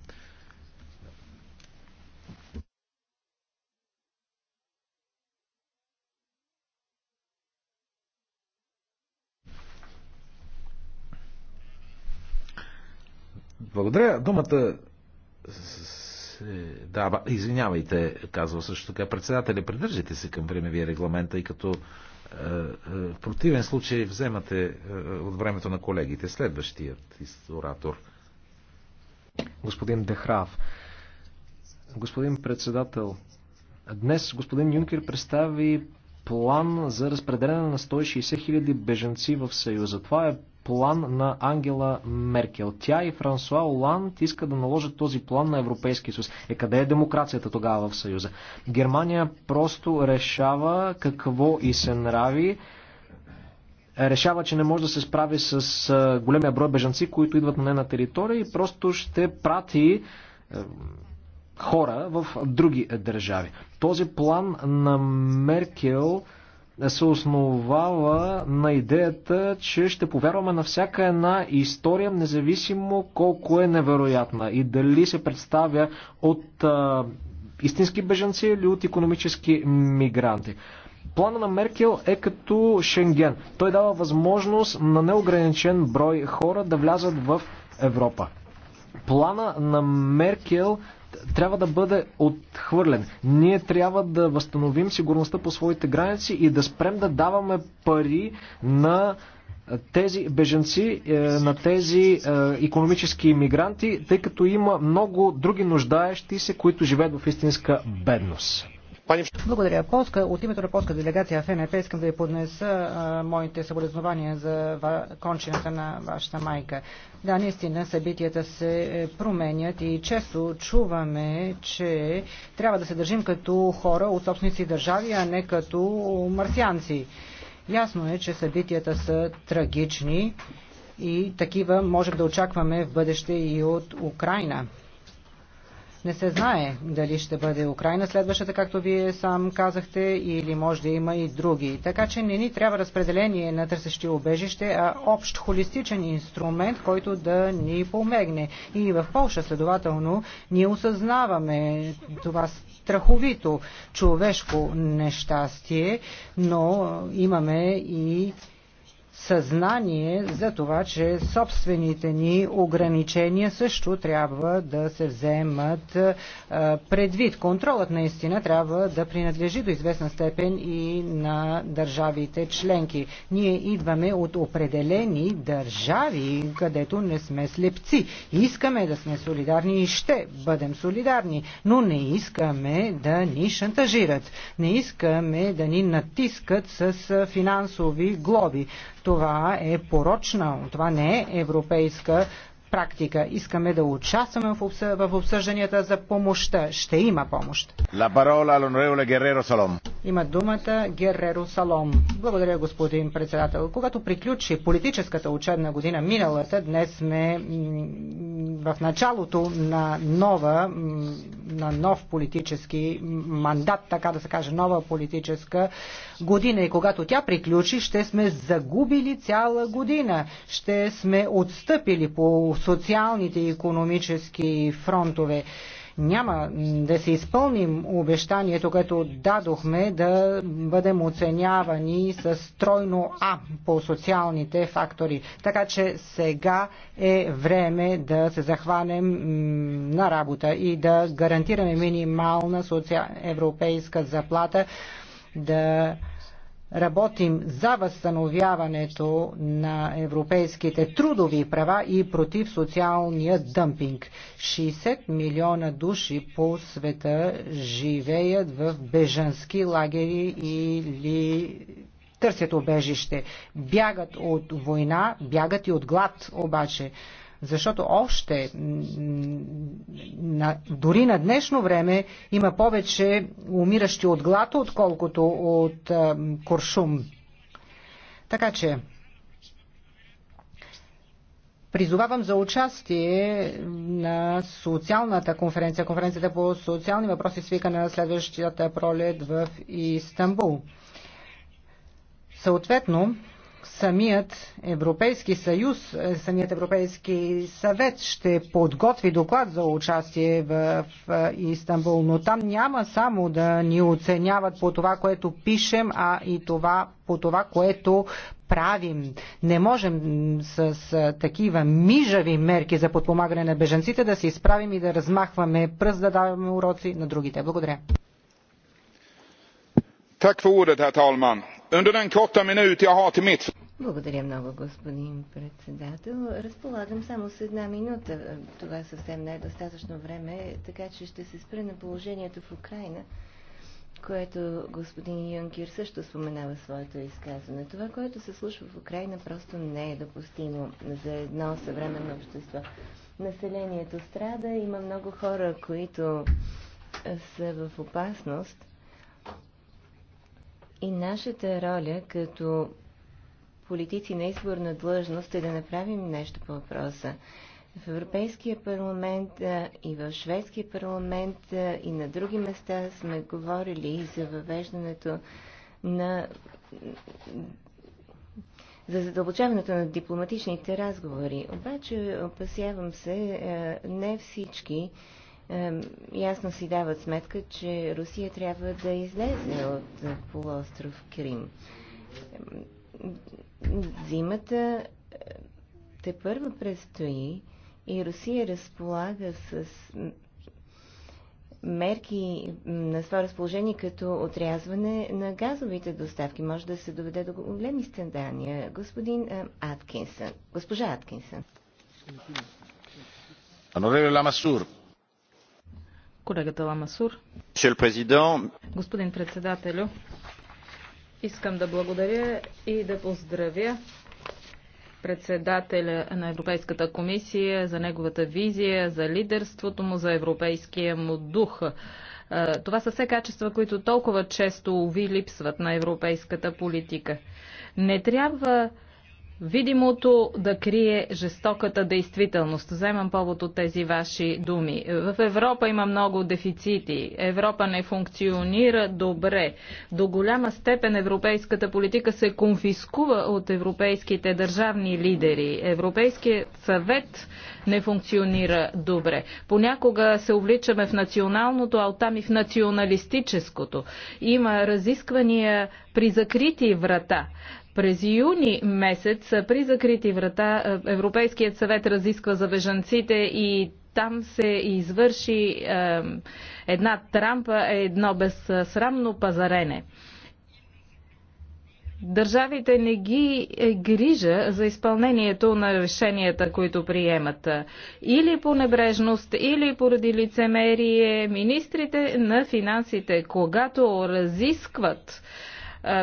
Благодаря. Думата се ба, Извинявайте, казва също така председателя, придържайте се към времевия регламент, тъй като е, е, в противен случай вземате е, от времето на колегите. Следващият оратор. Господин Дехрав. Господин председател, днес господин Юнкер представи план за разпределение на 160 000 беженци в Съюза. Това е план на Ангела Меркел. Тя и Франсуа Оланд иска да наложат този план на Европейския съюз. Е къде е демокрацията тогава в Съюза? Германия просто решава какво и се нрави. Решава, че не може да се справи с големия брой бежанци, които идват на нейна територия и просто ще прати е, хора в други държави. Този план на Меркел е се основава на идеята, че ще повярваме на всяка една история, независимо колко е невероятна и дали се представя от а, истински бежанци или от економически мигранти. Плана на Меркел е като Шенген. Той дава възможност на неограничен брой хора да влязат в Европа. Плана на Меркел трябва да бъде отхвърлен. Ние трябва да възстановим сигурността по своите граници и да спрем да даваме пари на тези беженци, е, на тези економически иммигранти, тъй като има много други нуждаещи се, които живеят в истинска бедност. Благодаря. Полска, от името на полска делегация в НФ искам да ви поднеса а, моите съболезнования за ва, кончината на вашата майка. Да, наистина събитията се е, променят и често чуваме, че трябва да се държим като хора от собственици държави, а не като марсианци. Ясно е, че събитията са трагични и такива можем да очакваме в бъдеще и от Украина. Не се знае дали ще бъде Украина следващата, както вие сам казахте, или може да има и други. Така че не ни трябва разпределение на търсещи обежище, а общ холистичен инструмент, който да ни помегне. И в Польша, следователно, ние осъзнаваме това страховито човешко нещастие, но имаме и съзнание за това, че собствените ни ограничения също трябва да се вземат предвид. Контролът наистина трябва да принадлежи до известна степен и на държавите членки. Ние идваме от определени държави, където не сме слепци. Искаме да сме солидарни и ще бъдем солидарни, но не искаме да ни шантажират. Не искаме да ни натискат с финансови глоби. Това е порочна, това не е европейска практика. Искаме да участваме в обсъжданията за помощта. Ще има помощ. Има думата Герреро Салом. Благодаря, господин председател. Когато приключи политическата учебна година миналата, днес сме в началото на нова, на нов политически мандат, така да се каже, нова политическа година. И когато тя приключи, ще сме загубили цяла година. Ще сме отстъпили по социалните и економически фронтове. Няма да се изпълним обещанието, което дадохме да бъдем оценявани с тройно А по социалните фактори. Така че сега е време да се захванем на работа и да гарантираме минимална социал... европейска заплата, да работим за възстановяването на европейските трудови права и против социалния дъмпинг. 60 милиона души по света живеят в бежански лагери или търсят обежище. Бягат от война, бягат и от глад обаче. Защото още на, дори на днешно време има повече умиращи от глато, отколкото от а, куршум. Така че, Призовавам за участие на социалната конференция, конференцията по социални въпроси, свикана на следващата пролет в Истанбул. Съответно, самият Европейски съюз, е, самият Европейски съвет ще подготви доклад за участие в е, Истанбул, но там няма само да ни оценяват по това, което пишем, а и това, по това, което правим. Не можем с е, такива мижави мерки за подпомагане на беженците да се изправим и да размахваме пръст, да даваме уроци на другите. Благодаря. Tack för ordet, herr talman. Благодаря много, господин председател. Разполагам само с една минута. Това съвсем не е достатъчно време, така че ще се спра на положението в Украина, което господин Юнкер също споменава своето изказване. Това, което се случва в Украина, просто не е допустимо за едно съвременно общество. Населението страда, има много хора, които са в опасност – и нашата роля като политици на изборна длъжност е да направим нещо по въпроса. В Европейския парламент и в Шведския парламент и на други места сме говорили за въвеждането на за задълбочаването на дипломатичните разговори. Обаче опасявам се, не всички ясно си дават сметка, че Русия трябва да излезе от е, полуостров Крим. Зимата е, те първо предстои и Русия разполага с мерки на свое разположение, като отрязване на газовите доставки. Може да се доведе до големи страдания. Господин е, Аткинсън, госпожа Аткинсън. Honorable Ламасур, Колегата Ламасур. Господин председателю, искам да благодаря и да поздравя председателя на Европейската комисия за неговата визия, за лидерството му, за европейския му дух. Това са все качества, които толкова често ви липсват на европейската политика. Не трябва Видимото да крие жестоката действителност. Вземам повод от тези ваши думи. В Европа има много дефицити. Европа не функционира добре. До голяма степен европейската политика се конфискува от европейските държавни лидери. Европейският съвет не функционира добре. Понякога се увличаме в националното, а оттам и в националистическото. Има разисквания при закрити врата. През юни месец при закрити врата е, Европейският съвет разисква за бежанците и там се извърши е, една трампа, едно безсрамно пазарене. Държавите не ги е, грижа за изпълнението на решенията, които приемат. Или по небрежност, или поради лицемерие, министрите на финансите, когато разискват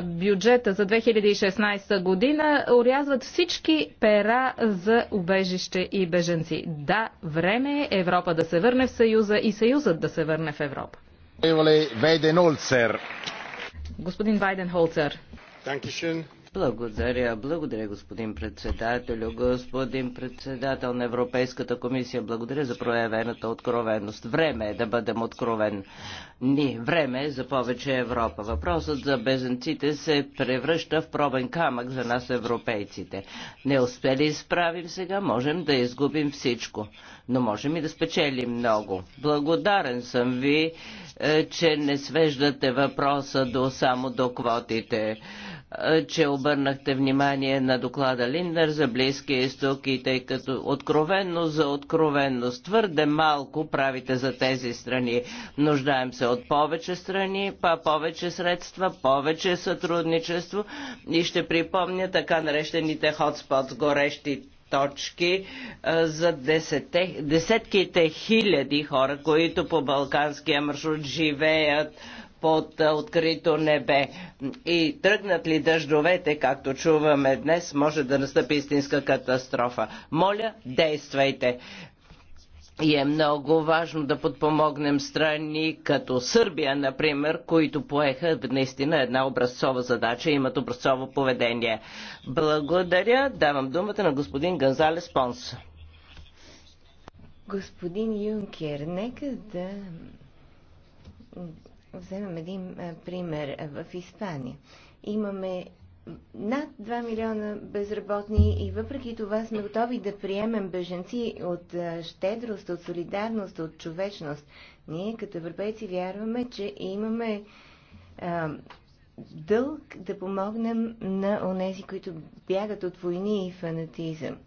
бюджета за 2016 година урязват всички пера за убежище и беженци. Да, време е Европа да се върне в Съюза и Съюзът да се върне в Европа. Господин Вайден Холцер. Благодаря, благодаря господин председател, господин председател на Европейската комисия, благодаря за проявената откровеност. Време е да бъдем откровен. Ни, време е за повече Европа. Въпросът за безенците се превръща в пробен камък за нас европейците. Не успели изправим сега, можем да изгубим всичко, но можем и да спечелим много. Благодарен съм ви, е, че не свеждате въпроса до само до квотите че обърнахте внимание на доклада Линдър за Близкия изток и тъй като откровенност за откровенност твърде малко правите за тези страни. Нуждаем се от повече страни, па повече средства, повече сътрудничество и ще припомня така наречените хотспот с горещи точки е, за десете, десетките хиляди хора, които по Балканския маршрут живеят под открито небе. И тръгнат ли дъждовете, както чуваме днес, може да настъпи истинска катастрофа. Моля, действайте. И е много важно да подпомогнем страни като Сърбия, например, които поеха наистина една образцова задача и имат образцово поведение. Благодаря. Давам думата на господин Ганзалес Понс. Господин Юнкер, нека да вземем един е, пример е, в Испания. Имаме над 2 милиона безработни и въпреки това сме готови да приемем беженци от е, щедрост, от солидарност, от човечност. Ние като европейци вярваме, че имаме а, дълг да помогнем на онези, които бягат от войни и фанатизъм.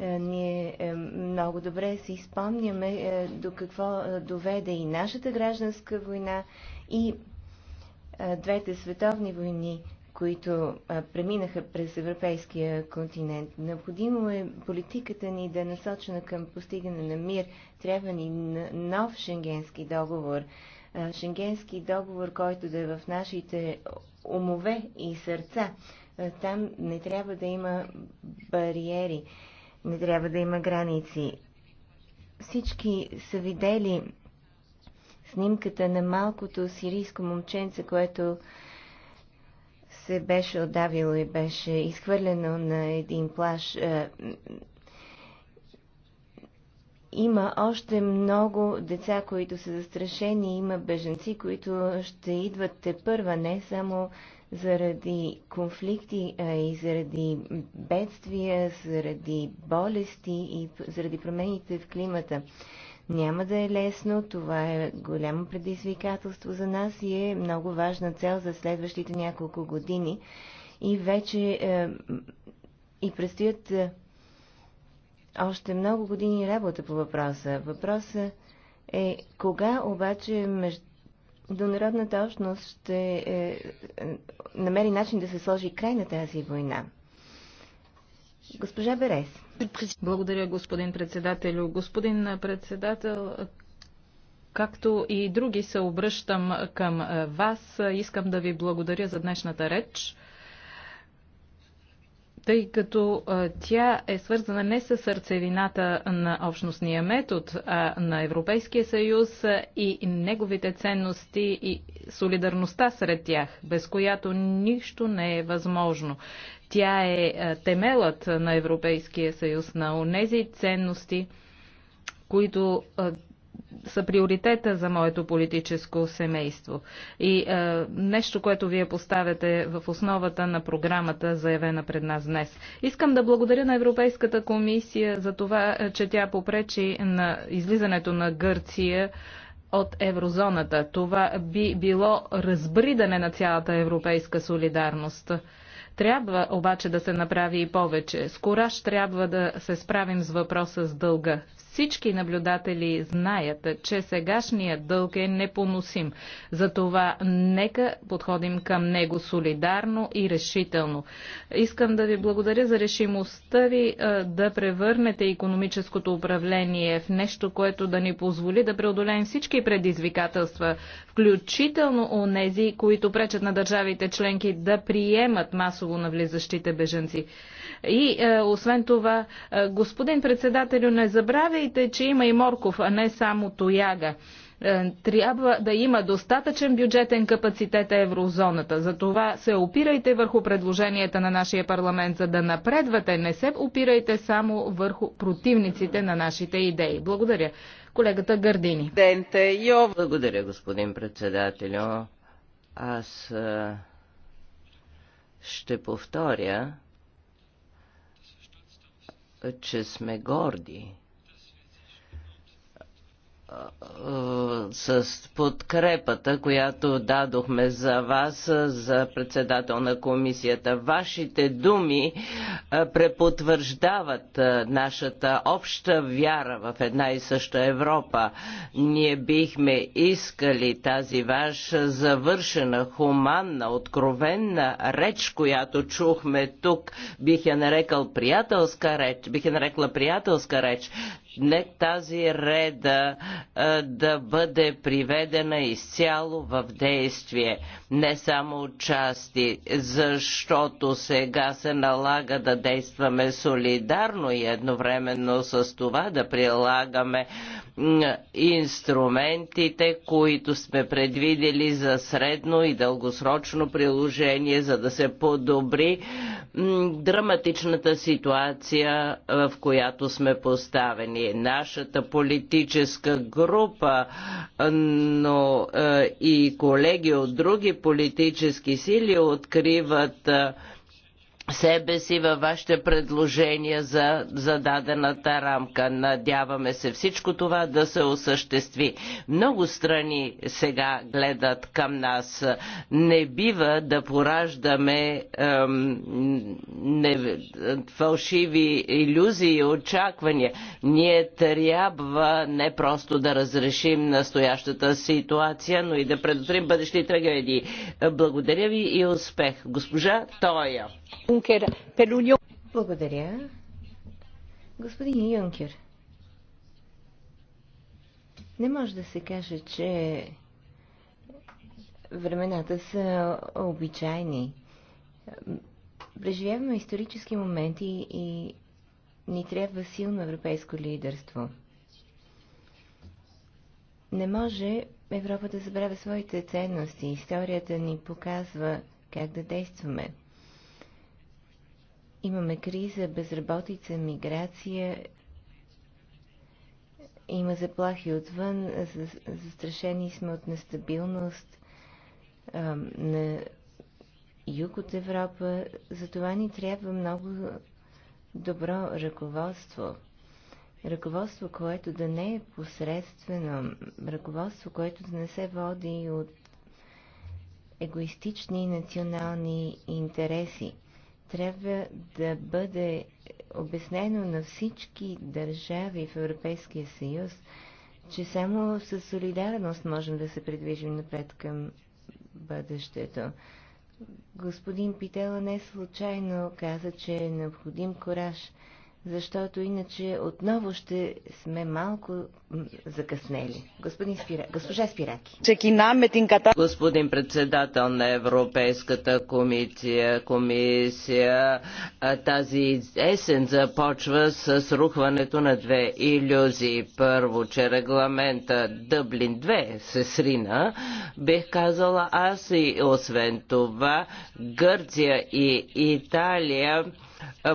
Е, ние е, много добре си изпомняме е, до какво доведе и нашата гражданска война, и двете световни войни, които преминаха през европейския континент. Необходимо е политиката ни да е насочена към постигане на мир. Трябва ни нов шенгенски договор. Шенгенски договор, който да е в нашите умове и сърца. Там не трябва да има бариери не трябва да има граници. Всички са видели снимката на малкото сирийско момченце, което се беше отдавило и беше изхвърлено на един плаж. Е, има още много деца, които са застрашени, има беженци, които ще идват те първа, не само заради конфликти, а и заради бедствия, заради болести и заради промените в климата. Няма да е лесно, това е голямо предизвикателство за нас и е много важна цел за следващите няколко години. И вече е, и предстоят е, още много години работа по въпроса. Въпросът е кога обаче между Донародната общност ще е, намери начин да се сложи край на тази война. Госпожа Берес. Благодаря, господин председателю. Господин председател, както и други се обръщам към вас, искам да ви благодаря за днешната реч тъй като тя е свързана не с сърцевината на общностния метод, а на Европейския съюз и неговите ценности и солидарността сред тях, без която нищо не е възможно. Тя е темелът на Европейския съюз, на онези ценности, които са приоритета за моето политическо семейство. И е, нещо, което вие поставяте в основата на програмата, заявена пред нас днес. Искам да благодаря на Европейската комисия за това, е, че тя попречи на излизането на Гърция от еврозоната. Това би било разбридане на цялата европейска солидарност. Трябва обаче да се направи и повече. С кораж трябва да се справим с въпроса с дълга. Всички наблюдатели знаят, че сегашният дълг е непоносим. Затова нека подходим към него солидарно и решително. Искам да ви благодаря за решимостта ви да превърнете економическото управление в нещо, което да ни позволи да преодолеем всички предизвикателства, включително онези, които пречат на държавите членки да приемат масово навлизащите беженци. И освен това, господин председателю, не забравя забравяйте, че има и морков, а не само тояга е, трябва да има достатъчен бюджетен капацитет еврозоната. За това се опирайте върху предложенията на нашия парламент, за да напредвате. Не се опирайте само върху противниците на нашите идеи. Благодаря. Колегата Гърдини. Благодаря, господин председателю. Аз е, ще повторя, че сме горди с подкрепата, която дадохме за вас, за председател на комисията. Вашите думи препотвърждават нашата обща вяра в една и съща Европа. Ние бихме искали тази ваша завършена, хуманна, откровенна реч, която чухме тук. Бих я нарекал приятелска реч, бих я нарекла приятелска реч не тази реда да бъде приведена изцяло в действие, не само части, защото сега се налага да действаме солидарно и едновременно с това да прилагаме инструментите, които сме предвидели за средно и дългосрочно приложение, за да се подобри драматичната ситуация, в която сме поставени внимание Нашата политическа група, но е, и колеги от други политически сили откриват е, себе си във вашите предложения за зададената рамка. Надяваме се всичко това да се осъществи. Много страни сега гледат към нас. Не бива да пораждаме ем, не, фалшиви иллюзии и очаквания. Ние трябва не просто да разрешим настоящата ситуация, но и да предотвратим бъдещи трагедии. Благодаря ви и успех. Госпожа Тоя. Благодаря. Господин Юнкер, не може да се каже, че времената са обичайни. Преживяваме исторически моменти и ни трябва силно европейско лидерство. Не може Европа да забравя своите ценности. Историята ни показва как да действаме. Имаме криза, безработица, миграция. Има заплахи отвън, застрашени сме от нестабилност а, на юг от Европа. Затова ни трябва много добро ръководство. Ръководство, което да не е посредствено, ръководство, което да не се води от егоистични национални интереси трябва да бъде обяснено на всички държави в Европейския съюз, че само с солидарност можем да се придвижим напред към бъдещето. Господин Питела не случайно каза, че е необходим кораж – защото иначе отново ще сме малко закъснели. Господин Спира... Госпожа Спираки. Господин председател на Европейската комисия, комисия тази есен започва с рухването на две иллюзии. Първо, че регламента Дъблин 2 се срина, бих казала аз и освен това Гърция и Италия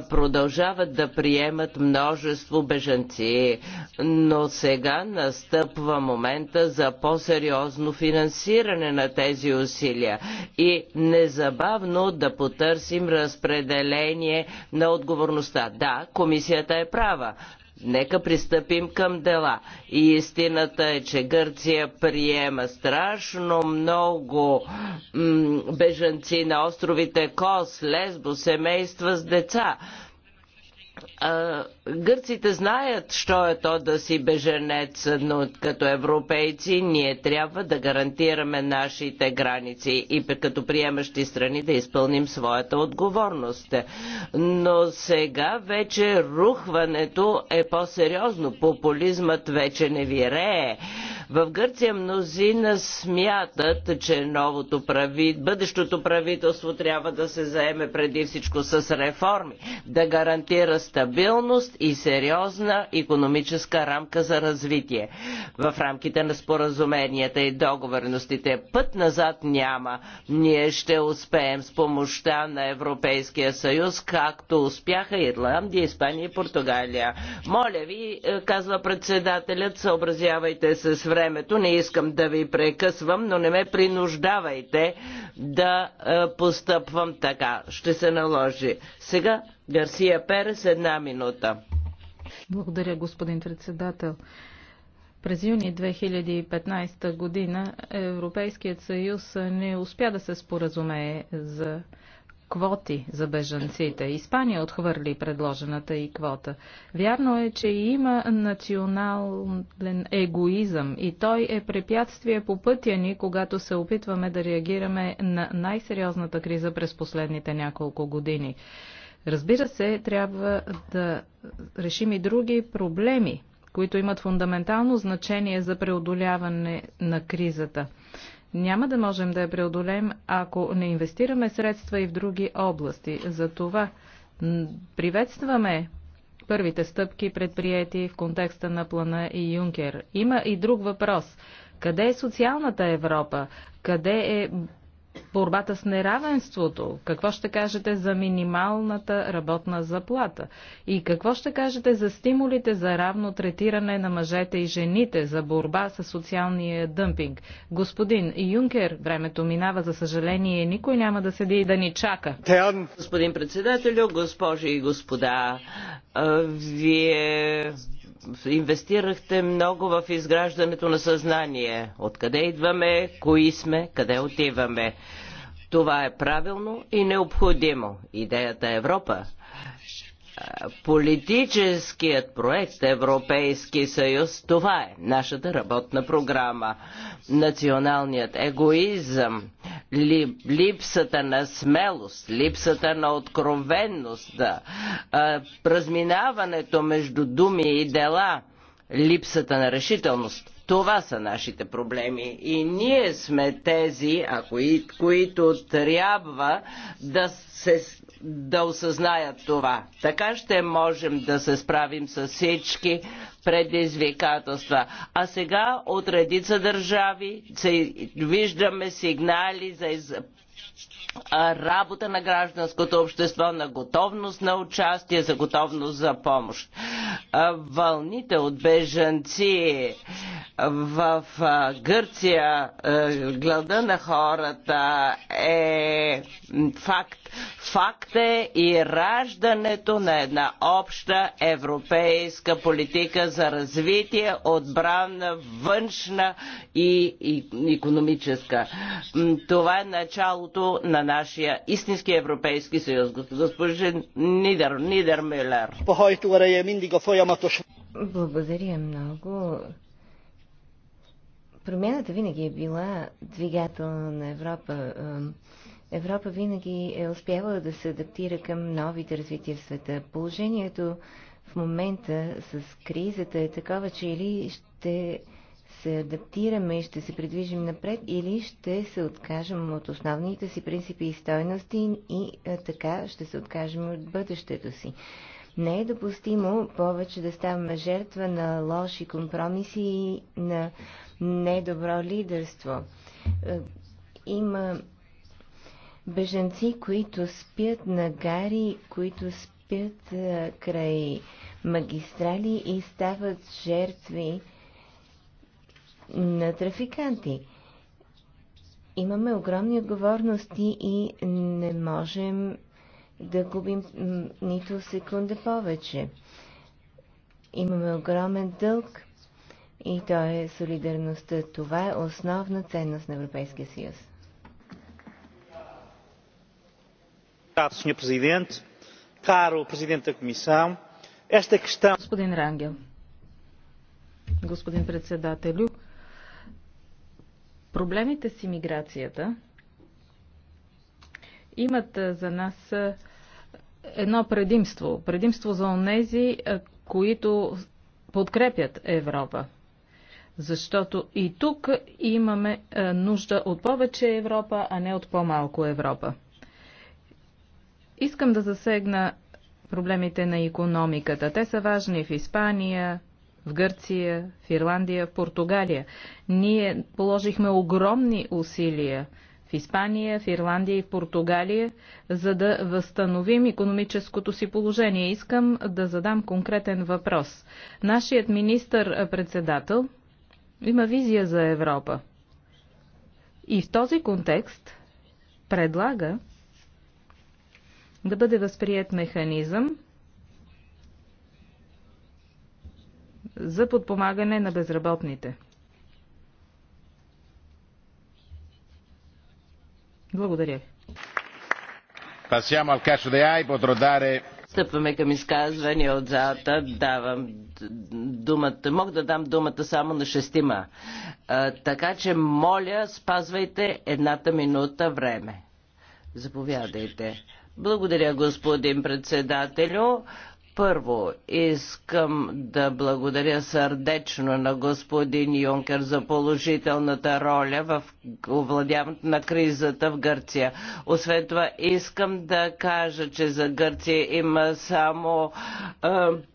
продължават да приемат множество бежанци, но сега настъпва момента за по-сериозно финансиране на тези усилия и незабавно да потърсим разпределение на отговорността. Да, комисията е права. Нека пристъпим към дела. И истината е, че Гърция приема страшно много бежанци на островите Кос, Лесбо, семейства с деца гърците знаят, що е то да си беженец, но като европейци ние трябва да гарантираме нашите граници и като приемащи страни да изпълним своята отговорност. Но сега вече рухването е по-сериозно. Популизмът вече не вирее. В Гърция мнозина смятат, че новото прави... бъдещото правителство трябва да се заеме преди всичко с реформи, да гарантира стабилност и сериозна економическа рамка за развитие в рамките на споразуменията и договорностите. Път назад няма. Ние ще успеем с помощта на Европейския съюз, както успяха Ирландия, Испания и Португалия. Моля ви, е, казва председателят, съобразявайте се с времето. Не искам да ви прекъсвам, но не ме принуждавайте да е, постъпвам така. Ще се наложи. Сега Гарсия Перес, една минута. Благодаря, господин председател. През юни 2015 година Европейският съюз не успя да се споразумее за квоти за бежанците. Испания отхвърли предложената и квота. Вярно е, че има национален егоизъм и той е препятствие по пътя ни, когато се опитваме да реагираме на най-сериозната криза през последните няколко години. Разбира се, трябва да решим и други проблеми, които имат фундаментално значение за преодоляване на кризата. Няма да можем да я преодолеем, ако не инвестираме средства и в други области. За това приветстваме първите стъпки, предприяти в контекста на плана и Юнкер. Има и друг въпрос. Къде е социалната Европа? Къде е борбата с неравенството? Какво ще кажете за минималната работна заплата? И какво ще кажете за стимулите за равно третиране на мъжете и жените, за борба с социалния дъмпинг? Господин Юнкер, времето минава, за съжаление, никой няма да седи и да ни чака. Господин председателю, госпожи и господа, вие инвестирахте много в изграждането на съзнание. Откъде идваме, кои сме, къде отиваме. Това е правилно и необходимо. Идеята е Европа политическият проект Европейски съюз, това е нашата работна програма. Националният егоизъм, ли, липсата на смелост, липсата на откровенност, да, разминаването между думи и дела, липсата на решителност. Това са нашите проблеми. И ние сме тези, а кои, които трябва да се да осъзнаят това. Така ще можем да се справим с всички предизвикателства. А сега от редица държави виждаме сигнали за работа на гражданското общество, на готовност на участие, за готовност за помощ. Вълните от бежанци в Гърция, глада на хората е факт. Факт е и раждането на една обща европейска политика за развитие, отбрана, външна и економическа. Това е началото на нашия истински Европейски съюз. Господин Нидер, Нидер Милер. Благодаря много. Промяната винаги е била двигател на Европа. Европа винаги е успявала да се адаптира към новите развития в света. Положението в момента с кризата е такова, че или ще се адаптираме и ще се придвижим напред или ще се откажем от основните си принципи и стойности и е, така ще се откажем от бъдещето си. Не е допустимо повече да ставаме жертва на лоши компромиси и на недобро лидерство. Е, има беженци, които спят на гари, които спят е, край магистрали и стават жертви на трафиканти. Имаме огромни отговорности и не можем да губим нито секунда повече. Имаме огромен дълг и то е солидарността. Това е основна ценност на Европейския съюз. Господин Рангел, господин председателю, Проблемите с иммиграцията имат за нас едно предимство. Предимство за онези, които подкрепят Европа. Защото и тук имаме нужда от повече Европа, а не от по-малко Европа. Искам да засегна проблемите на економиката. Те са важни в Испания, в Гърция, в Ирландия, в Португалия. Ние положихме огромни усилия в Испания, в Ирландия и в Португалия, за да възстановим економическото си положение. Искам да задам конкретен въпрос. Нашият министър-председател има визия за Европа. И в този контекст предлага да бъде възприят механизъм, за подпомагане на безработните. Благодаря ви. Passiamo ал кашо де ай, potrò Стъпваме към изказвания от залата. Давам думата. Мога да дам думата само на шестима. А, така че, моля, спазвайте едната минута време. Заповядайте. Благодаря, господин председателю. Първо, искам да благодаря сърдечно на господин Юнкер за положителната роля в овладяването на кризата в Гърция. Освен това, искам да кажа, че за Гърция има само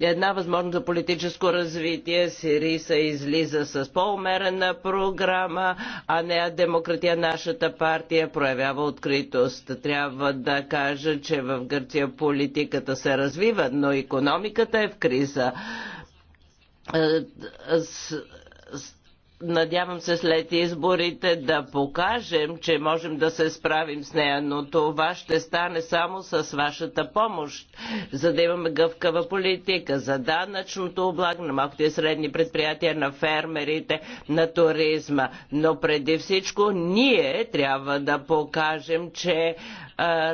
е, една възможност за политическо развитие. Сириса излиза с по-умерена програма, а не демократия. Нашата партия проявява откритост. Трябва да кажа, че в Гърция политиката се развива, но и Економиката е в криза е, надявам се след изборите да покажем, че можем да се справим с нея, но това ще стане само с вашата помощ, за да имаме гъвкава политика, за данъчното облагане на малките и средни предприятия, на фермерите, на туризма. Но преди всичко ние трябва да покажем, че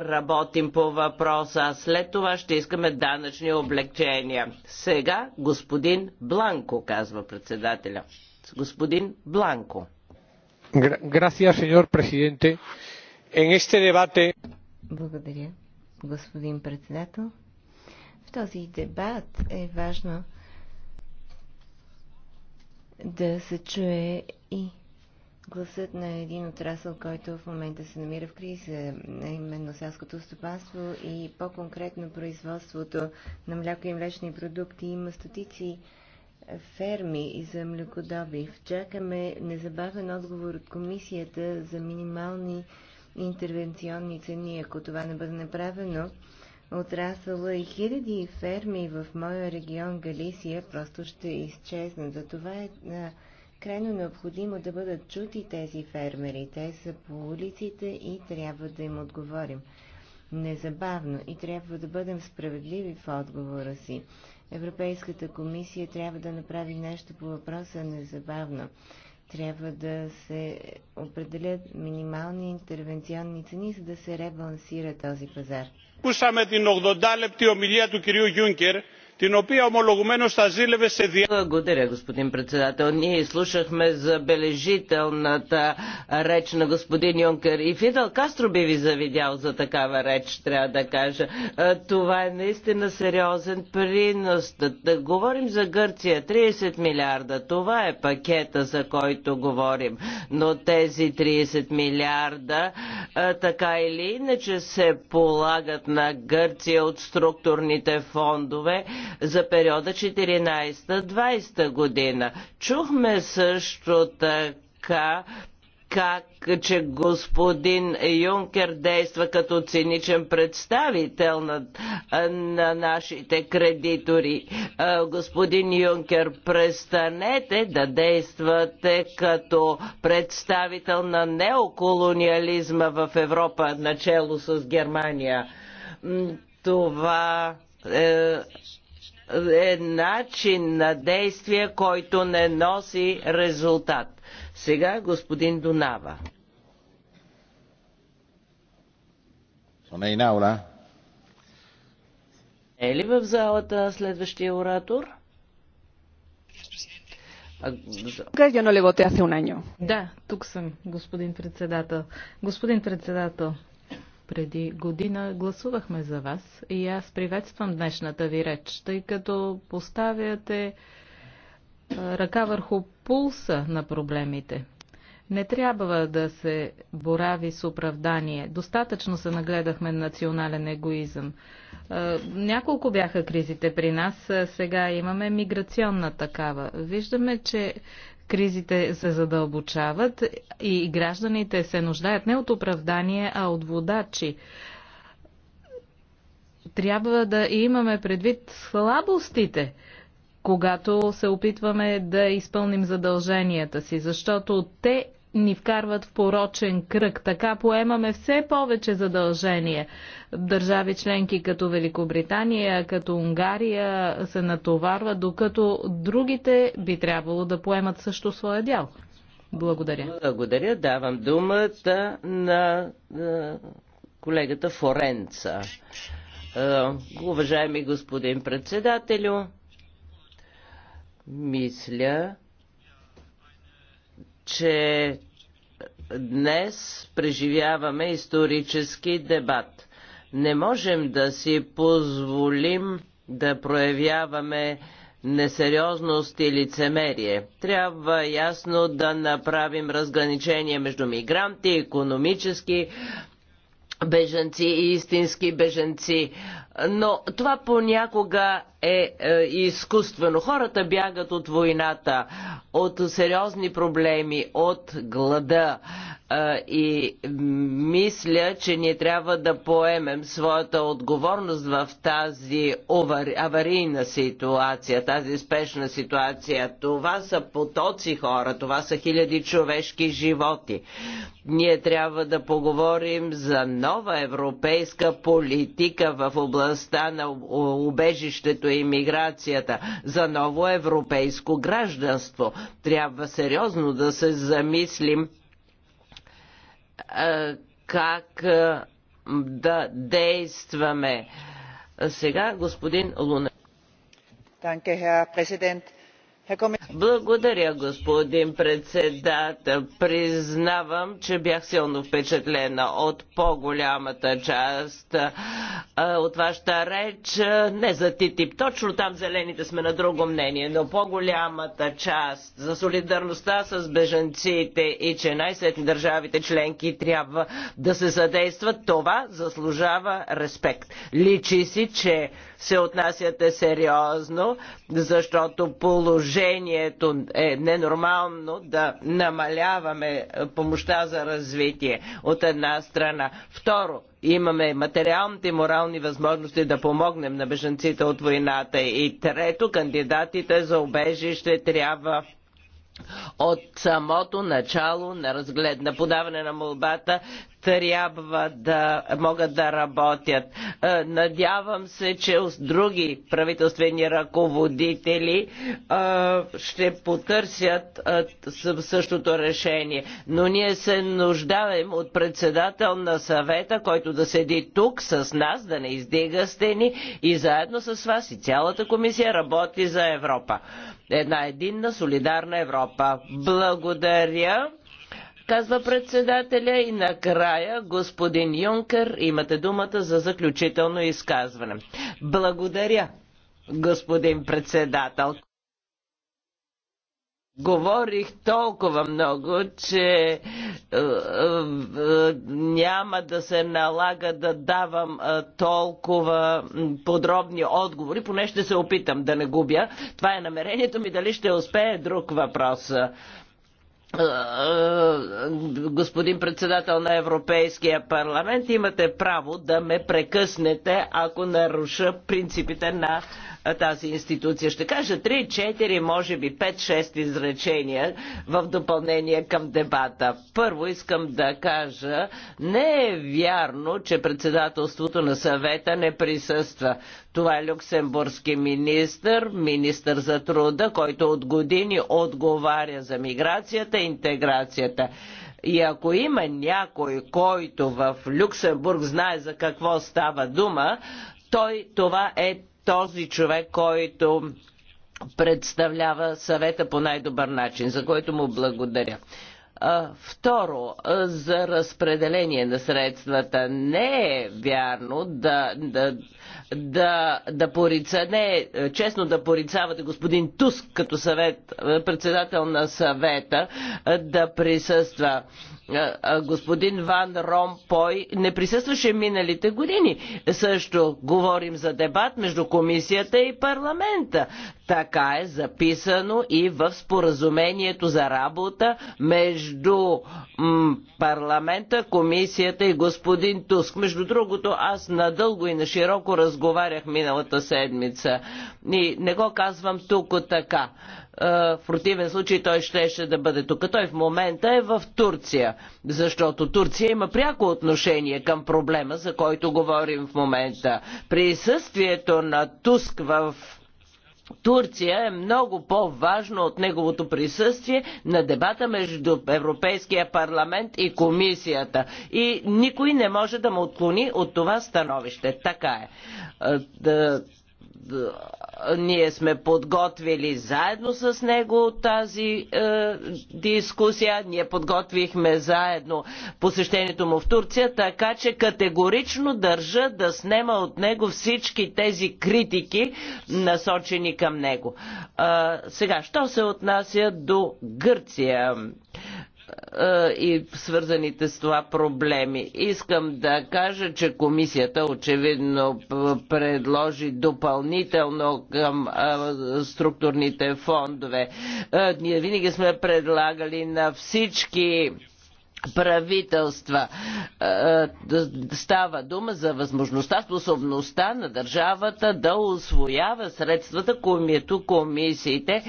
работим по въпроса, а след това ще искаме данъчни облегчения. Сега господин Бланко, казва председателя. Господин Бланко. Gracias, señor presidente. En este debate... Благодаря, господин председател. В този дебат е важно да се чуе и гласът на един отрасъл, който в момента се намира в криза, именно селското стопанство и по-конкретно производството на мляко и млечни продукти. Има стотици ферми и за млекодобив. Чакаме незабавен отговор от комисията за минимални интервенционни цени. Ако това не бъде направено, отрасъла и хиляди ферми в моя регион Галисия просто ще изчезнат. Затова е а, крайно необходимо да бъдат чути тези фермери. Те са по улиците и трябва да им отговорим. Незабавно и трябва да бъдем справедливи в отговора си. Европейската комисия трябва да направи нещо по въпроса незабавно. Трябва да се определят минимални интервенционни цени, за да се ребалансира този пазар. 80 την οποία ομολογουμένως θα ζήλευε σε Благодаря, господин председател. Ние слушахме забележителната реч на господин Юнкер и Фидел Кастро би ви завидял за такава реч, трябва да кажа. Това е наистина сериозен принос. Да говорим за Гърция, 30 милиарда, това е пакета, за който говорим. Но тези 30 милиарда, така или иначе, се полагат на Гърция от структурните фондове, за периода 14-20 година. Чухме също така как, че господин Юнкер действа като циничен представител на, на нашите кредитори. Господин Юнкер, престанете да действате като представител на неоколониализма в Европа, начало с Германия. Това е, е начин на действие, който не носи резултат. Сега господин Донава. Е ли в залата следващия оратор? Да, тук съм, господин председател. Господин председател, преди година гласувахме за вас и аз приветствам днешната ви реч, тъй като поставяте ръка върху пулса на проблемите. Не трябва да се борави с оправдание. Достатъчно се нагледахме на национален егоизъм. Няколко бяха кризите при нас, сега имаме миграционна такава. Виждаме, че Кризите се задълбочават и гражданите се нуждаят не от оправдание, а от водачи. Трябва да имаме предвид слабостите, когато се опитваме да изпълним задълженията си, защото те ни вкарват в порочен кръг. Така поемаме все повече задължения. Държави членки като Великобритания, като Унгария се натоварват, докато другите би трябвало да поемат също своя дял. Благодаря. Благодаря. Давам думата на, на е, колегата Форенца. Е, уважаеми господин председателю, мисля, че днес преживяваме исторически дебат. Не можем да си позволим да проявяваме несериозност и лицемерие. Трябва ясно да направим разграничение между мигранти, економически беженци и истински беженци. Но това понякога е, е изкуствено. Хората бягат от войната, от сериозни проблеми, от глада. Е, и мисля, че ние трябва да поемем своята отговорност в тази аварийна ситуация, тази спешна ситуация. Това са потоци хора, това са хиляди човешки животи. Ние трябва да поговорим за нова европейска политика в областта на убежището правосъдието и миграцията, за ново европейско гражданство. Трябва сериозно да се замислим как да действаме. Сега господин Луна. Danke, президент. Herr благодаря, господин председател. Признавам, че бях силно впечатлена от по-голямата част от вашата реч. Не за ТИТИП, точно там зелените сме на друго мнение, но по-голямата част за солидарността с беженците и че най-сетни държавите членки трябва да се задействат, това заслужава респект. Личи си, че се отнасяте сериозно, защото положението е ненормално да намаляваме помощта за развитие от една страна. Второ, имаме материалните и морални възможности да помогнем на беженците от войната. И трето, кандидатите за убежище трябва от самото начало на разглед на подаване на молбата трябва да могат да работят. Е, надявам се, че други правителствени ръководители е, ще потърсят е, същото решение. Но ние се нуждаем от председател на съвета, който да седи тук с нас, да не издига стени и заедно с вас и цялата комисия работи за Европа една единна, солидарна Европа. Благодаря, казва председателя и накрая господин Юнкер, имате думата за заключително изказване. Благодаря, господин председател. Говорих толкова много, че е, е, няма да се налага да давам е, толкова подробни отговори, поне ще се опитам да не губя. Това е намерението ми, дали ще успее друг въпрос господин председател на Европейския парламент, имате право да ме прекъснете, ако наруша принципите на тази институция. Ще кажа 3-4, може би 5-6 изречения в допълнение към дебата. Първо искам да кажа, не е вярно, че председателството на съвета не присъства. Това е люксембургски министр, министр за труда, който от години отговаря за миграцията и интеграцията. И ако има някой, който в Люксембург знае за какво става дума, той това е този човек, който представлява съвета по най-добър начин, за който му благодаря. Второ, за разпределение на средствата не е вярно да, да да, да порица, не е честно да порицавате господин Туск като съвет, председател на съвета да присъства. Господин Ван Ромпой не присъстваше миналите години. Също говорим за дебат между комисията и парламента. Така е записано и в споразумението за работа между парламента, комисията и господин Туск. Между другото, аз надълго и на широко разговарях миналата седмица. И не го казвам тук така. Е, в противен случай той щеше да бъде тук. Той в момента е в Турция, защото Турция има пряко отношение към проблема, за който говорим в момента. Присъствието на Туск в Турция е много по-важно от неговото присъствие на дебата между Европейския парламент и комисията. И никой не може да му отклони от това становище. Така е. е ние сме подготвили заедно с него тази е, дискусия. Ние подготвихме заедно посещението му в Турция, така че категорично държа да снема от него всички тези критики, насочени към него. Е, сега, що се отнася до Гърция? Е, е, и свързаните с това проблеми. Искам да кажа, че комисията очевидно предложи допълнително към е, структурните фондове. Е, ние винаги сме предлагали на всички правителства. Е, е, става дума за възможността, способността на държавата да освоява средствата, които комисиите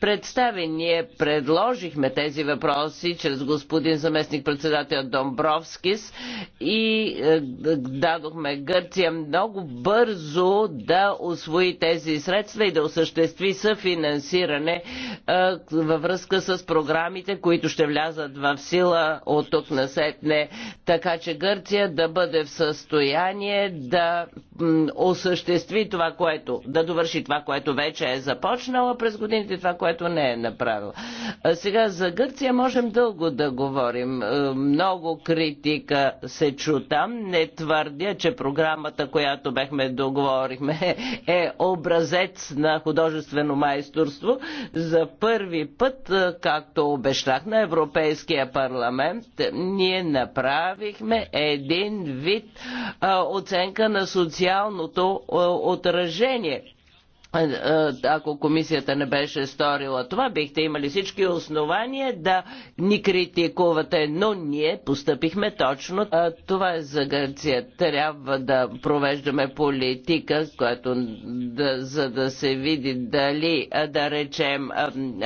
представи. Ние предложихме тези въпроси чрез господин заместник председател Домбровскис и е, дадохме Гърция много бързо да освои тези средства и да осъществи съфинансиране във връзка с програмите, които ще влязат в сила от от тук насетне, така че Гърция да бъде в състояние да осъществи това, което, да довърши това, което вече е започнала през годините, това, което не е направила. Сега за Гърция можем дълго да говорим. Е, много критика се чу там. Не твърдя, че програмата, която бехме договорихме, е образец на художествено майсторство. За първи път, е, както обещах на Европейския парламент, ние направихме един вид а, оценка на социалното а, отражение ако комисията не беше сторила това, бихте имали всички основания да ни критикувате, но ние постъпихме точно. Това е за Гърция. Трябва да провеждаме политика, която да, за да се види дали, да речем,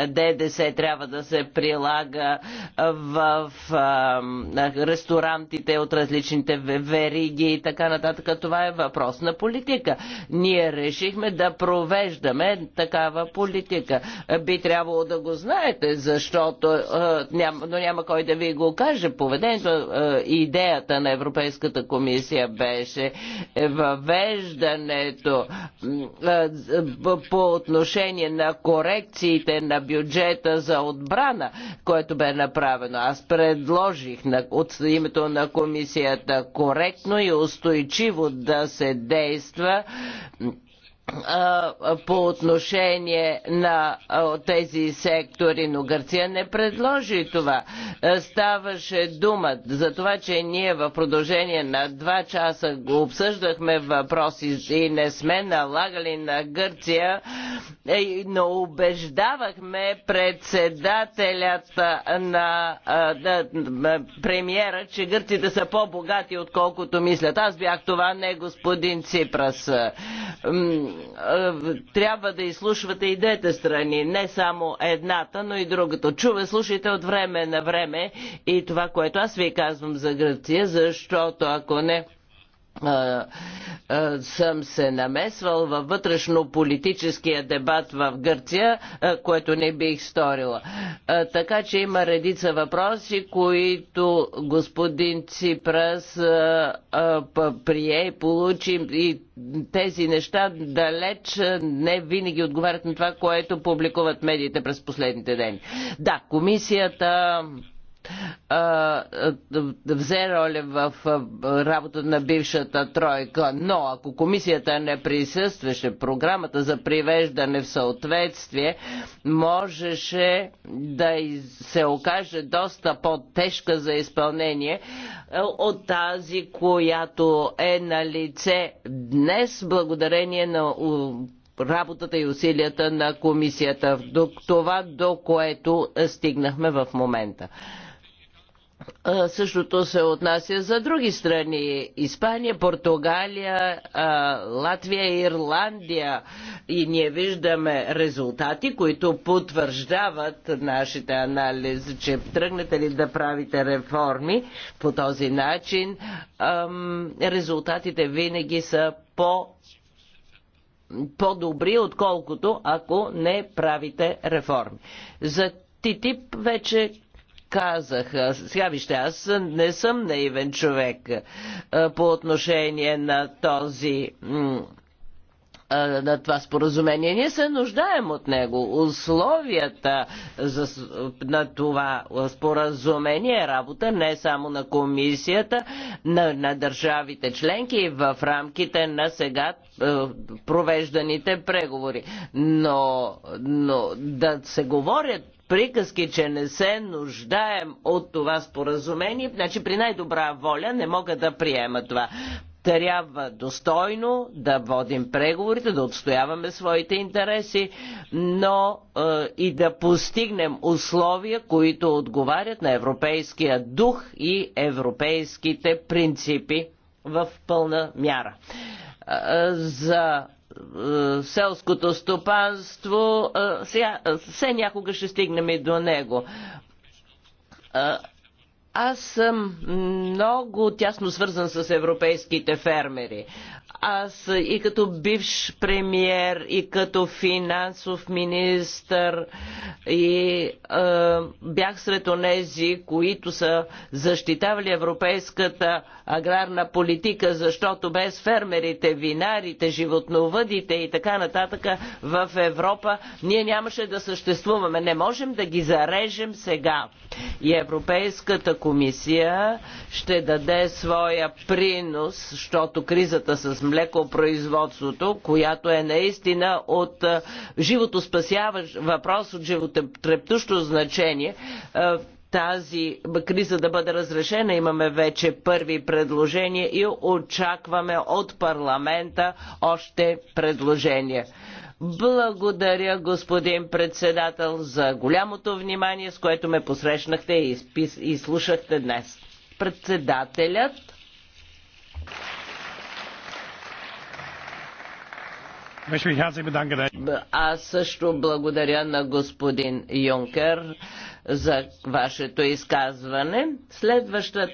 ДДС трябва да се прилага в ресторантите от различните вериги и така нататък. Това е въпрос на политика. Ние решихме да проведем провеждаме такава политика. Би трябвало да го знаете, защото, е, но няма кой да ви го каже. Поведението и е, идеята на Европейската комисия беше въвеждането е, по отношение на корекциите на бюджета за отбрана, което бе направено. Аз предложих на, от името на комисията коректно и устойчиво да се действа по отношение на тези сектори, но Гърция не предложи това. Ставаше дума за това, че ние в продължение на два часа го обсъждахме въпроси и не сме налагали на Гърция, е, но убеждавахме председателят на, премиера, че гърците са по-богати, отколкото мислят. Аз бях това, не господин Ципрас е, трябва да изслушвате и двете страни, не само едната, но и другата. Чува, слушайте от време на време и това, което аз ви казвам за Гръция, защото ако не съм се намесвал във вътрешно-политическия дебат в Гърция, което не бих сторила. Така че има редица въпроси, които господин Ципрас прие и получи и тези неща далеч не винаги отговарят на това, което публикуват медиите през последните дни. Да, комисията взе роля в работа на бившата тройка, но ако комисията не присъстваше, програмата за привеждане в съответствие можеше да се окаже доста по-тежка за изпълнение е, от тази, която е на лице днес, благодарение на работата и усилията на комисията, до това, до което стигнахме в момента. Същото се отнася за други страни. Испания, Португалия, Латвия и Ирландия. И ние виждаме резултати, които потвърждават нашите анализи, че тръгнете ли да правите реформи по този начин, резултатите винаги са по по-добри, отколкото ако не правите реформи. За ТИТИП вече Казах, Сега вижте, аз не съм наивен човек по отношение на този на това споразумение. Ние се нуждаем от него. Условията за, на това споразумение е работа не само на комисията, на, на държавите членки в рамките на сега е, провежданите преговори. Но, но да се говорят приказки, че не се нуждаем от това споразумение, значи при най-добра воля не мога да приема това трябва достойно да водим преговорите, да отстояваме своите интереси, но е, и да постигнем условия, които отговарят на европейския дух и европейските принципи в пълна мяра. Е, е за е, селското стопанство, е, сега, е, все някога ще стигнем и до него. Аз съм много тясно свързан с европейските фермери. Аз и като бивш премьер, и като финансов министр, и е, бях сред онези, които са защитавали европейската аграрна политика, защото без фермерите, винарите, животновъдите и така нататък в Европа ние нямаше да съществуваме. Не можем да ги зарежем сега. И Европейската комисия ще даде своя принос, защото кризата с млекопроизводството, която е наистина от живото спасяващ въпрос от животрептущо значение тази криза да бъде разрешена. Имаме вече първи предложения и очакваме от парламента още предложения. Благодаря, господин председател, за голямото внимание, с което ме посрещнахте и слушахте днес. Председателят Аз също благодаря на господин Юнкер за вашето изказване. Следващата